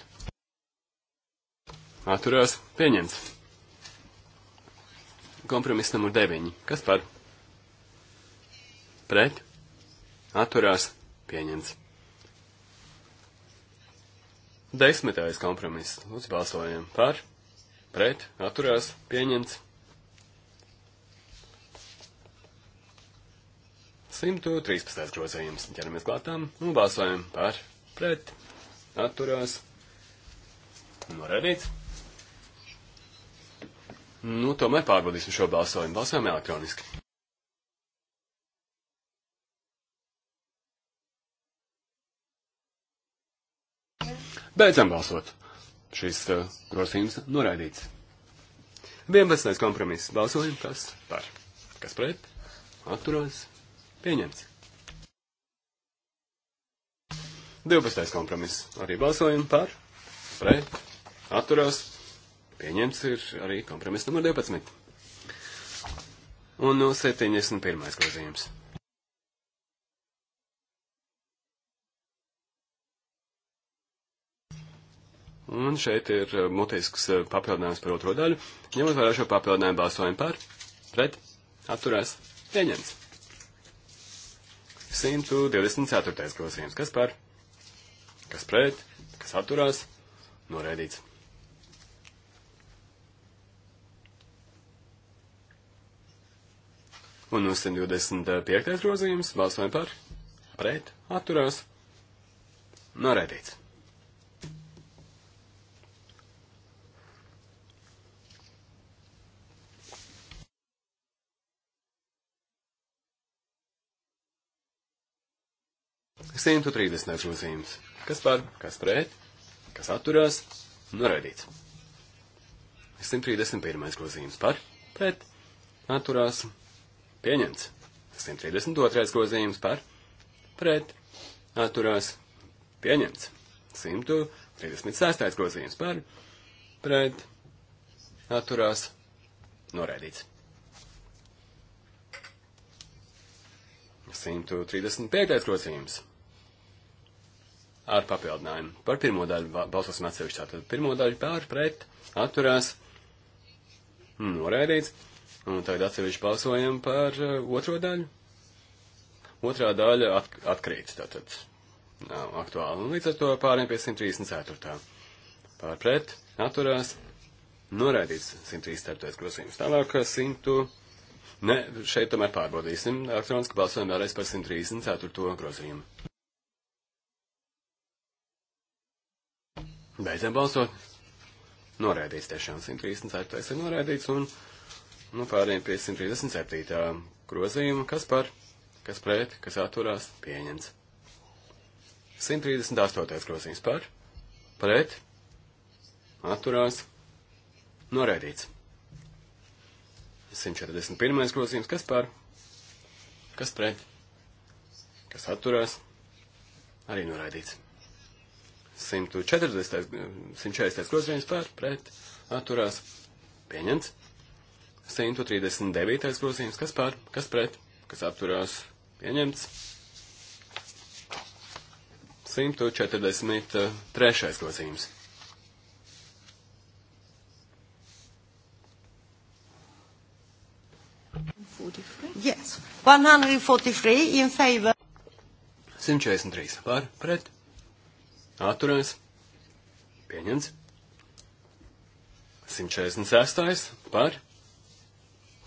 Atturās? Pieņemts. Kompromiss numur deviņi. Kas par? Pret? Atturās? Pieņemts. Desmitais kompromiss. Lūdzu, nu, balsojam par, pret, atturās, pieņemts. 113. grozījums. Ķeramies klātām un balsojam par, pret, atturās. Norādīts. Nu, tomēr pārbaudīsim šo balsojumu. Balsojam elektroniski. Beidzam balsot. Šis uh, grozījums noraidīts. 11. kompromiss. Balsojam, kas par. Kas pret? Atturās. Pieņemts. 12. kompromiss. Arī balsojam par. Pret. Atturās. Pieņemts ir arī kompromiss numur 12. Un no 71. grozījums. Un šeit ir eh, mutisks eh, papildinājums par otro daļu. Ņemot vērā šo papildinājumu balsojumu par, pret, atturēs, pieņems. 124. grozījums. Kas par? Kas pret? Kas atturās? Noraidīts. Un 125. grozījums. Balsojam par, pret, atturās, noraidīts. 130. grozījums. Kas par, kas pret, kas atturās, noraidīts. 131. grozījums par, pret, atturās, pieņemts. 132. grozījums par, pret, atturās, pieņemts. 136. grozījums par, pret, atturās, noraidīts. 135. grozījums ar papildinājumu. Par pirmo daļu balsosim atsevišķi. Tātad pirmo daļu pār pret atturās mm, noraidīts. Un tagad atsevišķi balsojam par eh, otro daļu. Otrā daļa at, atkrīt, tātad nav aktuāla. Un līdz ar to pāriem pie 134. Pār pret atturās noraidīts 134. grozījums. Tālāk 100. Eh, ne, šeit tomēr pārbaudīsim. Elektroniski balsojam vēlreiz par 134. grozījumu. Beidzam balsot. Noraidīts tiešām 134. ir noraidīts un nu, pārējiem pie 137. grozījuma, kas par, kas pret, kas atturās, pieņemts. 138. grozījums par, pret, atturās, noraidīts. 141. grozījums, kas par, kas pret, kas atturās, arī noraidīts. 140. 140. grozījums par pret atturās pieņemts. 139. grozījums, kas par, kas pret, kas atturās pieņemts. 143. grozījums. Yes. 143 in favor. 143 par pret atturēs, pieņemts. 146. par,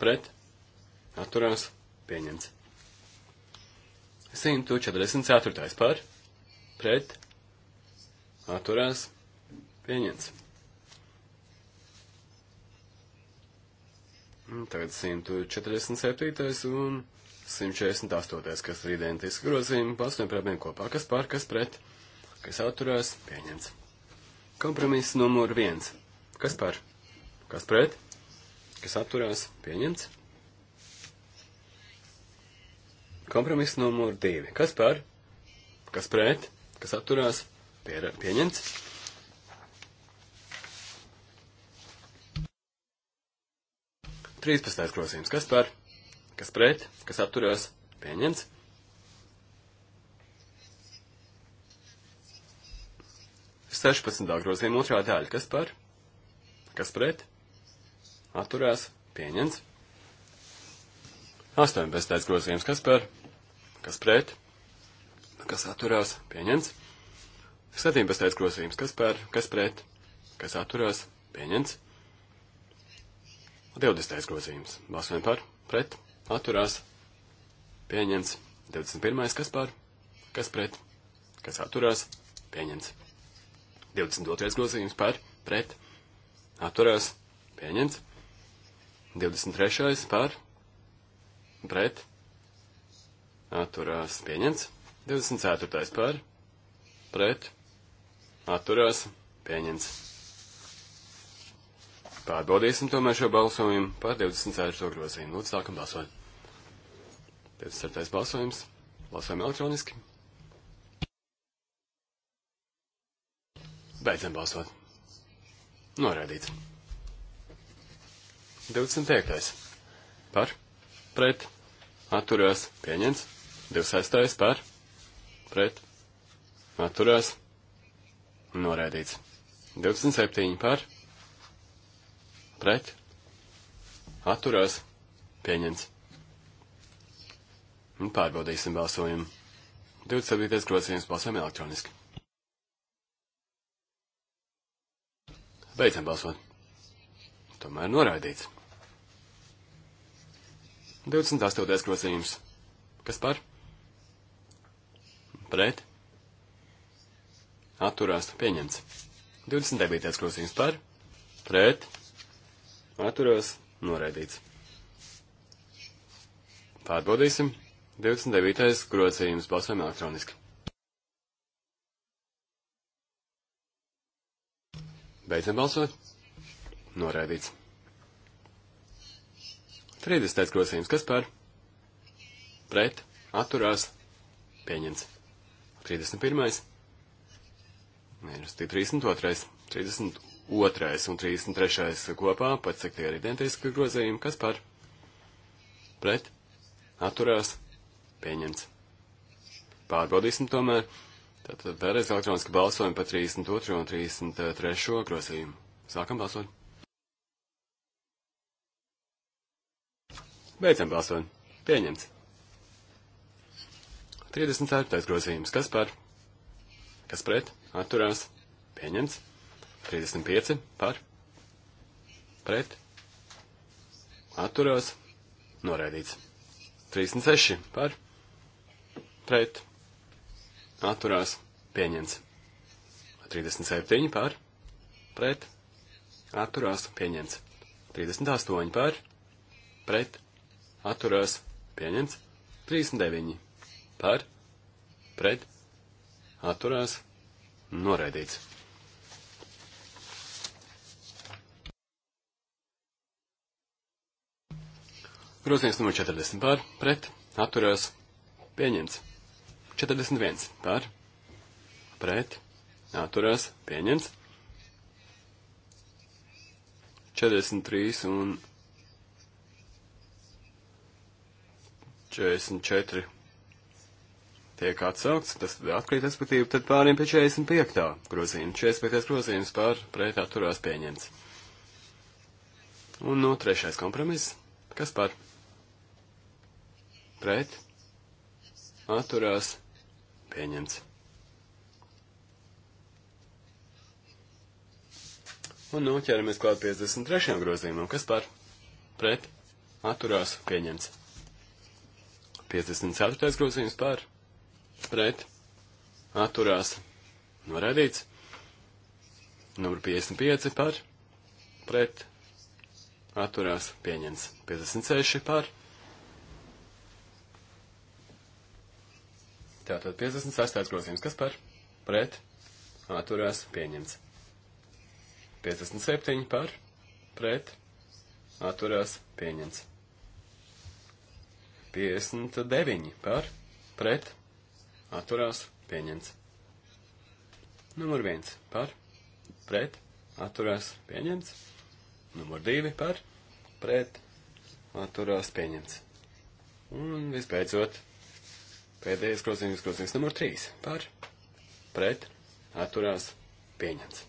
pret, atturēs, pieņemts. 144. par, pret, atturēs, pieņemts. Tagad 147. un 148. kas ir identiski grozījumi, pasniegt par abiem kopā, kas par, kas pret, atturēs, pieņemts kas atturās, pieņemts. Kompromiss numur viens. Kas par? Kas pret? Kas atturās, pieņemts. Kompromiss numur divi. Kas par? Kas pret? Kas atturās, pie, pieņemts. Trīspadsmitais grozījums. Kas par? Kas pret? Kas atturās, pieņemts. 16. grozījuma otrā daļa. Kas par? Kas pret? Atturās. Pieņemts. 18. grozījums. Kas par? Kas pret? Kas atturās? Pieņemts. 17. grozījums. Kas par? Kas pret? Kas atturās? Pieņemts. 20. grozījums. Balsojam par? Pret? Atturās? Pieņemts. 21. kas par? Kas pret? Kas atturās? Pieņemts. 22. grozījums par, pret, atturās, pieņemts. 23. par, pret, atturās, pieņemts. 24. par, pret, atturās, pieņemts. Pārbaudīsim tomēr šo balsojumu par 24. grozījumu. Lūdzu, sākam balsot. 24. balsojums. Balsojam elektroniski. Beidzam balsot. Norādīts. 25. Par. Pret. Atturās. Pieņemts. 26. Par. Pret. Atturās. Norādīts. 27. Par. Pret. Atturās. Pieņemts. Un pārbaudīsim balsojumu. 27. grozījums balsojam elektroniski. Beidzam balsot. Tomēr noraidīts. 28. grozījums. Kas par? Pret. Atturās. Pieņemts. 29. grozījums par. Pret. Atturās. Noraidīts. Pārbaudīsim. 29. grozījums balsojam elektroniski. Beidzam balsot. Noraidīts. 30. grozījums. Kas par? Pret. Atturās. Pieņemts. 31. Nē, uz 32. 32. un 33. kopā, pat cik tie ir identiski grozījumi. Kas par? Pret. Atturās. Pieņemts. Pārbaudīsim tomēr. Tātad vēlreiz elektroniski balsojam par 32. un 33. grozījumu. Sākam balsot. Beidzam balsot. Pieņemts. 34. grozījums. Kas par? Kas pret? Atturās. Pieņemts. 35. Par? Pret? Atturās. Noraidīts. 36. Par? Pret? atturās pieņemts. 37 pār, pret, atturās pieņemts. 38 pār, pret, atturās pieņemts. 39 pār, pret, atturās noraidīts. Grozījums numur 40 pār, pret, atturās pieņemts. 41 par, pret, atturās, pieņemts. 43 un 44 tiek atsaukts, tas atkrīt, respektīvi, tad pāriem pie 45. grozījuma. 45. grozījums pār pretā turās pieņemts. Un no trešais kompromiss. Kas par? Pret? Atturās. Pieņemts. Un nu ķeramies klāt 53. grozījumam. Kas par? Pret? Atturās? Pieņemts. 54. grozījums par? Pret? Atturās? Norādīts. Numur 55 par? Pret? Atturās? Pieņemts. 56 par? Pret? Tātad 56. grozījums, kas par pret atturās pieņemts. 57 par pret atturās pieņemts. 59 par pret atturās pieņemts. Numur 1 par pret atturās pieņemts. Numur 2 par pret atturās pieņemts. Un visbeidzot Pēdējais grozījums, grozījums numur 3. Par, pret, atturās, pieņemts.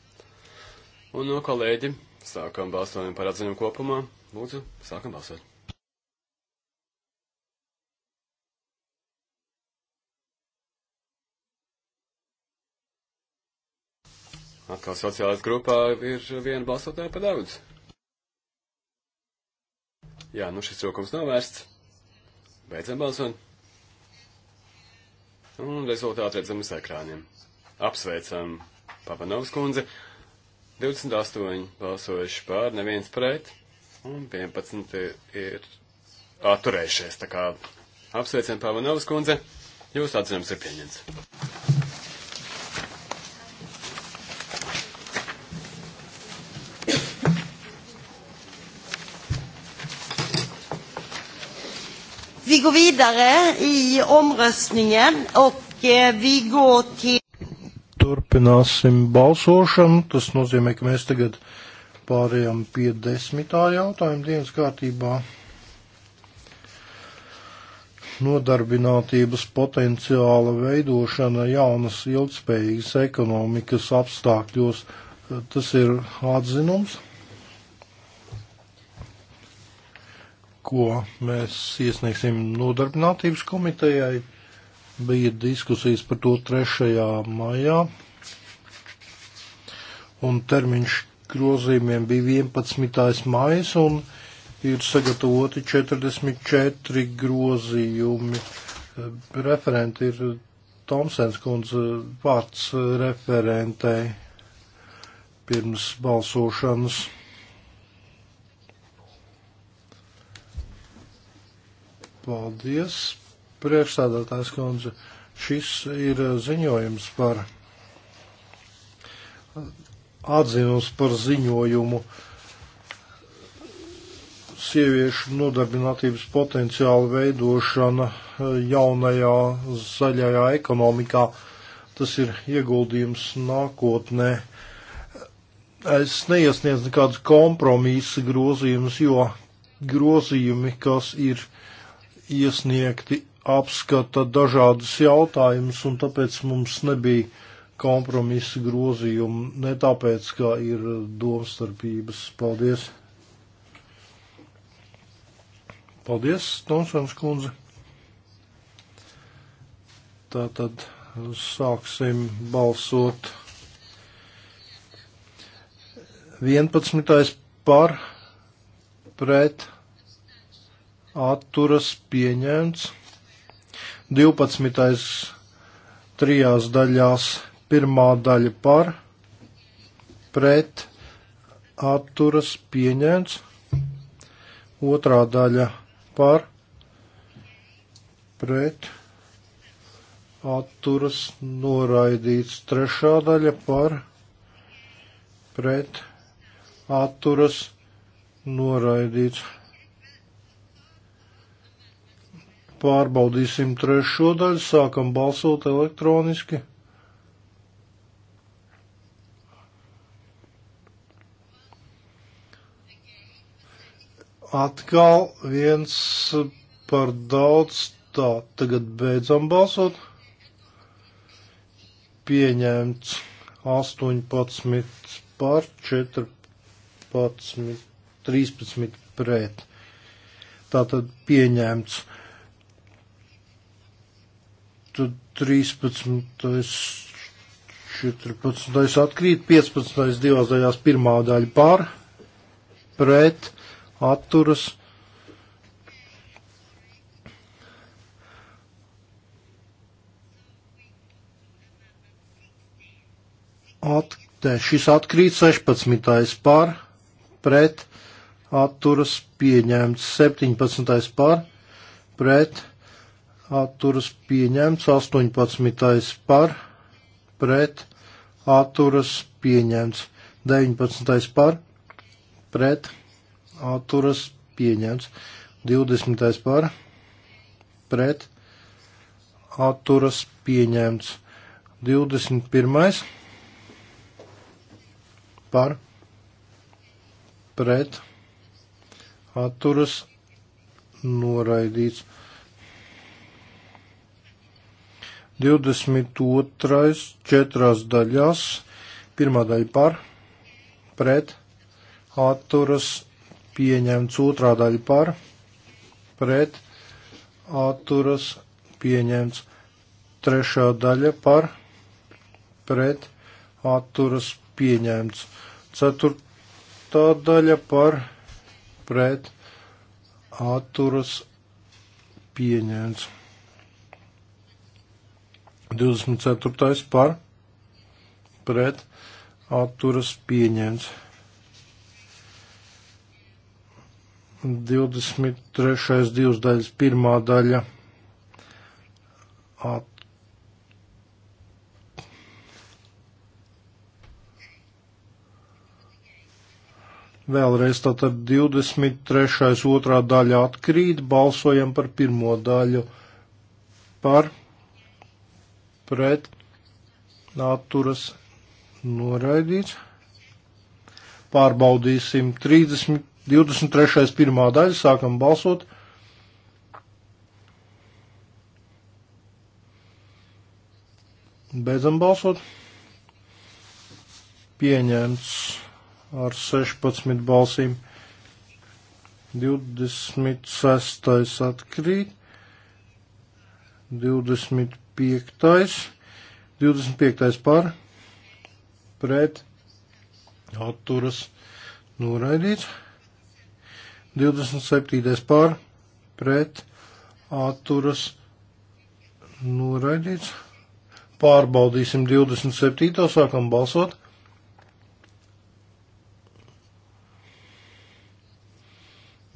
Un no kolēģi, sākam balsojumu par atziņu kopumā. Lūdzu, sākam balsot. Atkal sociālais grupā ir viena balsotāja pa daudz. Jā, nu šis rokums nav vērsts. Beidzam balsot un rezultāti redzam uz ekrāniem. Apsveicam Papanovs kundze, 28 balsojuši pār, neviens pret, un 11 ir atturējušies. Tā kā apsveicam Papanovs kundze, jūsu atzinums ir pieņemts. Vi går vidare i omröstningen och eh, vi går till... Turpināsim balsošanu. Tas nozīmē, ka mēs tagad pārējām pie desmitā jautājuma dienas kārtībā. Nodarbinātības potenciāla veidošana jaunas ilgspējīgas ekonomikas apstākļos. Tas ir atzinums. ko mēs iesniegsim nodarbinātības komitejai. Bija diskusijas par to 3. maijā, un termiņš grozījumiem bija 11. maijas, un ir sagatavoti 44 grozījumi. Referenti ir Tomsens kundze vārds referentei pirms balsošanas. Paldies, priekšstādātājs kundze. Šis ir ziņojums par atzinums par ziņojumu sieviešu nodarbinātības potenciālu veidošana jaunajā zaļajā ekonomikā. Tas ir ieguldījums nākotnē. Es neiesniedzu nekādus kompromisa grozījumus, jo grozījumi, kas ir uh, iesniegti apskata dažādus jautājumus, un tāpēc mums nebija kompromisa grozījumu, ne tāpēc, ka ir domstarpības. Paldies! Paldies, Tomsons kundze! Tātad sāksim balsot 11. par pret atturas pieņemts. 12. trijās daļās pirmā daļa par, pret, atturas pieņemts. Otrā daļa par, pret, atturas noraidīts. Trešā daļa par, pret, atturas noraidīts. Pārbaudīsim trešo daļu, sākam balsot elektroniski. Atkal viens par daudz, tā tagad beidzam balsot. Pieņemts 18 par 14, 13 pret. Tātad pieņemts 13, 14 atkrīt, 15 divās daļās pirmā daļa par, pret, atturas. At, te, šis atkrīt 16. par, pret, atturas pieņemts 17. par, pret, atturas atturas pieņemts, 18. par, pret, atturas pieņemts, 19. par, pret, atturas pieņemts, 20. par, pret, atturas pieņemts, 21. par, pret, atturas noraidīts. 22. četrās daļās. Pirmā daļa par, pret, atturas pieņemts. Otrā daļa par, pret, atturas pieņemts. Trešā daļa par, pret, atturas pieņemts. Ceturtā daļa par, pret, atturas pieņemts. 24. par pret atturas pieņemts. 23. divas daļas pirmā daļa at Vēlreiz tātad 23. otrā daļa atkrīt, balsojam par pirmo daļu par pret pret atturas noraidīts. Pārbaudīsim 30, 23. pirmā daļa, sākam balsot. Beidzam balsot. Pieņemts ar 16 balsīm. 26. atkrīt. 25. 25. par pret atturas noraidīts. 27. par pret atturas noraidīts. Pārbaudīsim 27. sākam balsot.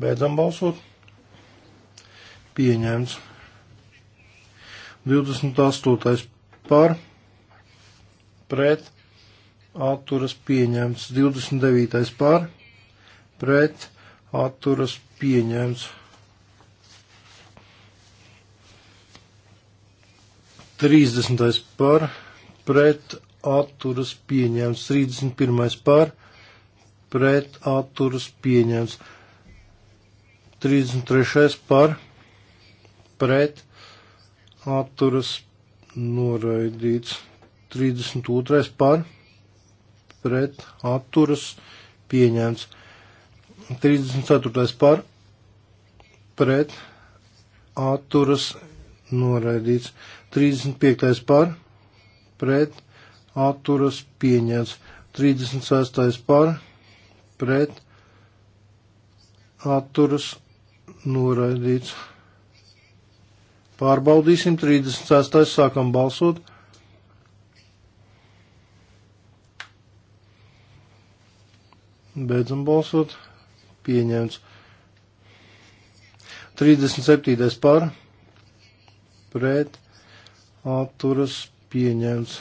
Beidzam balsot. Pieņemts. 28. par pret atturas pieņemts. 29. par pret atturas pieņemts. 30. par pret atturas pieņemts. 31. par pret atturas pieņemts. 33. par pret atturas pieņemts atturas noraidīts 32. par pret atturas pieņemts 34. par pret atturas noraidīts 35. par pret atturas pieņemts 36. par pret atturas noraidīts Pārbaudīsim 36. sākam balsot. Beidzam balsot. Pieņemts. 37. par. Pret. Atturas. Pieņemts.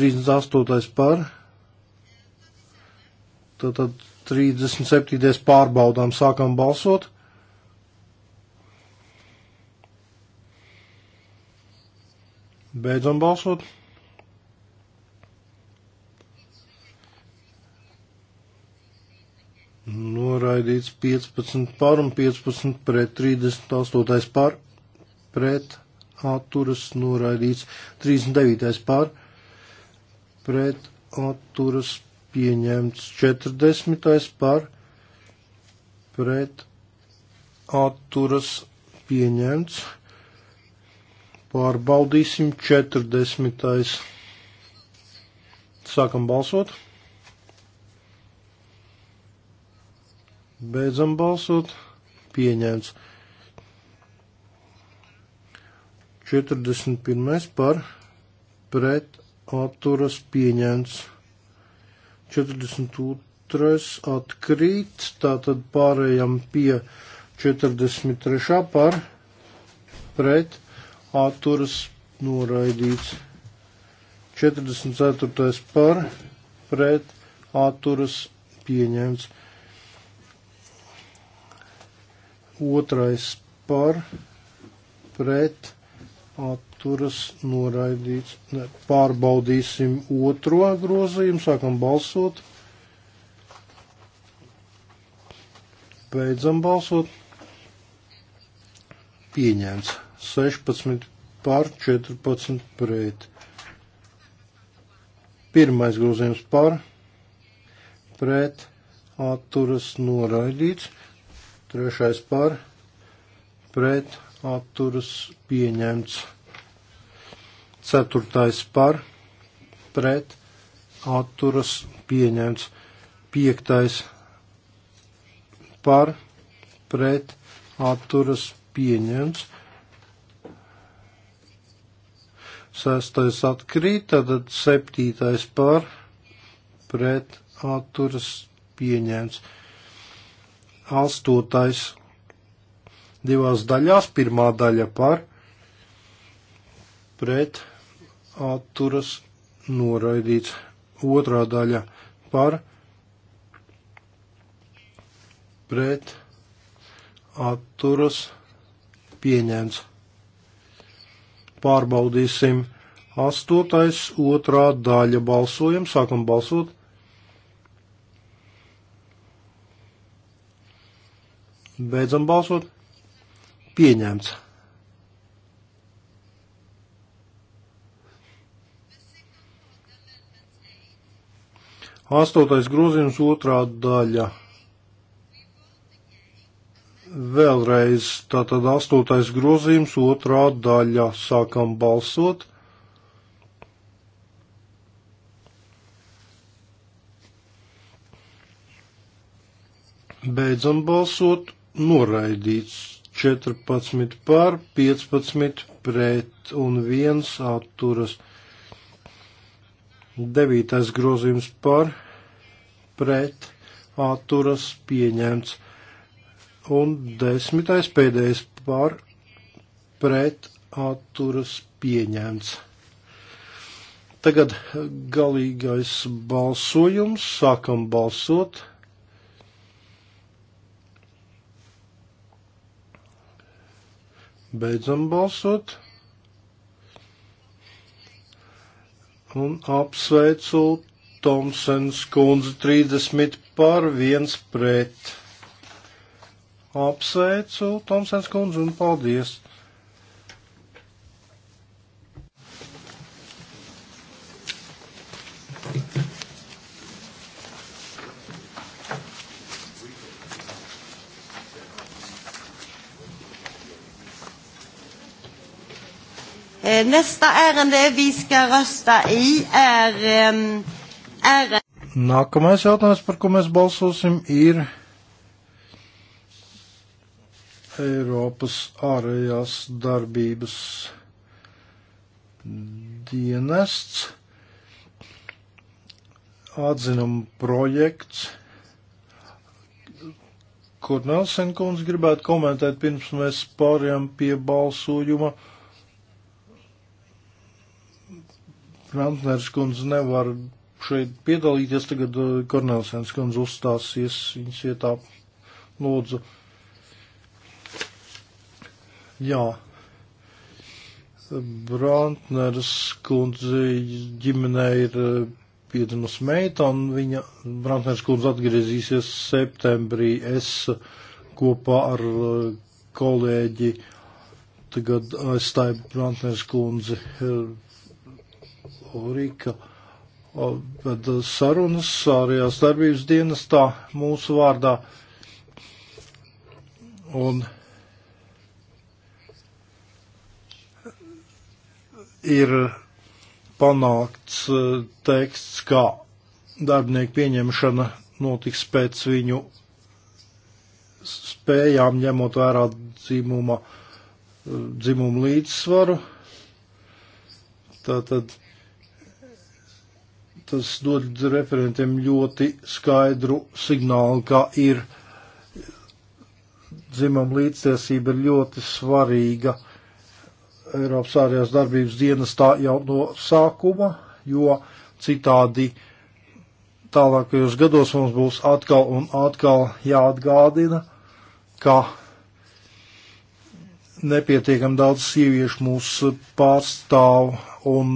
38. par. Tātad 37. pārbaudām sākam balsot. Beidzam balsot. Noraidīts 15 par un 15 pret 38 par pret atturas noraidīts 39 par pret atturas pieņemts 40 par pret atturas pieņemts Pārbaudīsim 40. Sākam balsot. Beidzam balsot. Pieņemts. 41. par pret atturas pieņemts. 42. atkrīt. Tātad pārējām pie 43. par pret atturas atturas noraidīts. 44. par pret atturas pieņemts. Otrais par pret atturas noraidīts. Ne, pārbaudīsim otro grozījumu, sākam balsot. Beidzam balsot. Pieņemts. 16 pār 14 pret. Pirmais grozījums par pret atturas noraidīts. Trešais par pret atturas pieņemts. Ceturtais par pret atturas pieņemts. Piektais par pret atturas pieņemts Sestais atkrīt, tad septītais par pret atturas pieņemts. Astotais divās daļās, pirmā daļa par pret atturas noraidīts, otrā daļa par pret atturas pieņemts. Pārbaudīsim. Astotais, otrā daļa balsojam, sākam balsot. Beidzam balsot. Pieņemts. Astotais grozījums, otrā daļa. Vēlreiz tātad astotais grozījums, otrā daļa sākam balsot. Beidzam balsot, noraidīts 14 pār, 15 pret un 1 atturas. 9. grozījums par, pret, atturas pieņemts. Un desmitais pēdējais par pret atturas pieņemts. Tagad galīgais balsojums. Sākam balsot. Beidzam balsot. Un apsveicu Tomsens kundzi 30 par 1 pret apsveicu Tomsens kundzi un paldies. Eh, nästa ärende vi ska rösta i är ehm, ärendet. Nākamais jautājums, par ko mēs balsosim, ir Eiropas ārējās darbības dienests, atzinuma projekts, kur Nelsenkunds gribētu komentēt pirms mēs pārējām pie balsojuma. Brantners kundze nevar šeit piedalīties, tagad eh, Kornelsens kundze uzstāsies viņas vietā. Lūdzu. Uh, Jā. Brantners kundze ģimenē ir eh, piedzimus meita, un viņa Brantners kundze atgriezīsies septembrī. Es kopā ar eh, kolēģi tagad aizstāju Brantners kundzi eh, Rika. Bet sarunas ārējās darbības dienas tā mūsu vārdā. Un ir panākts e, teksts, kā darbinieku pieņemšana notiks pēc viņu spējām, ņemot vērā dzimuma, e, dzimuma līdzsvaru. Tātad tas dod referentiem ļoti skaidru signālu, ka ir e, dzimuma līdztiesība ir ļoti svarīga Eiropas ārējās darbības dienestā jau no sākuma, jo citādi tālākajos gados mums būs atkal un atkal jāatgādina, ka nepietiekam daudz sieviešu mūs pārstāv un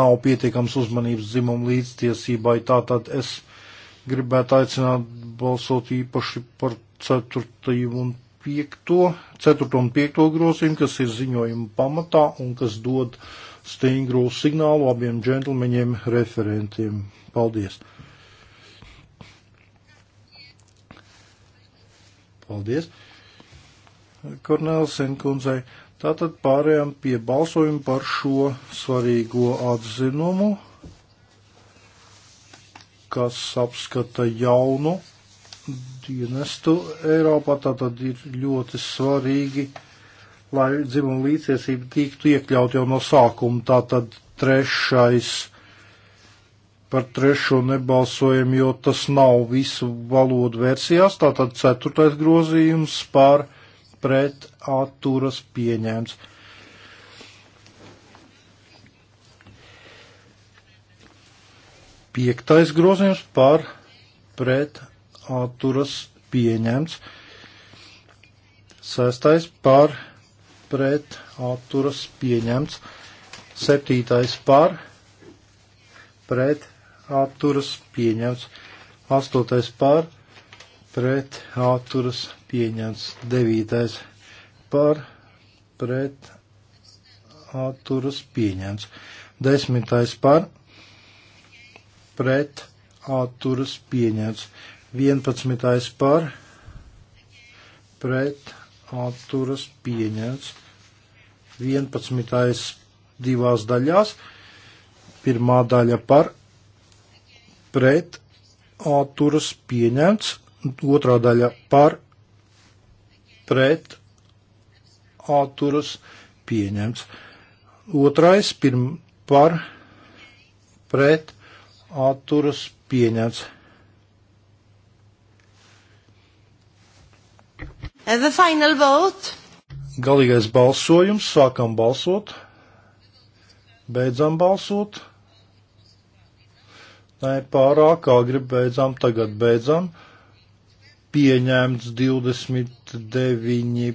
nav pietiekams uzmanības dzimumu līdztiesībai. Tātad es gribētu aicināt balsot īpaši par 4. un 5, 4 un 5 grozījumu, kas ir ziņojuma pamatā un kas dod stingru signālu abiem džentlmeņiem referentiem. Paldies! Paldies! Kornelsen kundzei. Tātad pārējām pie balsojuma par šo svarīgo atzinumu, kas apskata jaunu ienestu Eiropā, tātad ir ļoti svarīgi, lai dzimuma līdziesība tiktu iekļaut jau no sākuma. Tātad trešais par trešo nebalsojam, jo tas nav visu valodu versijās, tātad ceturtais grozījums par pret atturas pieņēmts. Piektais grozījums par pret atturas pieņemts. Sestais par pret atturas pieņemts. Septītais par pret atturas pieņemts. Astotais par pret atturas pieņemts. Devītais par pret atturas pieņemts. Desmitais par pret atturas pieņemts. 11. par pret atturas pieņemts. 11. divās daļās. Pirmā daļa par pret atturas pieņemts. Otrā daļa par pret atturas pieņemts. Otrais pirm par pret atturas pieņemts. And uh, the final vote. Galīgais balsojums. Sākam balsot. Beidzam balsot. Nē, pārāk agri beidzam, tagad beidzam. Pieņemts 29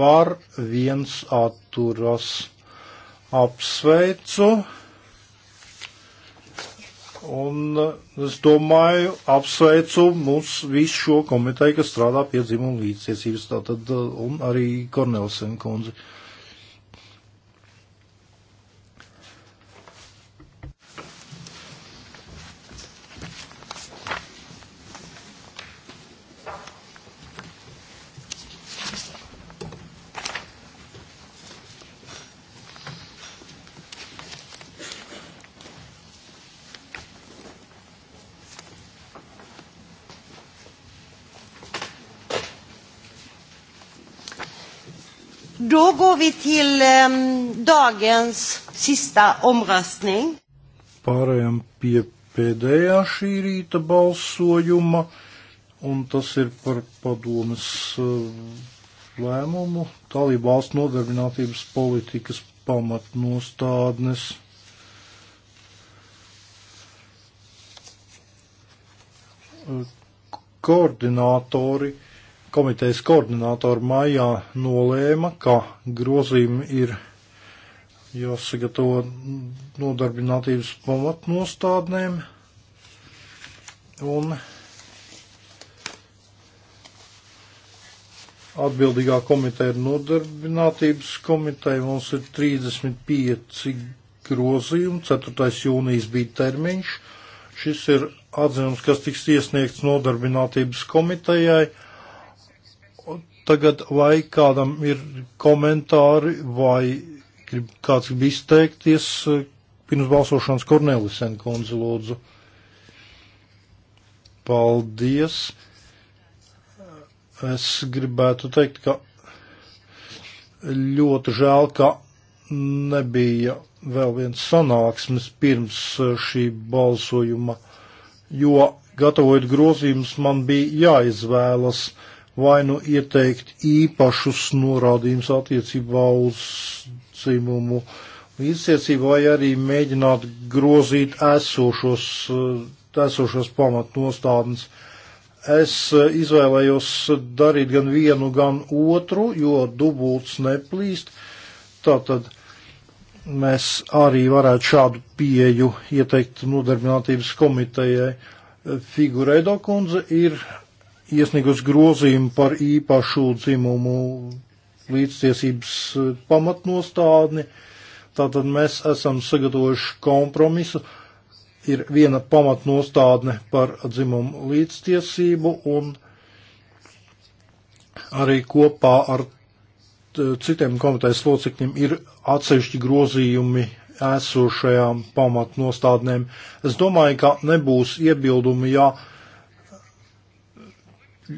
par 1 atturas. Apsveicu. Un es domāju, apsveicu mums visu šo komiteju, kas strādā pie dzimumu līdztiesības, tātad uh, un arī Kornelsen kundzi. Uh, Då går vi till um, dagens sista omröstning. Pārējām pie pēdējā šī rīta balsojuma, un tas ir par padomes eh, lēmumu dalību valsts nodarbinātības politikas pamatnostādnes. Eh, koordinātori uh, komitejas koordinātori maijā nolēma, ka grozījumi ir jāsagatavo nodarbinātības pamatnostādnēm un atbildīgā komiteja ir nodarbinātības komiteja. Mums ir 35 grozījumi, 4. jūnijas bija termiņš. Šis ir atzinums, kas tiks iesniegts nodarbinātības komitejai. Uh, tagad vai kādam ir komentāri vai grib, kāds grib izteikties eh, pirms balsošanas Kornelisen kundze lūdzu. Paldies. Es gribētu teikt, ka ļoti žēl, ka nebija vēl viens sanāksmes pirms eh, šī balsojuma, jo gatavojot grozījumus man bija jāizvēlas uh, vai nu ieteikt īpašus norādījumus attiecībā uz dzimumu līdztiesību, vai arī mēģināt grozīt esošos, eh, esošos pamatnostādnes. Es eh, izvēlējos darīt gan vienu, gan otru, jo dubults neplīst. Tātad mēs arī varētu šādu pieju ieteikt nodarbinātības komitejai. Figureido kundze ir iesniegus grozījumu par īpašu dzimumu līdztiesības eh, pamatnostādni. Tātad mēs esam sagatavojuši kompromisu. Ir viena pamatnostādne par dzimumu līdztiesību un arī kopā ar eh, citiem komitejas locekļiem ir atsevišķi grozījumi esošajām pamatnostādnēm. Es domāju, ka nebūs iebildumi, ja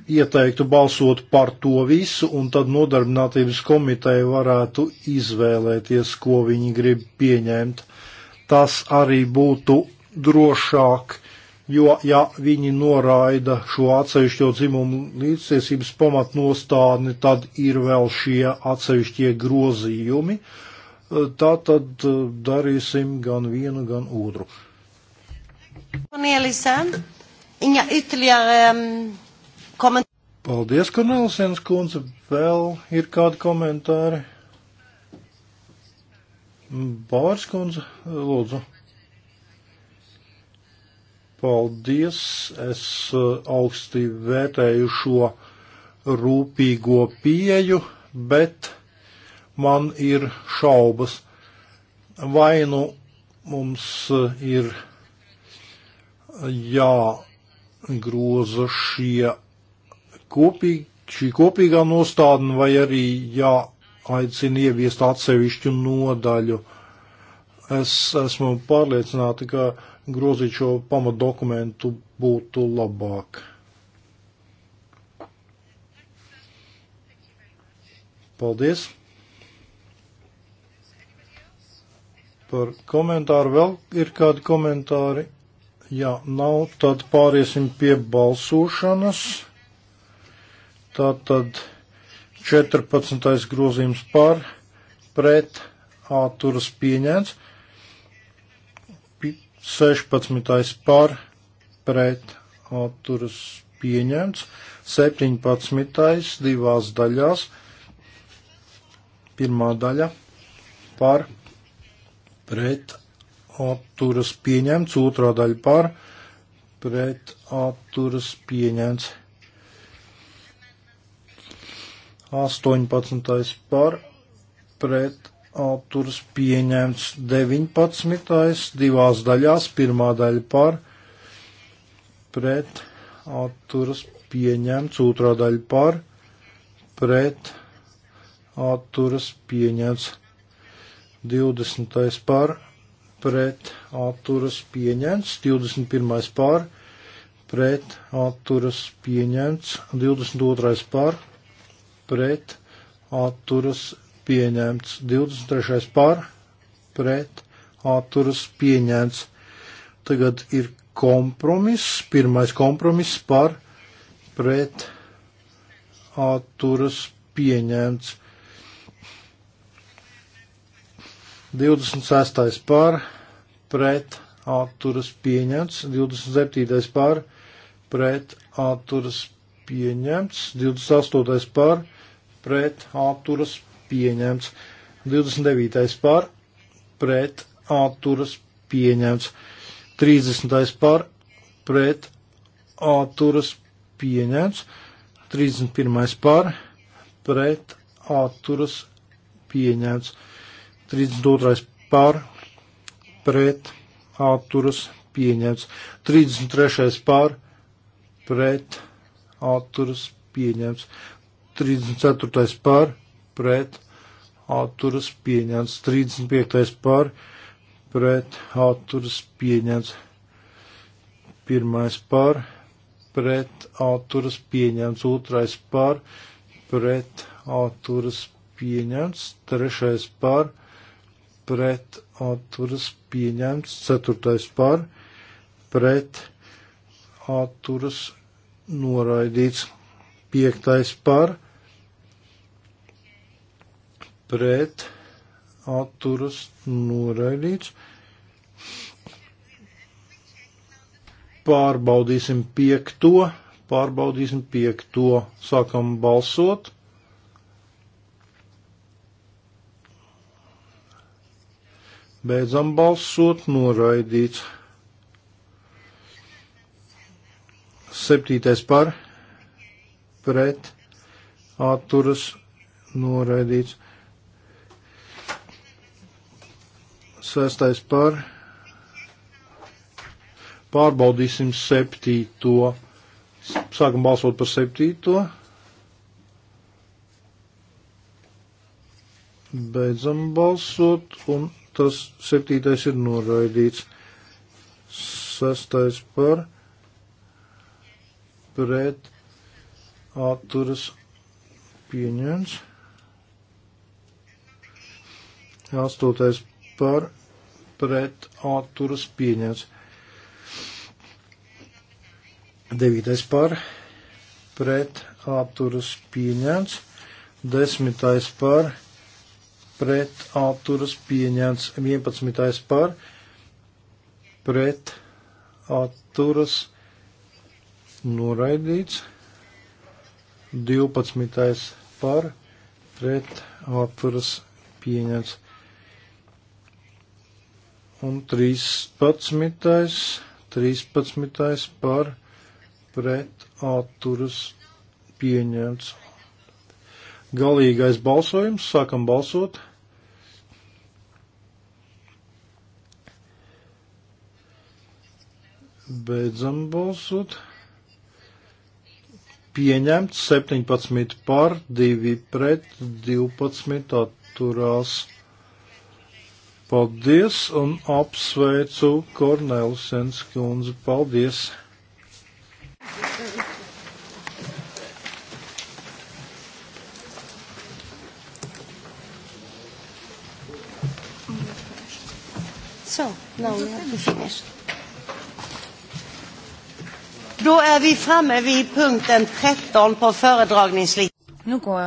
ieteiktu balsot par to visu, un tad nodarbinātības komiteja varētu izvēlēties, ko viņi grib pieņemt. Tas arī būtu drošāk, jo, ja viņi noraida šo atsevišķo dzimumu līdztiesības pamatnostādni, tad ir vēl šie atsevišķie grozījumi. Tā tad e, darīsim gan vienu, gan otru. Cornelisa, inga ytterligare um, komentāri. Paldies, Kornelisens kundze. Vēl ir kādi komentāri? Mm, Bārs kundze, lūdzu. Paldies, es eh, augstī vērtēju šo rūpīgo pieju, bet man ir šaubas. Vai nu mums eh, ir jāgroza šie kopīgi, šī kopīgā nostādne vai arī jāaicina ieviest atsevišķu nodaļu. Es esmu pārliecināta, ka grozīt šo pamatdokumentu būtu labāk. Paldies par komentāru. Vēl ir kādi komentāri? Jā, nav. Tad pāriesim pie balsošanas. Tātad 14. grozījums par pret āturas pieņēns, 16. par pret āturas pieņemts, 17. divās daļās, pirmā daļa par pret atturas pieņemts, otrā daļa par pret atturas pieņemts. 18. par pret atturas pieņemts 19. divās daļās, pirmā daļa par pret atturas pieņemts, otrā daļa par pret atturas pieņemts 20. par pret atturas pieņemts 21. par pret atturas pieņemts 22. par pret pret atturas pieņemts. 23. par pret atturas pieņemts. Tagad ir kompromiss, pirmais kompromiss par pret atturas pieņemts. 26. par pret atturas pieņemts, 27. par pret atturas pieņemts, 28. par pret atturas pieņemts. 29. par pret atturas pieņemts. 30. par pret atturas pieņemts. 31. par pret atturas pieņemts. 32. par pret atturas pieņemts. 33. par pret atturas pieņemts. 34. pār pret atturas pieņemts, 35. pār pret atturas pieņemts, 1. pār pret atturas pieņemts, 2. pār pret atturas pieņemts, 3. pār pret atturas pieņemts, 4. pār pret atturas noraidīts, 5. pār pret pret atturas noraidīts. Pārbaudīsim piekto, pārbaudīsim piekto, sākam balsot. Beidzam balsot, noraidīts. Septītais par, pret, atturas, noraidīts. Sestais par. Pārbaudīsim septīto. Sākam balsot par septīto. Beidzam balsot, un tas septītais ir noraidīts. Sestais par pret atturas pieņemts. Astotais par pret atturas pieņemts. Devītais par pret atturas pieņemts. Desmitais par pret atturas pieņemts. Vienpadsmitais par pret atturas noraidīts. Divpadsmitais par pret atturas pieņemts un 13. 13. par pret atturas pieņemts. Galīgais balsojums. Sākam balsot. Beidzam balsot. Pieņemts 17 par, 2 pret, 12 atturās. Paldies un apsveicu Kornelisens kundzi. Paldies! So, now we have to finish. Då är vi framme vid punkten 13 på föredragningslistan. Nu går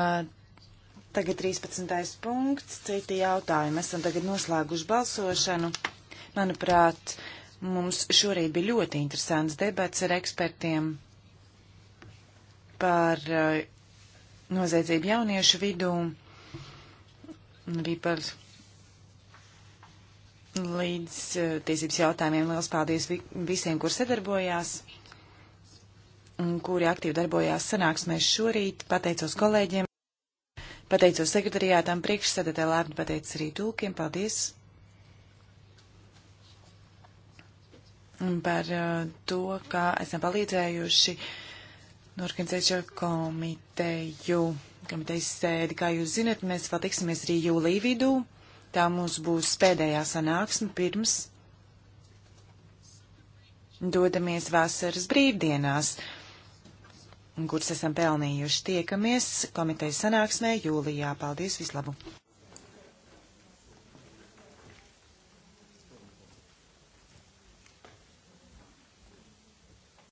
Tagad 13. punkts, citi jautājumi. Esam tagad noslēguši balsošanu. Manuprāt, mums šorīt bija ļoti interesants debats ar ekspertiem par eh, noziedzību jauniešu vidū, arī par līdz eh, tiesības jautājumiem. Liels paldies visiem, kur sadarbojās un kuri aktīvi darbojās sanāksmēs šorīt. Pateicos kolēģiem. Pateicos sekretariātam priekšsēdētē lēpni pateicis arī tulkiem. Paldies! Un par uh, to, kā esam palīdzējuši norganizēt šo komiteju, komitejas sēdi. Kā jūs zinat, mēs vēl tiksimies arī jūlija vidū. Tā mums būs pēdējā sanāksme pirms dodamies vasaras brīvdienās kuras esam pelnījuši. Tiekamies komitejas sanāksmē jūlijā. Paldies, vislabu!